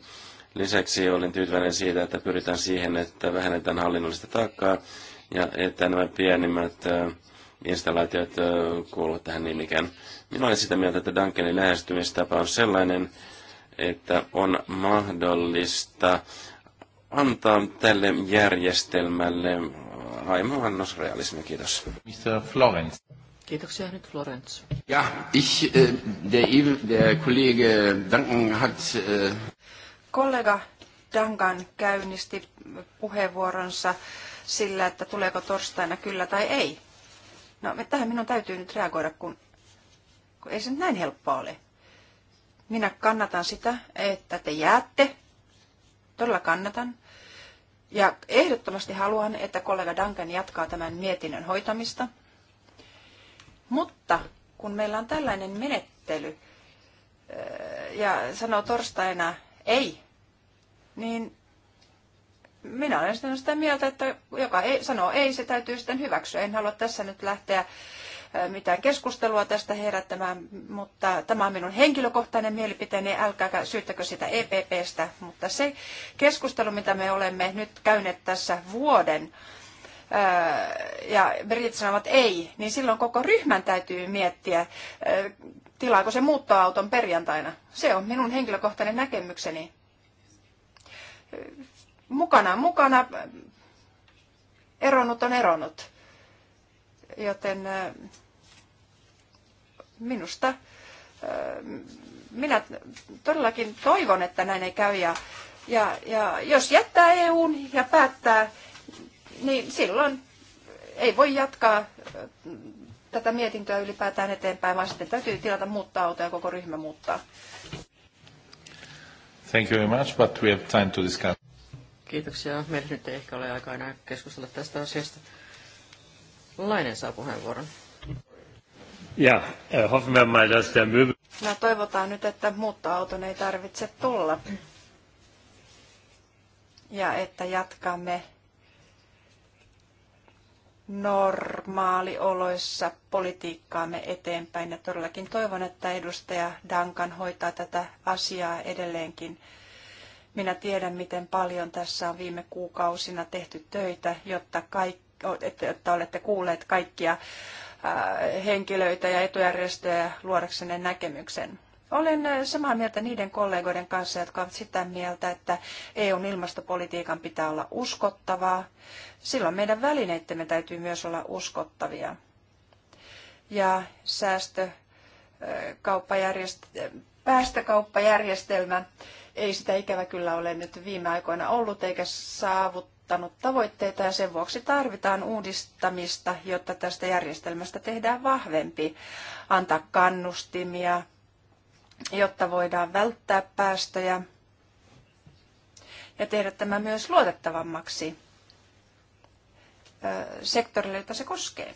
Lisäksi olin tyytyväinen siitä, että pyritään siihen, että vähennetään hallinnollista taakkaa ja että nämä pienimmät installaatiot kuuluvat tähän niin ikään. Minä olen sitä mieltä, että Duncanin lähestymistapa on sellainen, että on mahdollista antaa tälle järjestelmälle aimo annos Kiitos. Mr. Florence. Kiitoksia nyt Florence. Ja, ich, äh, der, der Kollege Duncan hat... Äh... Kollega Dangan käynnisti puheenvuoronsa sillä, että tuleeko torstaina kyllä tai ei. No, tähän minun täytyy nyt reagoida, kun, kun ei se nyt näin helppoa ole. Minä kannatan sitä, että te jäätte. Todella kannatan. Ja ehdottomasti haluan, että kollega Duncan jatkaa tämän mietinnön hoitamista. Mutta kun meillä on tällainen menettely ja sanoo torstaina ei, niin minä olen sitten sitä mieltä, että joka ei, sanoo ei, se täytyy sitten hyväksyä. En halua tässä nyt lähteä mitään keskustelua tästä herättämään, mutta tämä on minun henkilökohtainen mielipiteeni, älkääkä syyttäkö sitä EPPstä, mutta se keskustelu, mitä me olemme nyt käyneet tässä vuoden, ja britit sanovat ei, niin silloin koko ryhmän täytyy miettiä, tilaako se muuttoauton perjantaina. Se on minun henkilökohtainen näkemykseni mukana on mukana, eronnut on eronnut. Joten minusta minä todellakin toivon, että näin ei käy. Ja, ja, ja jos jättää EUn ja päättää, niin silloin ei voi jatkaa tätä mietintöä ylipäätään eteenpäin, vaan sitten täytyy tilata muuttaa autoja ja koko ryhmä muuttaa. Thank you very much, but we have time to discuss. Kiitoksia. Meillä nyt ei ehkä ole aikaa enää keskustella tästä asiasta. Lainen saa puheenvuoron. Ja, No toivotaan nyt, että muuttoauton ei tarvitse tulla. Ja että jatkamme normaalioloissa politiikkaamme eteenpäin. Ja todellakin toivon, että edustaja Duncan hoitaa tätä asiaa edelleenkin. Minä tiedän, miten paljon tässä on viime kuukausina tehty töitä, jotta, kaikki, että olette kuulleet kaikkia henkilöitä ja etujärjestöjä luodaksenne näkemyksen. Olen äh, samaa mieltä niiden kollegoiden kanssa, jotka ovat sitä mieltä, että EUn ilmastopolitiikan pitää olla uskottavaa. Silloin meidän välineittemme täytyy myös olla uskottavia. Ja säästö, äh, päästökauppajärjestelmä ei sitä ikävä kyllä ole nyt viime aikoina ollut eikä saavuttanut tavoitteita ja sen vuoksi tarvitaan uudistamista, jotta tästä järjestelmästä tehdään vahvempi, antaa kannustimia, jotta voidaan välttää päästöjä ja tehdä tämä myös luotettavammaksi sektorille, jota se koskee.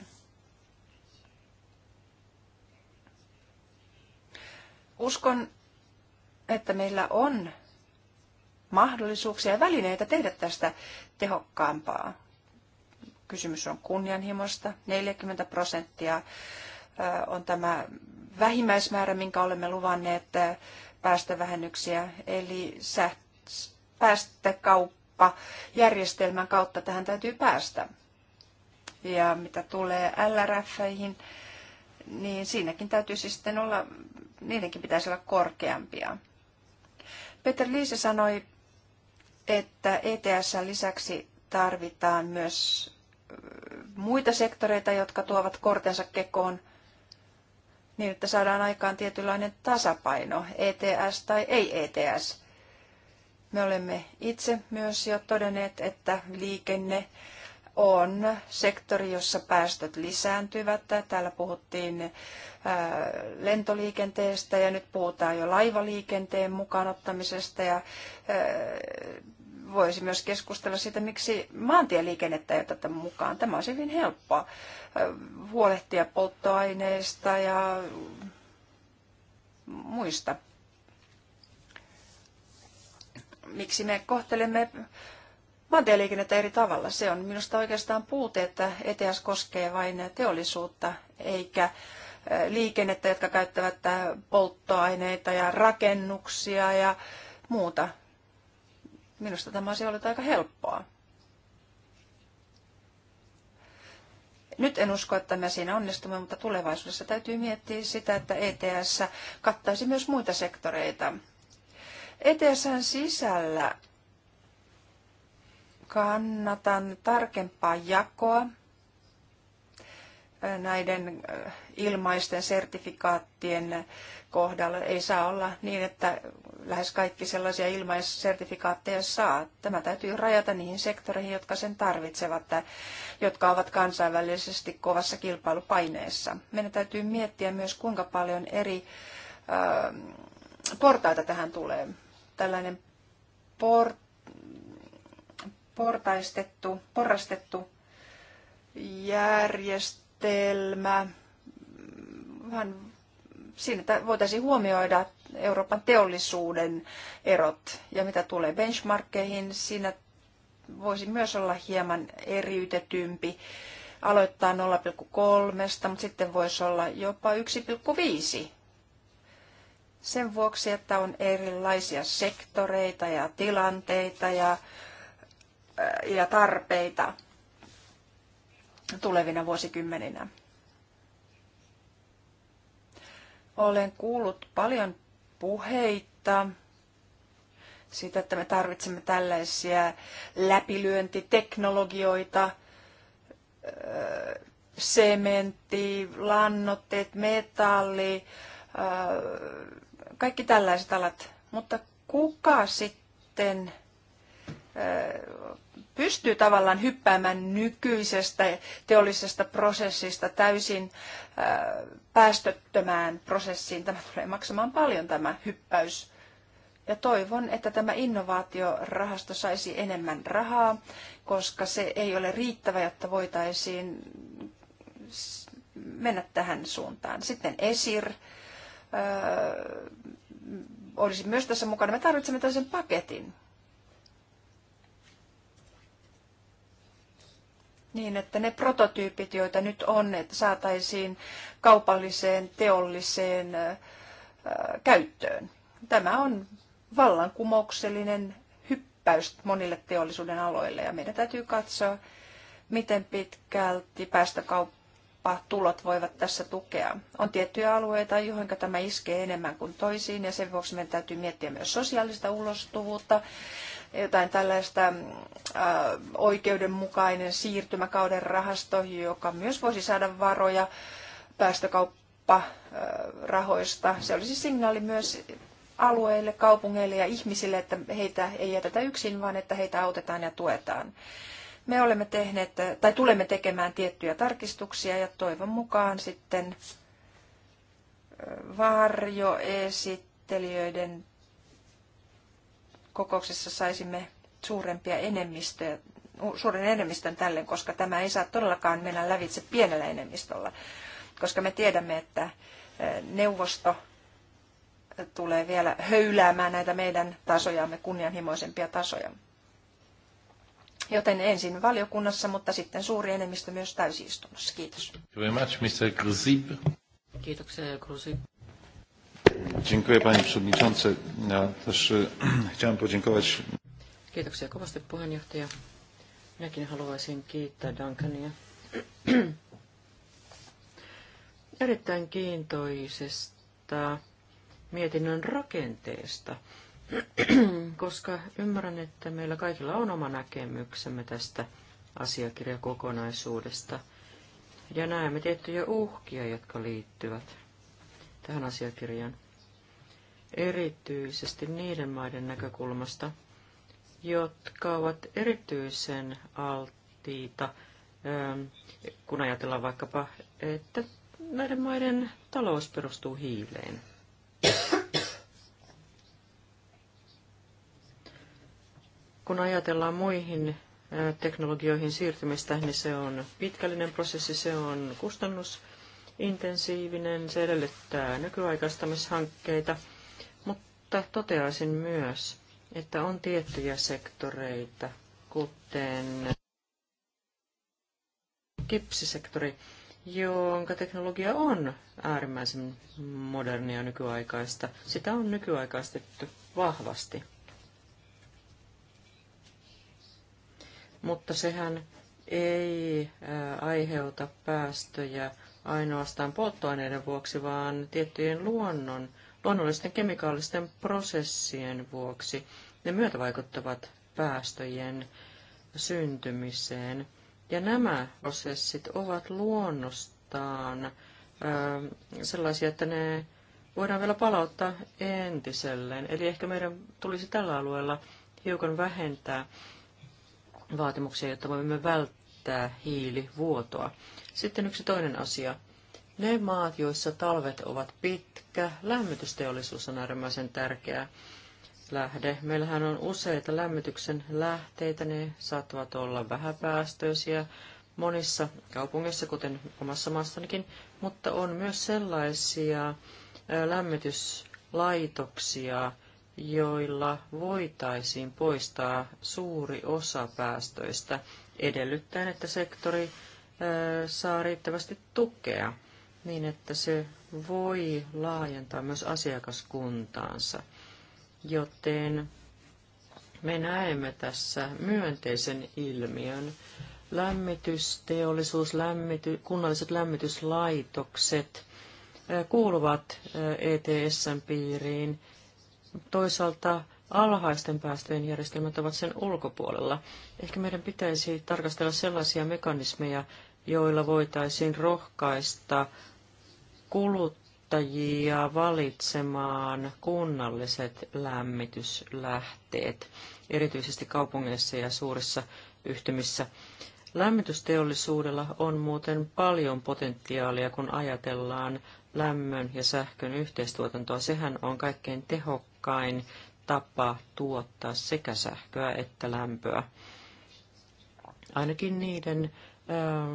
Uskon, että meillä on mahdollisuuksia ja välineitä tehdä tästä tehokkaampaa. Kysymys on kunnianhimosta. 40 prosenttia on tämä vähimmäismäärä, minkä olemme luvanneet eh, päästövähennyksiä, eli päästökauppajärjestelmän kautta tähän täytyy päästä. Ja mitä tulee lrf niin siinäkin siis sitten olla, niidenkin pitäisi olla korkeampia. Peter Liise sanoi, että ETS lisäksi tarvitaan myös eh, muita sektoreita, jotka tuovat kortensa kekoon – niin että saadaan aikaan tietynlainen tasapaino, ETS tai ei ETS. Me olemme itse myös jo todenneet, että liikenne on sektori, jossa päästöt lisääntyvät. Täällä puhuttiin äh, lentoliikenteestä ja nyt puhutaan jo laivaliikenteen mukaanottamisesta ja äh, voisi myös keskustella siitä, miksi maantieliikennettä ei oteta mukaan. Tämä on hyvin helppoa huolehtia polttoaineista ja muista. Miksi me kohtelemme maantieliikennettä eri tavalla? Se on minusta oikeastaan puute, että ETS koskee vain teollisuutta eikä liikennettä, jotka käyttävät polttoaineita ja rakennuksia ja muuta. Minusta tämä asia oli aika helppoa. Nyt en usko, että me siinä onnistumme, mutta tulevaisuudessa täytyy miettiä sitä, että ETS kattaisi myös muita sektoreita. ETSn sisällä kannatan tarkempaa jakoa näiden ilmaisten sertifikaattien kohdalla ei saa olla niin, että lähes kaikki sellaisia ilmaissertifikaatteja saa. Tämä täytyy rajata niihin sektoreihin, jotka sen tarvitsevat, jotka ovat kansainvälisesti kovassa kilpailupaineessa. Meidän täytyy miettiä myös, kuinka paljon eri portaita tähän tulee. Tällainen por, portaistettu, porrastettu järjestelmä järjestelmä, vähän siinä voitaisiin huomioida Euroopan teollisuuden erot. Ja mitä tulee benchmarkkeihin, siinä voisi myös olla hieman eriytetympi. Aloittaa 0,3, mutta sitten voisi olla jopa 1,5. Sen vuoksi, että on erilaisia sektoreita ja tilanteita ja, ja tarpeita tulevina vuosikymmeninä. Olen kuullut paljon puheita siitä, että me tarvitsemme tällaisia läpilyöntiteknologioita, äh, sementti, lannoitteet, metalli, äh, kaikki tällaiset alat. Mutta kuka sitten äh, pystyy tavallaan hyppäämään nykyisestä teollisesta prosessista täysin äh, päästöttömään prosessiin. Tämä tulee maksamaan paljon tämä hyppäys. Ja toivon, että tämä innovaatiorahasto saisi enemmän rahaa, koska se ei ole riittävä, jotta voitaisiin mennä tähän suuntaan. Sitten ESIR äh, olisi myös tässä mukana. Me tarvitsemme tällaisen paketin, niin, että ne prototyypit, joita nyt on, että saataisiin kaupalliseen, teolliseen käyttöön. Tämä on vallankumouksellinen hyppäys monille teollisuuden aloille ja meidän täytyy katsoa, miten pitkälti päästökauppatulot voivat tässä tukea. On tiettyjä alueita, joihin tämä iskee enemmän kuin toisiin ja sen vuoksi meidän täytyy miettiä myös sosiaalista ulostuvuutta jotain tällaista äh, oikeudenmukainen siirtymäkauden rahasto, joka myös voisi saada varoja päästökaupparahoista. Se olisi signaali myös alueille, kaupungeille ja ihmisille, että heitä ei jätetä yksin, vaan että heitä autetaan ja tuetaan. Me olemme tehneet, tai tulemme tekemään tiettyjä tarkistuksia ja toivon mukaan sitten äh, varjoesittelijöiden kokouksessa saisimme suurempia enemmistöjä, suuren enemmistön tälle, koska tämä ei saa todellakaan mennä lävitse pienellä enemmistöllä, koska me tiedämme, että neuvosto tulee vielä höyläämään näitä meidän tasojamme, kunnianhimoisempia tasoja. Joten ensin valiokunnassa, mutta sitten suuri enemmistö myös täysistunnossa. Kiitos. Kiitoksia, Grusib. Dziękuję panie przewodniczący. Ja też e, *clears throat* chciałem podziękować. Kiitoksia kovasti puheenjohtaja. Minäkin haluaisin kiittää Duncania *clears throat* erittäin kiintoisesta mietinnön rakenteesta, *clears throat* koska ymmärrän, että meillä kaikilla on oma näkemyksemme tästä asiakirjakokonaisuudesta. Ja näemme tiettyjä uhkia, jotka liittyvät tähän asiakirjaan erityisesti niiden maiden näkökulmasta, jotka ovat erityisen alttiita, ähm, kun ajatellaan vaikkapa, että näiden maiden talous perustuu hiileen. Kun ajatellaan muihin äh, teknologioihin siirtymistä, niin se on pitkällinen prosessi, se on kustannusintensiivinen, se edellyttää nykyaikaistamishankkeita – mutta toteaisin myös, että on tiettyjä sektoreita, kuten kipsisektori, jonka teknologia on äärimmäisen modernia nykyaikaista. Sitä on nykyaikaistettu vahvasti. Mutta sehän ei äh, aiheuta päästöjä ainoastaan polttoaineiden vuoksi, vaan tiettyjen luonnon luonnollisten kemikaalisten prosessien vuoksi. Ne myötävaikuttavat päästöjen syntymiseen. Ja nämä prosessit ovat luonnostaan sellaisia, että ne voidaan vielä palauttaa entiselleen. Eli ehkä meidän tulisi tällä alueella hiukan vähentää vaatimuksia, jotta voimme välttää hiilivuotoa. Sitten yksi toinen asia, ne maat, joissa talvet ovat pitkä, lämmitysteollisuus on äärimmäisen tärkeä lähde. Meillähän on useita lämmityksen lähteitä, ne saattavat olla vähäpäästöisiä monissa kaupungeissa, kuten omassa maassanikin, mutta on myös sellaisia lämmityslaitoksia, joilla voitaisiin poistaa suuri osa päästöistä edellyttäen, että sektori saa riittävästi tukea niin, että se voi laajentaa myös asiakaskuntaansa. Joten me näemme tässä myönteisen ilmiön. Lämmitysteollisuus, lämmity, kunnalliset lämmityslaitokset kuuluvat ETSn piiriin. Toisaalta alhaisten päästöjen järjestelmät ovat sen ulkopuolella. Ehkä meidän pitäisi tarkastella sellaisia mekanismeja, joilla voitaisiin rohkaista kuluttajia valitsemaan kunnalliset lämmityslähteet, erityisesti kaupungeissa ja suurissa yhtymissä. Lämmitysteollisuudella on muuten paljon potentiaalia, kun ajatellaan lämmön ja sähkön yhteistuotantoa. Sehän on kaikkein tehokkain tapa tuottaa sekä sähköä että lämpöä. Ainakin niiden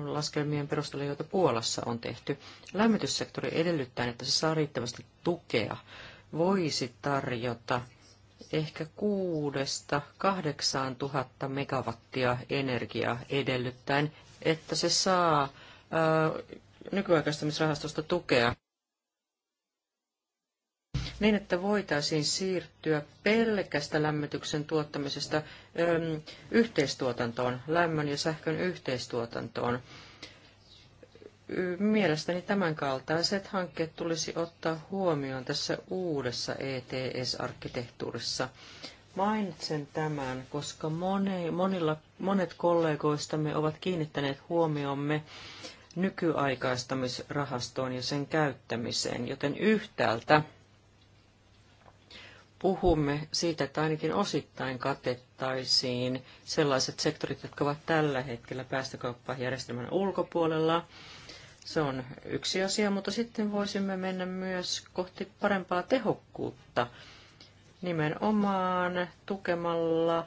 laskelmien perusteella, joita Puolassa on tehty. Lämmityssektori edellyttää, että se saa riittävästi tukea. Voisi tarjota ehkä kuudesta kahdeksaan tuhatta megawattia energiaa edellyttäen, että se saa ää, nykyaikaistamisrahastosta tukea niin että voitaisiin siirtyä pelkästä lämmityksen tuottamisesta ö, ähm, yhteistuotantoon, lämmön ja sähkön yhteistuotantoon. Mielestäni tämänkaltaiset hankkeet tulisi ottaa huomioon tässä uudessa ETS-arkkitehtuurissa. Mainitsen tämän, koska moni, monilla, monet kollegoistamme ovat kiinnittäneet huomiomme nykyaikaistamisrahastoon ja sen käyttämiseen, joten yhtäältä puhumme siitä, että ainakin osittain katettaisiin sellaiset sektorit, jotka ovat tällä hetkellä päästökauppajärjestelmän ulkopuolella. Se on yksi asia, mutta sitten voisimme mennä myös kohti parempaa tehokkuutta nimenomaan tukemalla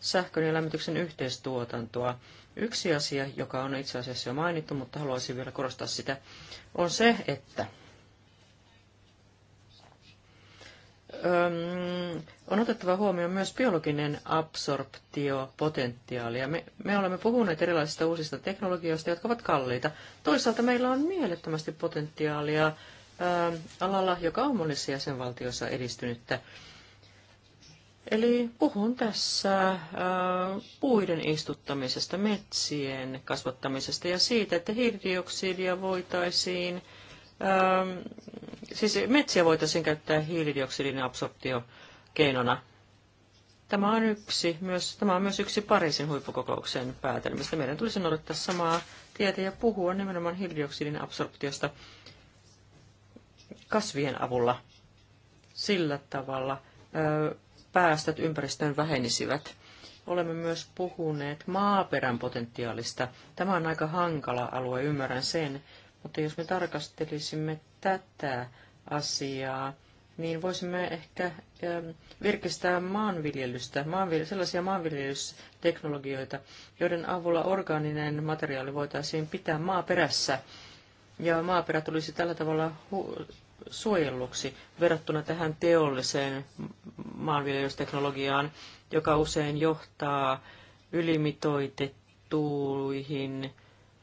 sähkön ja lämmityksen yhteistuotantoa. Yksi asia, joka on itse asiassa jo mainittu, mutta haluaisin vielä korostaa sitä, on se, että on otettava huomioon myös biologinen absorptiopotentiaali. Ja me, me olemme puhuneet erilaisista uusista teknologioista, jotka ovat kalliita. Toisaalta meillä on mielettömästi potentiaalia ö, alalla, joka on monissa jäsenvaltioissa edistynyttä. Eli puhun tässä ö, puiden istuttamisesta, metsien kasvattamisesta ja siitä, että hiilidioksidia voitaisiin siis metsiä voitaisiin käyttää hiilidioksidin absorptiokeinona. Tämä on, yksi, myös, tämä on myös yksi Pariisin huippukokouksen päätelmistä. Meidän tulisi noudattaa samaa tietä ja puhua nimenomaan hiilidioksidin absorptiosta kasvien avulla. Sillä tavalla ö, päästöt ympäristöön vähenisivät. Olemme myös puhuneet maaperän potentiaalista. Tämä on aika hankala alue, ymmärrän sen, mutta jos me tarkastelisimme tätä asiaa, niin voisimme ehkä ähm, virkistää maanviljelystä, maanvil- sellaisia maanviljelysteknologioita, joiden avulla orgaaninen materiaali voitaisiin pitää maaperässä. Ja maaperä tulisi tällä tavalla suojelluksi verrattuna tähän teolliseen maanviljelysteknologiaan, joka usein johtaa ylimitoitettuihin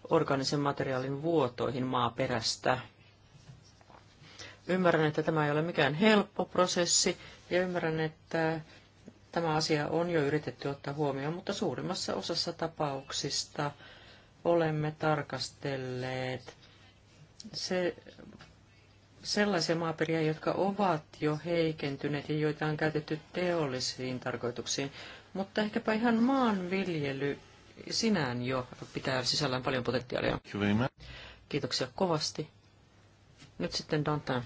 orgaanisen materiaalin vuotoihin maaperästä. Ymmärrän, että tämä ei ole mikään helppo prosessi ja ymmärrän, että tämä asia on jo yritetty ottaa huomioon, mutta suurimmassa osassa tapauksista olemme tarkastelleet se, sellaisia maaperiä, jotka ovat jo heikentyneet ja joita on käytetty teollisiin tarkoituksiin, mutta ehkäpä ihan maanviljely sinään jo pitää sisällään paljon potentiaalia. Kiitoksia kovasti. Nyt sitten Dantin.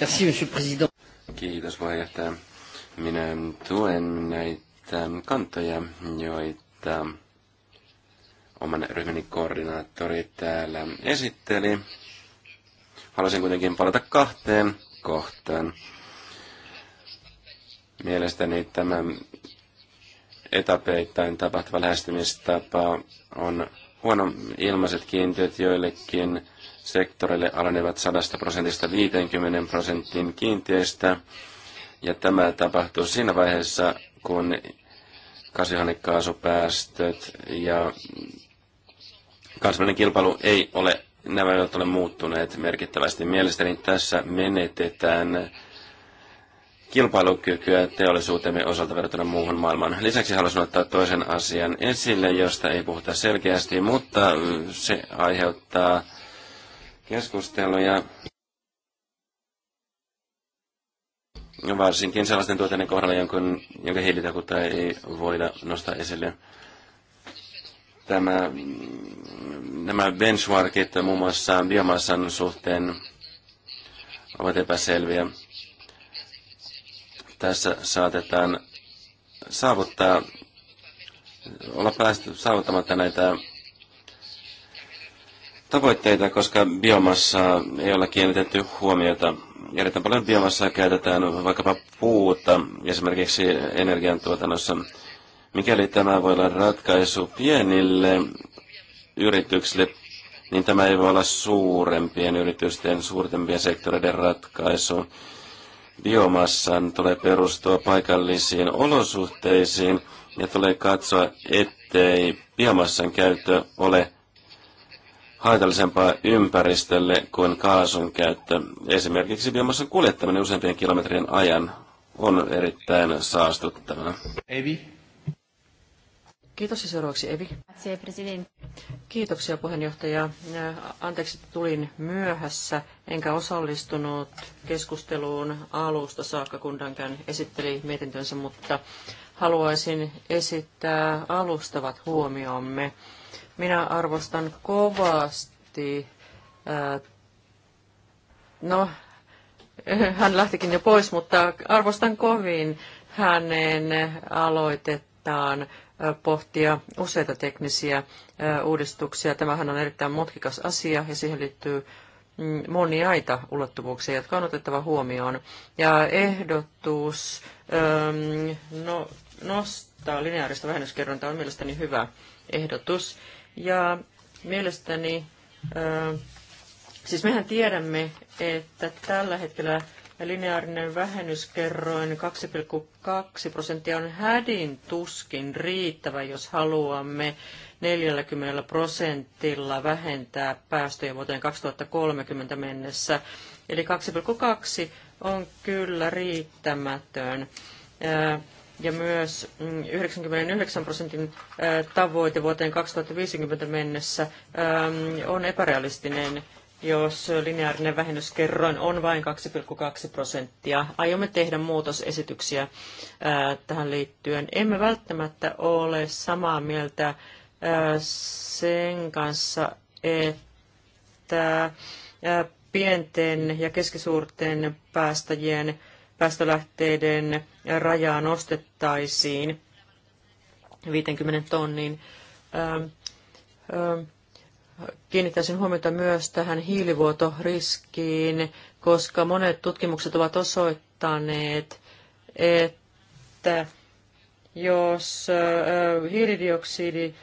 Merci, monsieur président. Kiitos puheenjohtaja. Minä tuen näitä kantoja, joita oman ryhmäni koordinaattori täällä esitteli. Haluaisin kuitenkin palata kahteen kohtaan. Mielestäni tämä etapeittain tapahtuva lähestymistapa on huono ilmaiset kiintiöt joillekin sektorille alenevat 100 prosentista 50 prosentin kiintiöistä. Ja tämä tapahtuu siinä vaiheessa, kun kasvihuonekaasupäästöt ja kansainvälinen kilpailu ei ole, nämä eivät ole muuttuneet merkittävästi. Mielestäni tässä menetetään kilpailukykyä teollisuutemme osalta verrattuna muuhun maailmaan. Lisäksi haluaisin ottaa toisen asian esille, josta ei puhuta selkeästi, mutta se aiheuttaa keskusteluja varsinkin sellaisten tuotteiden kohdalla, jonkun, jonka hiilitakuutta ei voida nostaa esille. Tämä, nämä benchmarkit muun muassa biomassan suhteen ovat epäselviä tässä saatetaan saavuttaa, olla päästy saavuttamatta näitä tavoitteita, koska biomassa ei ole kiinnitetty huomiota. Erittäin paljon biomassaa käytetään vaikkapa puuta esimerkiksi energiantuotannossa. Mikäli tämä voi olla ratkaisu pienille yrityksille, niin tämä ei voi olla suurempien yritysten, suurempien sektoreiden ratkaisu biomassan tulee perustua paikallisiin olosuhteisiin ja tulee katsoa, ettei biomassan käyttö ole haitallisempaa ympäristölle kuin kaasun käyttö. Esimerkiksi biomassan kuljettaminen useampien kilometrien ajan on erittäin saastuttavaa. Evi? Kiitos ja seuraavaksi Evi. Kiitoksia puheenjohtaja. Äh, anteeksi, tulin myöhässä enkä osallistunut keskusteluun alusta saakka, kun Duncan esitteli mietintönsä, mutta haluaisin esittää alustavat huomiomme. Minä arvostan kovasti, äh, no *laughs* hän lähtikin jo pois, mutta arvostan kovin hänen aloitettaan pohtia useita teknisiä uudistuksia. Tämähän on erittäin mutkikas asia ja siihen liittyy mm, moniaita ulottuvuuksia, jotka on otettava huomioon. Ja ehdotus no, nostaa lineaarista vähennyskerrointa on mielestäni hyvä ehdotus. Ja mielestäni, siis mehän tiedämme, että tällä hetkellä lineaarinen vähennyskerroin 2,2 prosenttia on hädin tuskin riittävä, jos haluamme 40 prosentilla vähentää päästöjä vuoteen 2030 mennessä. Eli 2,2 on kyllä riittämätön. Ja myös 99 mm, prosentin tavoite vuoteen 2050 mennessä on epärealistinen jos lineaarinen vähennyskerroin on vain 2,2 prosenttia. Aiomme tehdä muutosesityksiä tähän liittyen. Emme välttämättä ole samaa mieltä sen kanssa, että pienten ja keskisuurten päästäjien päästölähteiden rajaa nostettaisiin 50 tonniin kiinnittäisin huomiota myös tähän hiilivuotoriskiin, koska monet tutkimukset ovat osoittaneet, että jos hiilidioksidi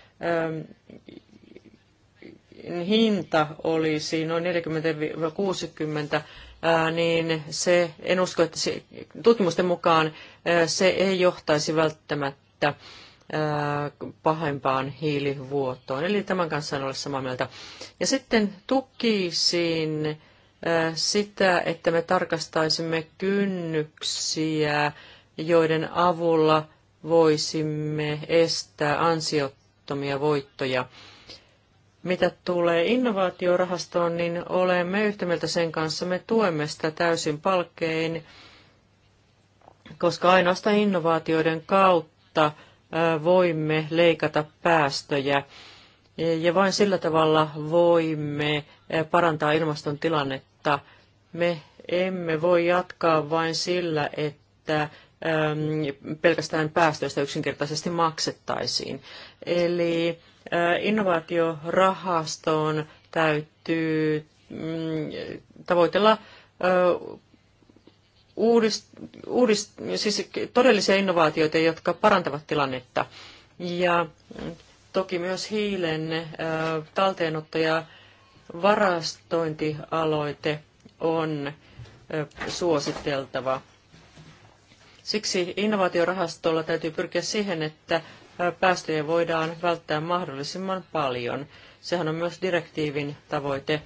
hinta olisi noin 40-60, niin se, en usko, että se, tutkimusten mukaan se ei johtaisi välttämättä pahempaan hiilivuotoon. Eli tämän kanssa en ole samaa mieltä. Ja sitten tukisin sitä, että me tarkastaisimme kynnyksiä, joiden avulla voisimme estää ansiottomia voittoja. Mitä tulee innovaatiorahastoon, niin olemme yhtä mieltä sen kanssa. Me tuemme sitä täysin palkkein, koska ainoastaan innovaatioiden kautta voimme leikata päästöjä e, ja vain sillä tavalla voimme parantaa ilmaston tilannetta. Me emme voi jatkaa vain sillä, että pelkästään päästöistä yksinkertaisesti maksettaisiin. Eli innovaatiorahastoon täytyy mm, tavoitella uudist, uudist, siis todellisia innovaatioita, jotka parantavat tilannetta. Ja toki myös hiilen talteenotto ja varastointialoite on äh, suositeltava. Siksi innovaatiorahastolla täytyy pyrkiä siihen, että päästöjä voidaan välttää mahdollisimman paljon. Sehän on myös direktiivin tavoite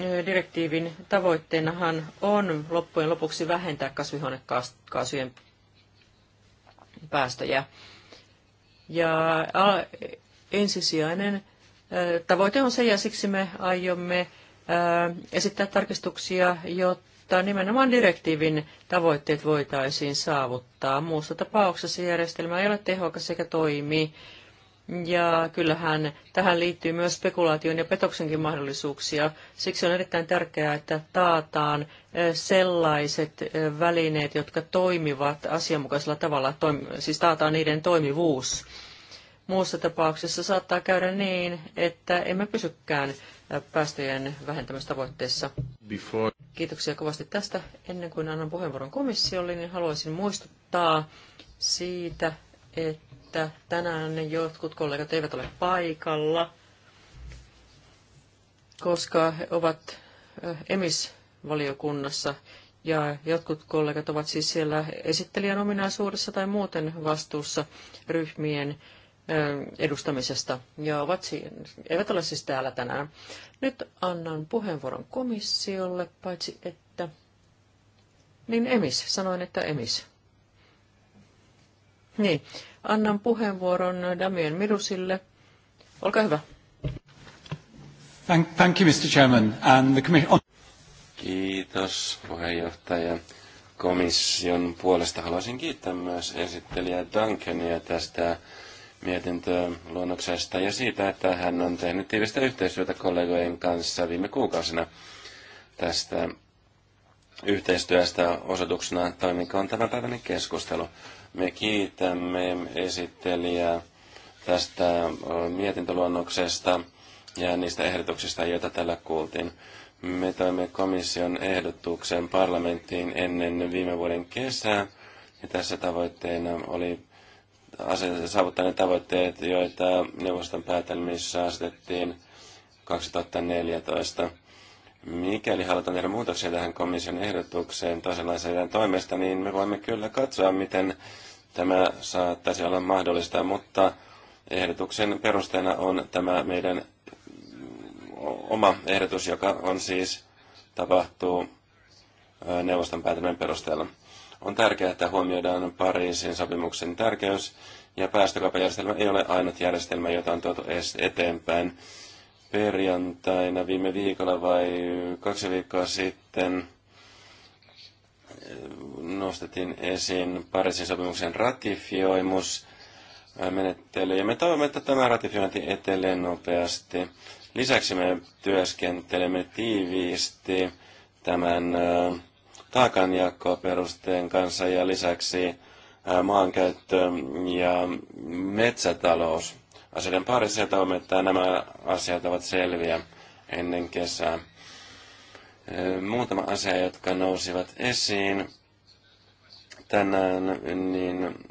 direktiivin tavoitteenahan on loppujen lopuksi vähentää kasvihuonekaasujen päästöjä. Ja ensisijainen tavoite on se, ja siksi me aiomme esittää tarkistuksia, jotta nimenomaan direktiivin tavoitteet voitaisiin saavuttaa. Muussa tapauksessa järjestelmä ei ole tehokas sekä toimii. Ja kyllähän tähän liittyy myös spekulaation ja petoksenkin mahdollisuuksia. Siksi on erittäin tärkeää, että taataan eh, sellaiset eh, välineet, jotka toimivat asianmukaisella tavalla, siis taataan niiden toimivuus. Muussa tapauksessa saattaa käydä niin, että emme pysykään eh, päästöjen vähentämistavoitteissa. Before. Kiitoksia kovasti tästä. Ennen kuin annan puheenvuoron komissiolle, niin haluaisin muistuttaa siitä, että että tänään jotkut kollegat eivät ole paikalla, koska he ovat eh, emisvaliokunnassa ja jotkut kollegat ovat siis siellä esittelijän ominaisuudessa tai muuten vastuussa ryhmien eh, edustamisesta ja ovat, siinä eivät ole siis täällä tänään. Nyt annan puheenvuoron komissiolle, paitsi että... Niin emis, sanoin, että emis. Niin, Annan puheenvuoron Damien Mirusille. Olkaa hyvä. Thank, thank you, Mr. Chairman, and the commission... Kiitos puheenjohtaja. Komission puolesta haluaisin kiittää myös esittelijä Duncania tästä mietintöluonnoksesta ja siitä, että hän on tehnyt tiivistä yhteistyötä kollegojen kanssa viime kuukausina tästä yhteistyöstä osoituksena toimikoon päivän keskustelu. Me kiitämme esittelijää tästä mietintöluonnoksesta ja niistä ehdotuksista, joita tällä kuultiin. Me toimme komission ehdotuksen parlamenttiin ennen viime vuoden kesää, ja tässä tavoitteena oli saavuttaa ne tavoitteet, joita neuvoston päätelmissä asetettiin 2014. Mikäli halutaan tehdä muutoksia tähän komission ehdotukseen toisenlaiseen toimesta, niin me voimme kyllä katsoa, miten tämä saattaisi olla mahdollista, mutta ehdotuksen perusteena on tämä meidän oma ehdotus, joka on siis tapahtuu neuvoston päätelmän perusteella. On tärkeää, että huomioidaan Pariisin sopimuksen tärkeys, ja päästökauppajärjestelmä ei ole ainut järjestelmä, jota on tuotu eteenpäin perjantaina viime viikolla vai kaksi viikkoa sitten nostettiin esiin Pariisin sopimuksen ratifioimus menettely. Ja me toivomme, että tämä ratifiointi etelee nopeasti. Lisäksi me työskentelemme tiiviisti tämän taakanjakoperusteen kanssa ja lisäksi maankäyttö ja metsätalous asioiden parissa ja toivomme, että nämä asiat ovat selviä ennen kesää. Muutama asia, jotka nousivat esiin tänään, niin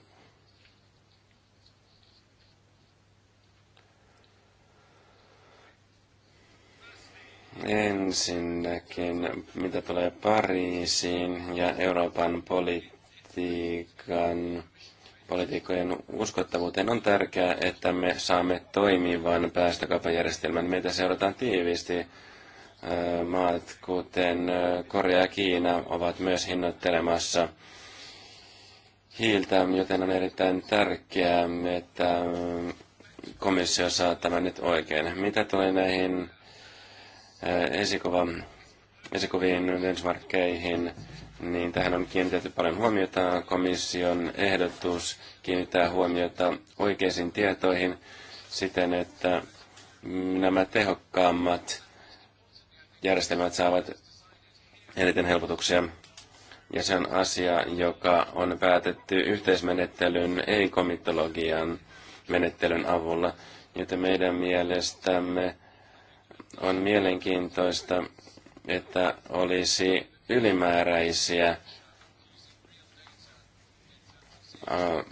ensinnäkin, mitä tulee Pariisiin ja Euroopan politiikan politiikkojen uskottavuuteen on tärkeää, että me saamme toimivan päästökauppajärjestelmän. Meitä seurataan tiiviisti. Maat kuten Korea ja Kiina ovat myös hinnoittelemassa hiiltä, joten on erittäin tärkeää, että komissio saa tämän nyt oikein. Mitä tulee näihin esikuva, esikuviin benchmarkkeihin, niin tähän on kiinnitetty paljon huomiota. Komission ehdotus kiinnittää huomiota oikeisiin tietoihin siten, että nämä tehokkaammat järjestelmät saavat eniten helpotuksia. Ja se on asia, joka on päätetty yhteismenettelyn, ei komitologian menettelyn avulla. Joten meidän mielestämme on mielenkiintoista, että olisi ylimääräisiä äh,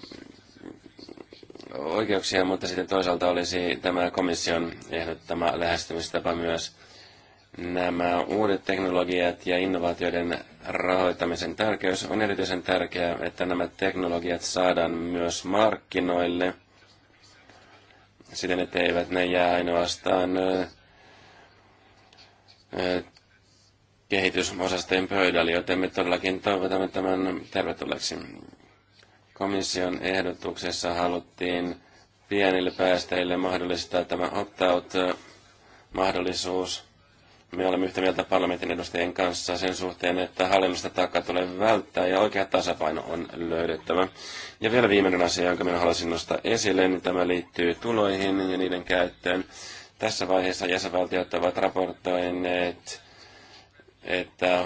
oikeuksia, mutta sitten toisaalta olisi tämä komission ehdottama lähestymistapa myös nämä uudet teknologiat ja innovaatioiden rahoittamisen tärkeys on erityisen tärkeää, että nämä teknologiat saadaan myös markkinoille siten, että eivät ne jää ainoastaan äh, äh, kehitysosastojen pöydälle, joten me todellakin toivotamme tämän tervetulleeksi. Komission ehdotuksessa haluttiin pienille päästäjille mahdollistaa tämä opt-out-mahdollisuus. Me olemme yhtä mieltä parlamentin edustajien kanssa sen suhteen, että hallinnosta takaa tulee välttää ja oikea tasapaino on löydettävä. Ja vielä viimeinen asia, jonka minä haluaisin nostaa esille, niin tämä liittyy tuloihin ja niiden käyttöön. Tässä vaiheessa jäsenvaltiot ovat raportoineet että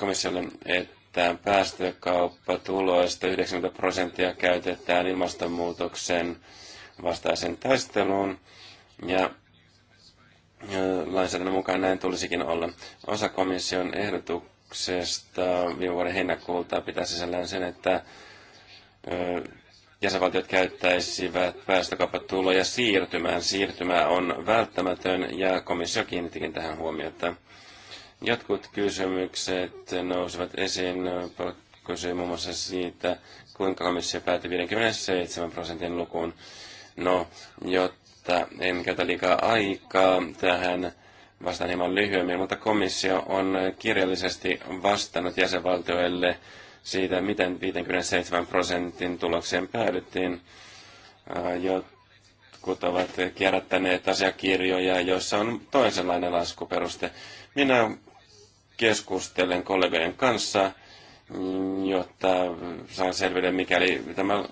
komissiolle, että päästökauppatuloista 90 prosenttia käytetään ilmastonmuutoksen vastaisen taisteluun. Ja lainsäädännön mukaan näin tulisikin olla. Osa komission ehdotuksesta viime vuoden heinäkuulta pitää sisällään sen, että jäsenvaltiot käyttäisivät päästökauppatuloja siirtymään. Siirtymä on välttämätön ja komissio kiinnittikin tähän huomiota. Jotkut kysymykset nousevat esiin kysyi muun muassa siitä, kuinka komissio päätti 57 prosentin lukuun. No, jotta en käytä liikaa aikaa tähän, vastaan hieman lyhyemmin, mutta komissio on kirjallisesti vastannut jäsenvaltioille siitä, miten 57 prosentin tulokseen päädyttiin. Äh, jotkut ovat kierrättäneet asiakirjoja, joissa on toisenlainen laskuperuste. Minä keskustelen kollegojen kanssa, jotta saan selville, mikäli tämä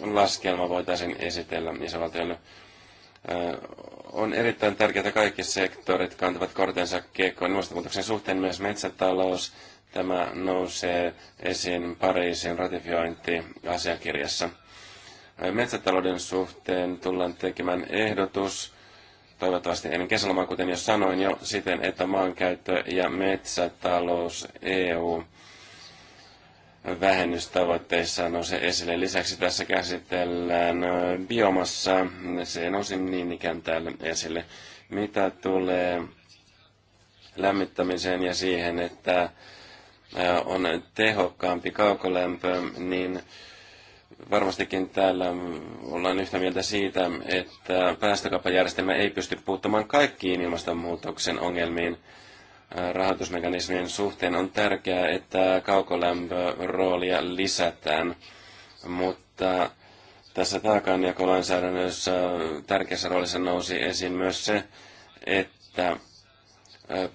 laskelma voitaisiin esitellä isävaltiolle. On erittäin tärkeää, että kaikki sektorit kantavat kortensa kekoon ilmastonmuutoksen suhteen, myös metsätalous. Tämä nousee esiin Pariisin ratifiointiasiakirjassa. Metsätalouden suhteen tullaan tekemään ehdotus toivottavasti ennen kesälomaa, kuten jo sanoin jo, siten, että maankäyttö- ja metsätalous EU vähennystavoitteissa nousi esille. Lisäksi tässä käsitellään biomassa, se nousi niin ikään täällä esille. Mitä tulee lämmittämiseen ja siihen, että on tehokkaampi kaukolämpö, niin varmastikin täällä ollaan yhtä mieltä siitä, että päästökauppajärjestelmä ei pysty puuttumaan kaikkiin ilmastonmuutoksen ongelmiin rahoitusmekanismien suhteen. On tärkeää, että kaukolämpöroolia lisätään, mutta tässä taakanjakolainsäädännössä tärkeässä roolissa nousi esiin myös se, että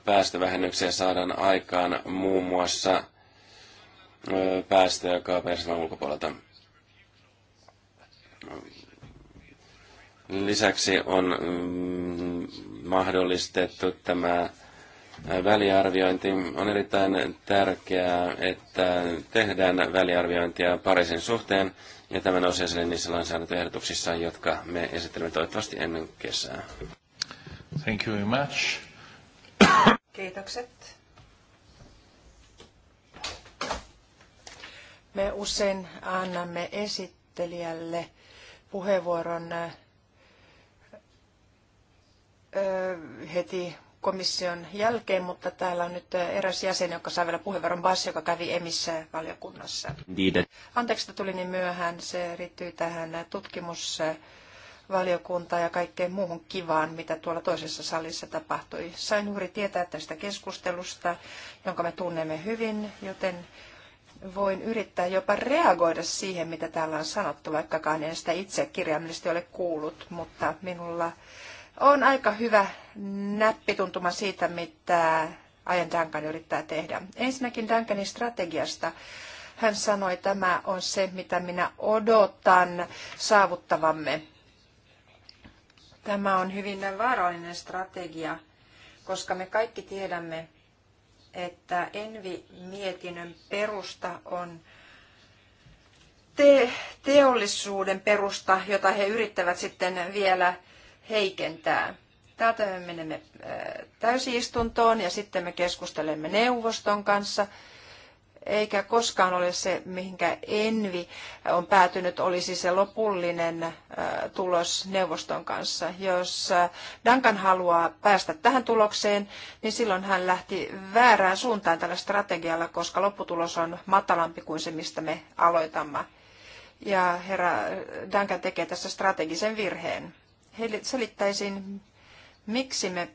päästövähennyksiä saadaan aikaan muun muassa päästöjä kaupajärjestelmän ulkopuolelta. Lisäksi on mm, mahdollistettu tämä väliarviointi. On erittäin tärkeää, että tehdään väliarviointia Pariisin suhteen ja tämä nousee esille niissä lainsäädäntöehdotuksissa, jotka me esittelemme toivottavasti ennen kesää. Thank you very much. Kiitokset. Me usein annamme esittelijälle puheenvuoron äh, äh, heti komission jälkeen, mutta täällä on nyt äh, eräs jäsen, joka saa vielä puheenvuoron, Bas, joka kävi emissä valiokunnassa. Anteeksi, että tuli niin myöhään. Se riittyy tähän tutkimusvaliokuntaan ja kaikkeen muuhun kivaan, mitä tuolla toisessa salissa tapahtui. Sain juuri tietää tästä keskustelusta, jonka me tunnemme hyvin, joten voin yrittää jopa reagoida siihen, mitä täällä on sanottu, vaikkakaan en sitä itse kirjaimellisesti ole kuullut, mutta minulla on aika hyvä näppituntuma siitä, mitä Ajan Duncan yrittää tehdä. Ensinnäkin Duncanin strategiasta. Hän sanoi, että tämä on se, mitä minä odotan saavuttavamme. Tämä on hyvin vaarallinen strategia, koska me kaikki tiedämme, että Envi-mietinnön perusta on te- teollisuuden perusta, jota he yrittävät sitten vielä heikentää. Täältä me menemme äh, täysistuntoon ja sitten me keskustelemme neuvoston kanssa – eikä koskaan ole se, mihinkä envi on päätynyt, olisi se lopullinen tulos neuvoston kanssa. Jos Duncan haluaa päästä tähän tulokseen, niin silloin hän lähti väärään suuntaan tällä strategialla, koska lopputulos on matalampi kuin se, mistä me aloitamme. Ja herra Duncan tekee tässä strategisen virheen. Selittäisin, miksi me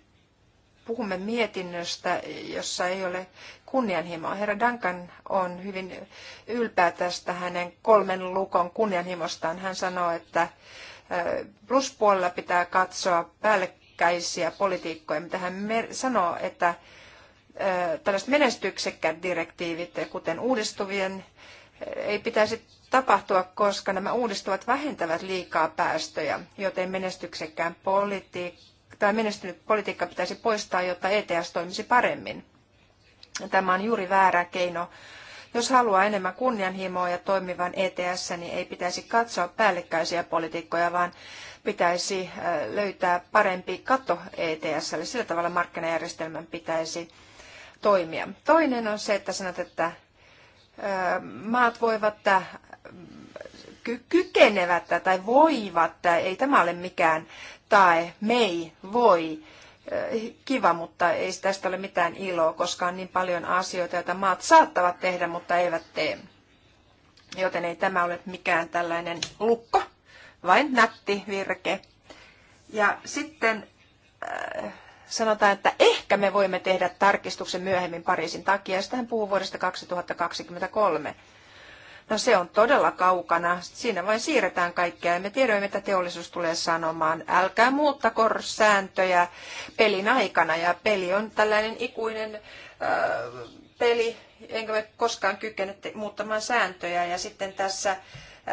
puhumme mietinnöstä, jossa ei ole kunnianhimoa. Herra Duncan on hyvin ylpeä tästä hänen kolmen lukon kunnianhimostaan. Hän sanoo, että pluspuolella pitää katsoa päällekkäisiä politiikkoja, mitä hän sanoo, että tällaiset menestyksekkäät direktiivit, kuten uudistuvien, ei pitäisi tapahtua, koska nämä uudistuvat vähentävät liikaa päästöjä, joten menestyksekkään politiikka tämä menestynyt politiikka pitäisi poistaa, jotta ETS toimisi paremmin. Tämä on juuri väärä keino. Jos haluaa enemmän kunnianhimoa ja toimivan ETS, niin ei pitäisi katsoa päällekkäisiä politiikkoja, vaan pitäisi löytää parempi katto ETS: ETSlle. Sillä tavalla markkinajärjestelmän pitäisi toimia. Toinen on se, että sanot, että maat voivat ky- kykenevät tai voivat. Ei tämä ole mikään tae, mei, voi. Äh, kiva, mutta ei tästä ole mitään iloa, koska on niin paljon asioita, joita maat saattavat tehdä, mutta eivät tee. Joten ei tämä ole mikään tällainen lukko, vain nätti virke. Ja sitten äh, sanotaan, että ehkä me voimme tehdä tarkistuksen myöhemmin Pariisin takia, ja sitä puhuu vuodesta 2023. No se on todella kaukana. Siinä vain siirretään kaikkea ja me tiedämme, että teollisuus tulee sanomaan, älkää muuttako sääntöjä pelin aikana. Ja peli on tällainen ikuinen äh, peli, enkä me koskaan kykene muuttamaan sääntöjä. Ja sitten tässä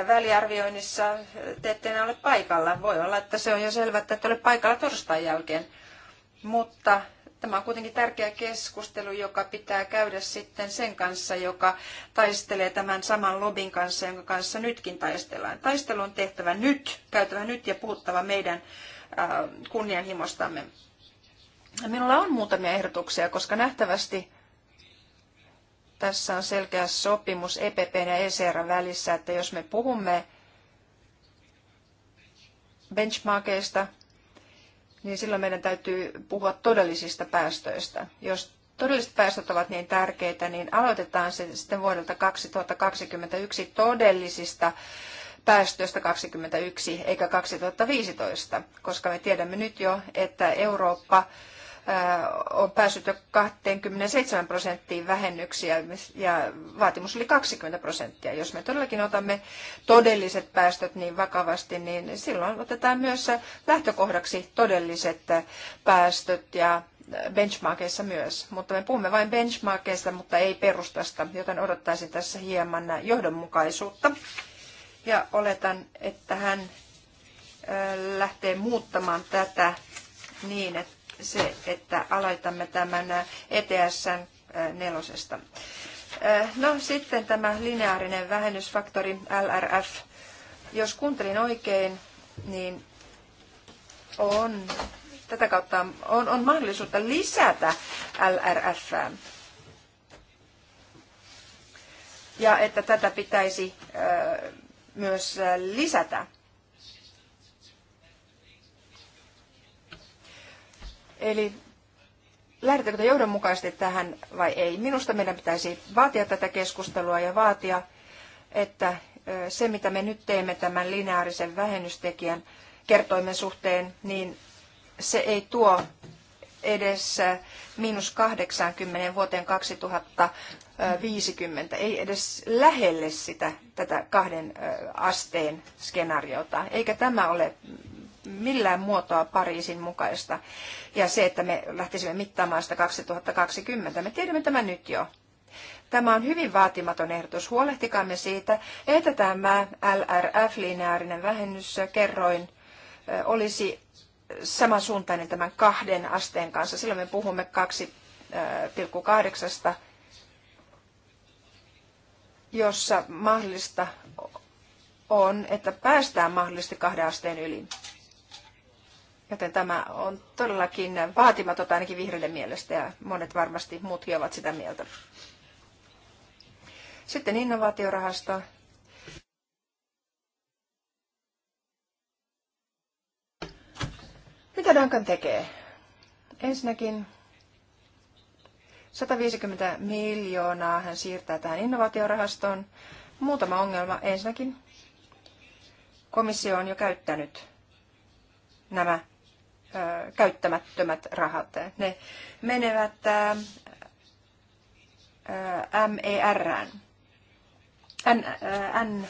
väliarvioinnissa te ette enää ole paikalla. Voi olla, että se on jo selvä, että ette ole paikalla torstain jälkeen. Mutta Tämä on kuitenkin tärkeä keskustelu, joka pitää käydä sitten sen kanssa, joka taistelee tämän saman lobin kanssa, jonka kanssa nytkin taistellaan. Taistelu on tehtävä nyt, käytävä nyt ja puhuttava meidän kunnianhimostamme. Minulla on muutamia ehdotuksia, koska nähtävästi tässä on selkeä sopimus EPPn ja ECRn välissä, että jos me puhumme benchmarkeista, niin silloin meidän täytyy puhua todellisista päästöistä. Jos todelliset päästöt ovat niin tärkeitä, niin aloitetaan se sitten vuodelta 2021 todellisista päästöistä 21 eikä 2015, koska me tiedämme nyt jo, että Eurooppa on päässyt jo 27 prosenttiin vähennyksiä ja vaatimus oli 20 prosenttia. Jos me todellakin otamme todelliset päästöt niin vakavasti, niin silloin otetaan myös lähtökohdaksi todelliset päästöt ja benchmarkeissa myös. Mutta me puhumme vain benchmarkeista, mutta ei perustasta, joten odottaisin tässä hieman johdonmukaisuutta. Ja oletan, että hän lähtee muuttamaan tätä niin, että se, että aloitamme tämän ETS nelosesta. No sitten tämä lineaarinen vähennysfaktori LRF. Jos kuuntelin oikein, niin on, tätä kautta on, on mahdollisuutta lisätä LRF. Ja että tätä pitäisi myös lisätä Eli lähdetäänkö johdonmukaisesti tähän vai ei? Minusta meidän pitäisi vaatia tätä keskustelua ja vaatia, että se mitä me nyt teemme tämän lineaarisen vähennystekijän kertoimen suhteen, niin se ei tuo edes miinus 80 vuoteen 2050, ei edes lähelle sitä tätä kahden asteen skenaariota, eikä tämä ole millään muotoa Pariisin mukaista. Ja se, että me lähtisimme mittaamaan sitä 2020, me tiedämme tämän nyt jo. Tämä on hyvin vaatimaton ehdotus. Huolehtikaamme siitä, että tämä LRF-lineaarinen vähennyskerroin olisi samansuuntainen tämän kahden asteen kanssa. Silloin me puhumme 2,8, jossa mahdollista on, että päästään mahdollisesti kahden asteen yli. Joten tämä on todellakin vaatimatonta ainakin vihreille mielestä ja monet varmasti muutkin ovat sitä mieltä. Sitten innovaatiorahasto. Mitä Duncan tekee? Ensinnäkin 150 miljoonaa hän siirtää tähän innovaatiorahastoon. Muutama ongelma. Ensinnäkin komissio on jo käyttänyt nämä käyttämättömät rahat. Ne menevät MER. N, N,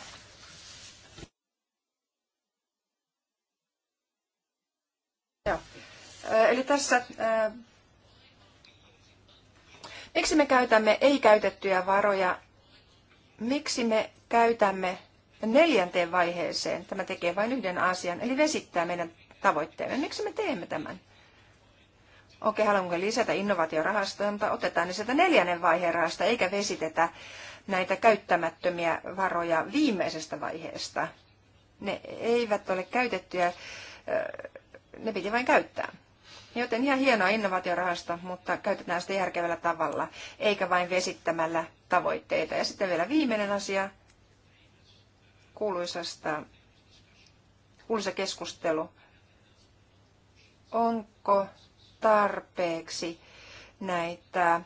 Eli tässä, ää, miksi me käytämme ei-käytettyjä varoja, miksi me käytämme neljänteen vaiheeseen, tämä tekee vain yhden asian, eli vesittää meidän tavoitteemme. Miksi me teemme tämän? Okei, haluanko lisätä innovaatiorahastoja, mutta otetaan ne sieltä neljännen vaiheen rahasta, eikä vesitetä näitä käyttämättömiä varoja viimeisestä vaiheesta. Ne eivät ole käytettyjä, ne piti vain käyttää. Joten ihan hienoa innovaatiorahasto, mutta käytetään sitä järkevällä tavalla, eikä vain vesittämällä tavoitteita. Ja sitten vielä viimeinen asia kuuluisasta, kuuluisa keskustelu onko tarpeeksi näitä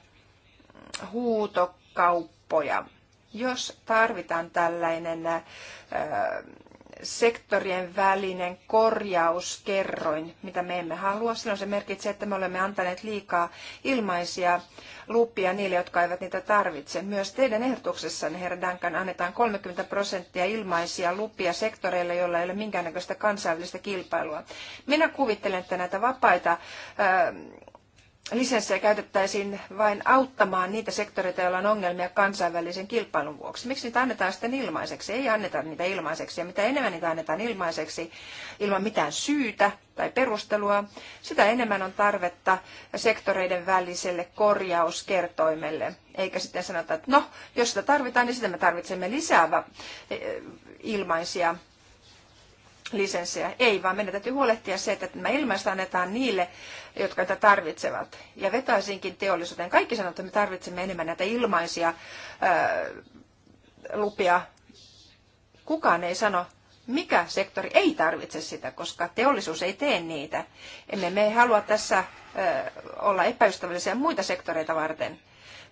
huutokauppoja. Jos tarvitaan tällainen äh, sektorien välinen korjauskerroin, mitä me emme halua. Silloin se merkitsee, että me olemme antaneet liikaa ilmaisia lupia niille, jotka eivät niitä tarvitse. Myös teidän ehdotuksessanne, herra Duncan, annetaan 30 prosenttia ilmaisia lupia sektoreille, joilla ei ole minkäännäköistä kansainvälistä kilpailua. Minä kuvittelen, että näitä vapaita äh, lisenssejä käytettäisiin vain auttamaan niitä sektoreita, joilla on ongelmia kansainvälisen kilpailun vuoksi. Miksi niitä annetaan sitten ilmaiseksi? Ei anneta niitä ilmaiseksi. Ja mitä enemmän niitä annetaan ilmaiseksi ilman mitään syytä tai perustelua, sitä enemmän on tarvetta sektoreiden väliselle korjauskertoimelle. Eikä sitten sanota, että no, jos sitä tarvitaan, niin sitä me tarvitsemme lisää eh, ilmaisia lisenssejä. Ei, vaan meidän täytyy huolehtia se, että nämä ilmaista annetaan niille, jotka niitä tarvitsevat. Ja vetäisinkin teollisuuteen. Kaikki sanoo, että me tarvitsemme enemmän näitä ilmaisia lupia. Kukaan ei sano, mikä sektori ei tarvitse sitä, koska teollisuus ei tee niitä. Emme me halua tässä ää, olla epäystävällisiä muita sektoreita varten.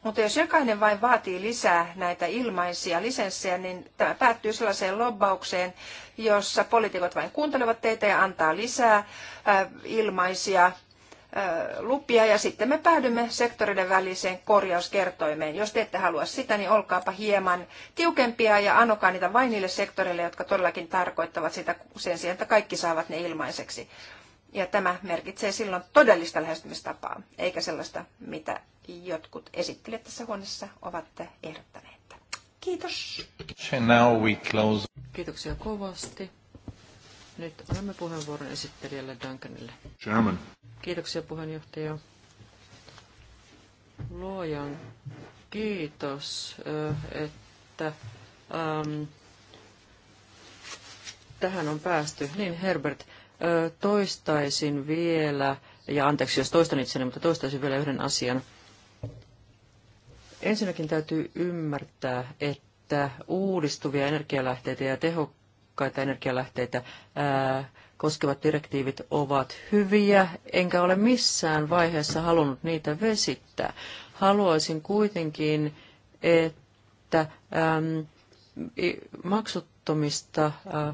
Mutta jos jokainen vain vaatii lisää näitä ilmaisia lisenssejä, niin tämä päättyy sellaiseen lobbaukseen, jossa poliitikot vain kuuntelevat teitä ja antaa lisää äh, ilmaisia äh, lupia ja sitten me päädymme sektoreiden väliseen korjauskertoimeen. Jos te ette halua sitä, niin olkaapa hieman tiukempia ja anokaa niitä vain niille sektoreille, jotka todellakin tarkoittavat sitä sen sijaan, että kaikki saavat ne ilmaiseksi. Ja tämä merkitsee silloin todellista lähestymistapaa, eikä sellaista, mitä jotkut esittelijät tässä huoneessa ovat ehdottaneet. Kiitos. Now we close. Kiitoksia kovasti. Nyt annamme puheenvuoron esittelijälle Duncanille. German. Kiitoksia puheenjohtaja. Luojan kiitos, että ähm, tähän on päästy. Niin Herbert, toistaisin vielä, ja anteeksi jos toistan itseni, mutta toistaisin vielä yhden asian. Ensinnäkin täytyy ymmärtää, että uudistuvia energialähteitä ja tehokkaita energialähteitä ää, koskevat direktiivit ovat hyviä, enkä ole missään vaiheessa halunnut niitä vesittää. Haluaisin kuitenkin, että maksuttomista ää,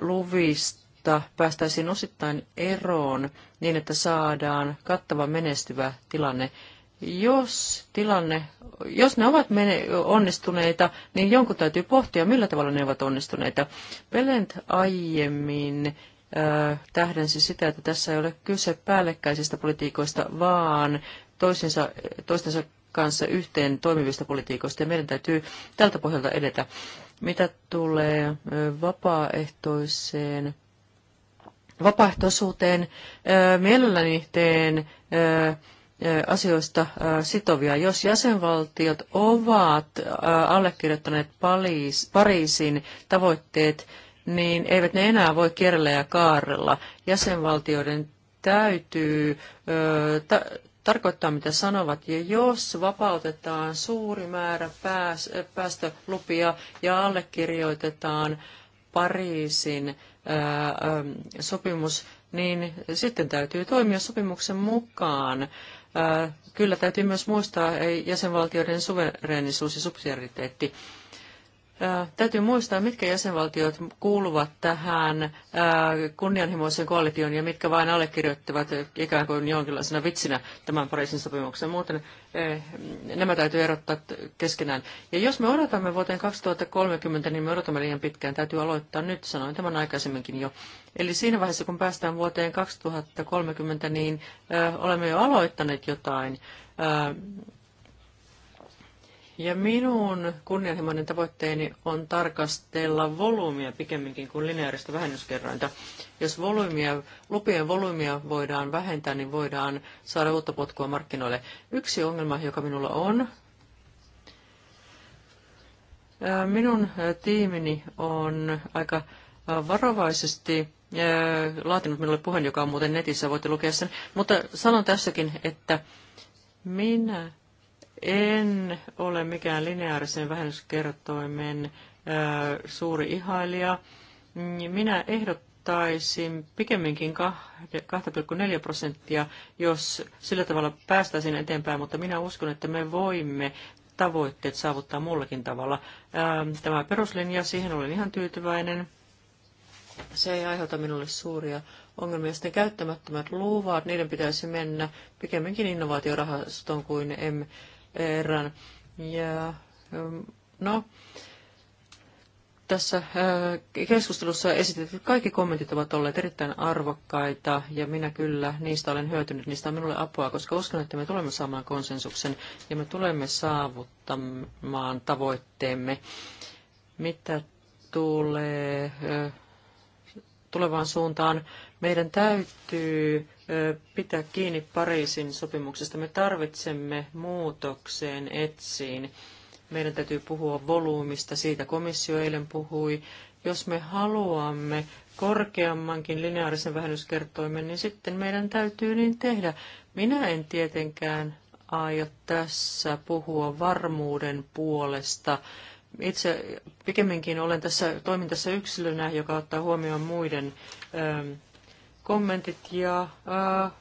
luvista päästäisiin osittain eroon niin, että saadaan kattava menestyvä tilanne. Jos, tilanne, jos ne ovat onnistuneita, niin jonkun täytyy pohtia, millä tavalla ne ovat onnistuneita. Pelent aiemmin tähdensi sitä, että tässä ei ole kyse päällekkäisistä politiikoista, vaan toisensa, toistensa kanssa yhteen toimivista politiikoista, ja meidän täytyy tältä pohjalta edetä. Mitä tulee vapaaehtoiseen vapaaehtoisuuteen, mielelläni teen asioista sitovia. Jos jäsenvaltiot ovat allekirjoittaneet Pariisin tavoitteet, niin eivät ne enää voi kierrellä ja kaarella. Jäsenvaltioiden täytyy tarkoittaa, mitä sanovat. Ja jos vapautetaan suuri määrä pääs, äh, päästölupia ja allekirjoitetaan Pariisin ää, äh, ähm, sopimus, niin sitten täytyy toimia sopimuksen mukaan. Ää, äh, kyllä täytyy myös muistaa jäsenvaltioiden suvereenisuus ja subsidiariteetti. Täytyy muistaa, mitkä jäsenvaltiot kuuluvat tähän kunnianhimoisen koalitioon ja mitkä vain allekirjoittavat ikään kuin jonkinlaisena vitsinä tämän Pariisin sopimuksen. Muuten nämä täytyy erottaa keskenään. Ja jos me odotamme vuoteen 2030, niin me odotamme liian pitkään. Täytyy aloittaa nyt, sanoin tämän aikaisemminkin jo. Eli siinä vaiheessa, kun päästään vuoteen 2030, niin olemme jo aloittaneet jotain ja minun kunnianhimoinen tavoitteeni on tarkastella volyymia pikemminkin kuin lineaarista vähennyskerrointa. Jos volyymia, lupien volyymia voidaan vähentää, niin voidaan saada uutta potkua markkinoille. Yksi ongelma, joka minulla on, minun tiimini on aika varovaisesti laatinut minulle puheen, joka on muuten netissä, voitte lukea sen. Mutta sanon tässäkin, että minä en ole mikään lineaarisen vähennyskertoimen suuri ihailija. Minä ehdottaisin pikemminkin 2,4 prosenttia, jos sillä tavalla päästäisiin eteenpäin, mutta minä uskon, että me voimme tavoitteet saavuttaa muullakin tavalla. Tämä peruslinja, siihen olen ihan tyytyväinen. Se ei aiheuta minulle suuria ongelmia. Sitten käyttämättömät luvat, niiden pitäisi mennä pikemminkin innovaatiorahastoon kuin erän. Ja, ähm, no, tässä äh, keskustelussa esitetyt kaikki kommentit ovat olleet erittäin arvokkaita ja minä kyllä niistä olen hyötynyt. Niistä on minulle apua, koska uskon, että me tulemme saamaan konsensuksen ja me tulemme saavuttamaan tavoitteemme. Mitä tulee äh, tulevaan suuntaan, meidän täytyy pitää kiinni Pariisin sopimuksesta. Me tarvitsemme muutokseen etsiin. Meidän täytyy puhua volyymista, siitä komissio eilen puhui. Jos me haluamme korkeammankin lineaarisen vähennyskertoimen, niin sitten meidän täytyy niin tehdä. Minä en tietenkään aio tässä puhua varmuuden puolesta. Itse pikemminkin olen tässä, toimin tässä yksilönä, joka ottaa huomioon muiden ö, kommentit ja äh,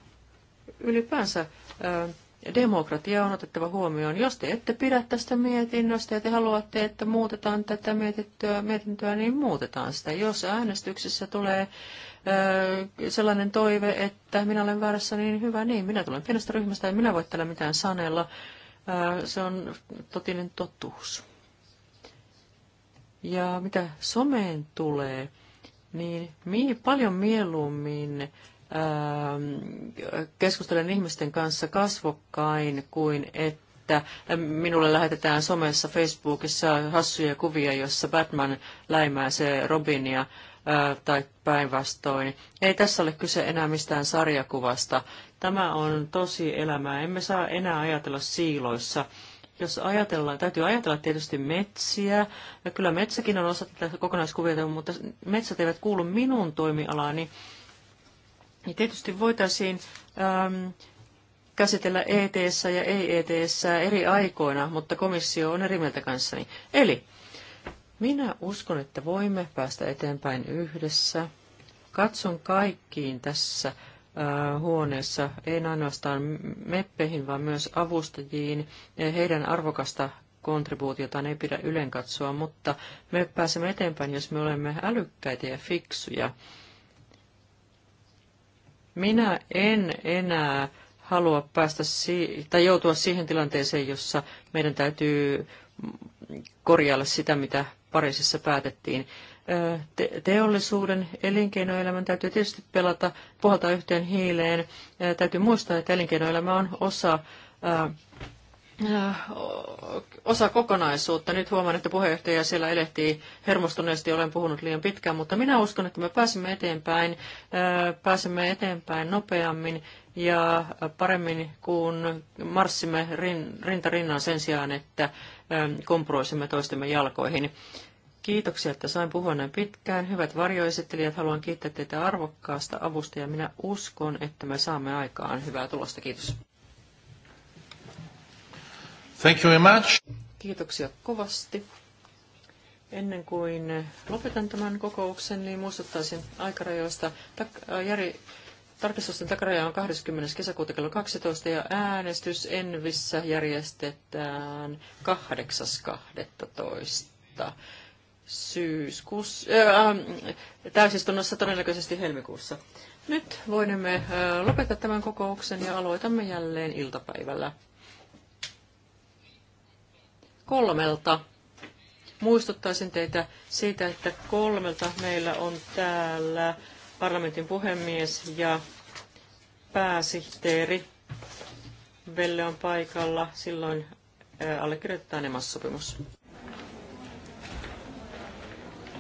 ylipäänsä äh, demokratia on otettava huomioon. Jos te ette pidä tästä mietinnöstä ja te haluatte, että muutetaan tätä mietittyä, mietintöä, niin muutetaan sitä. Jos äänestyksessä tulee äh, sellainen toive, että minä olen väärässä, niin hyvä niin. Minä tulen pienestä ryhmästä ja minä voi täällä mitään sanella. Äh, se on totinen totuus. Ja mitä someen tulee, niin mi- paljon mieluummin ähm, keskustelen ihmisten kanssa kasvokkain kuin että ähm, minulle lähetetään somessa Facebookissa hassuja kuvia, jossa Batman se Robinia äh, tai päinvastoin. Ei tässä ole kyse enää mistään sarjakuvasta. Tämä on tosi elämää. Emme saa enää ajatella siiloissa. Jos ajatellaan, täytyy ajatella tietysti metsiä, ja kyllä metsäkin on osa tätä kokonaiskuvia, mutta metsät eivät kuulu minun toimialaani. Ja tietysti voitaisiin ähm, käsitellä ETS ja ei ETS eri aikoina, mutta komissio on eri mieltä kanssani. Eli minä uskon, että voimme päästä eteenpäin yhdessä. Katson kaikkiin tässä huoneessa, ei ainoastaan meppeihin, vaan myös avustajiin. Heidän arvokasta kontribuutiotaan ei pidä katsoa, mutta me pääsemme eteenpäin, jos me olemme älykkäitä ja fiksuja. Minä en enää halua päästä si- tai joutua siihen tilanteeseen, jossa meidän täytyy korjailla sitä, mitä Pariisissa päätettiin teollisuuden, elinkeinoelämän täytyy tietysti pelata, puhaltaa yhteen hiileen. Täytyy muistaa, että elinkeinoelämä on osa, osa kokonaisuutta. Nyt huomaan, että puheenjohtaja siellä elehtii hermostuneesti, olen puhunut liian pitkään, mutta minä uskon, että me pääsemme eteenpäin, pääsemme eteenpäin nopeammin ja paremmin kuin marssimme rintarinnan sen sijaan, että kompuroisimme toistemme jalkoihin. Kiitoksia, että sain puhua näin pitkään. Hyvät varjoesittelijät, haluan kiittää teitä arvokkaasta avusta ja minä uskon, että me saamme aikaan hyvää tulosta. Kiitos. Thank you very much. Kiitoksia kovasti. Ennen kuin lopetan tämän kokouksen, niin muistuttaisin aikarajoista. Tak- äh, Jari, tarkistusten takaraja on 20. kesäkuuta kello 12 ja äänestys Envissä järjestetään 8.12 syyskuussa, äh, täysistunnossa todennäköisesti helmikuussa. Nyt voimme äh, lopettaa tämän kokouksen ja aloitamme jälleen iltapäivällä kolmelta. Muistuttaisin teitä siitä, että kolmelta meillä on täällä parlamentin puhemies ja pääsihteeri. Velle on paikalla, silloin allekirjoitetaan emassopimus.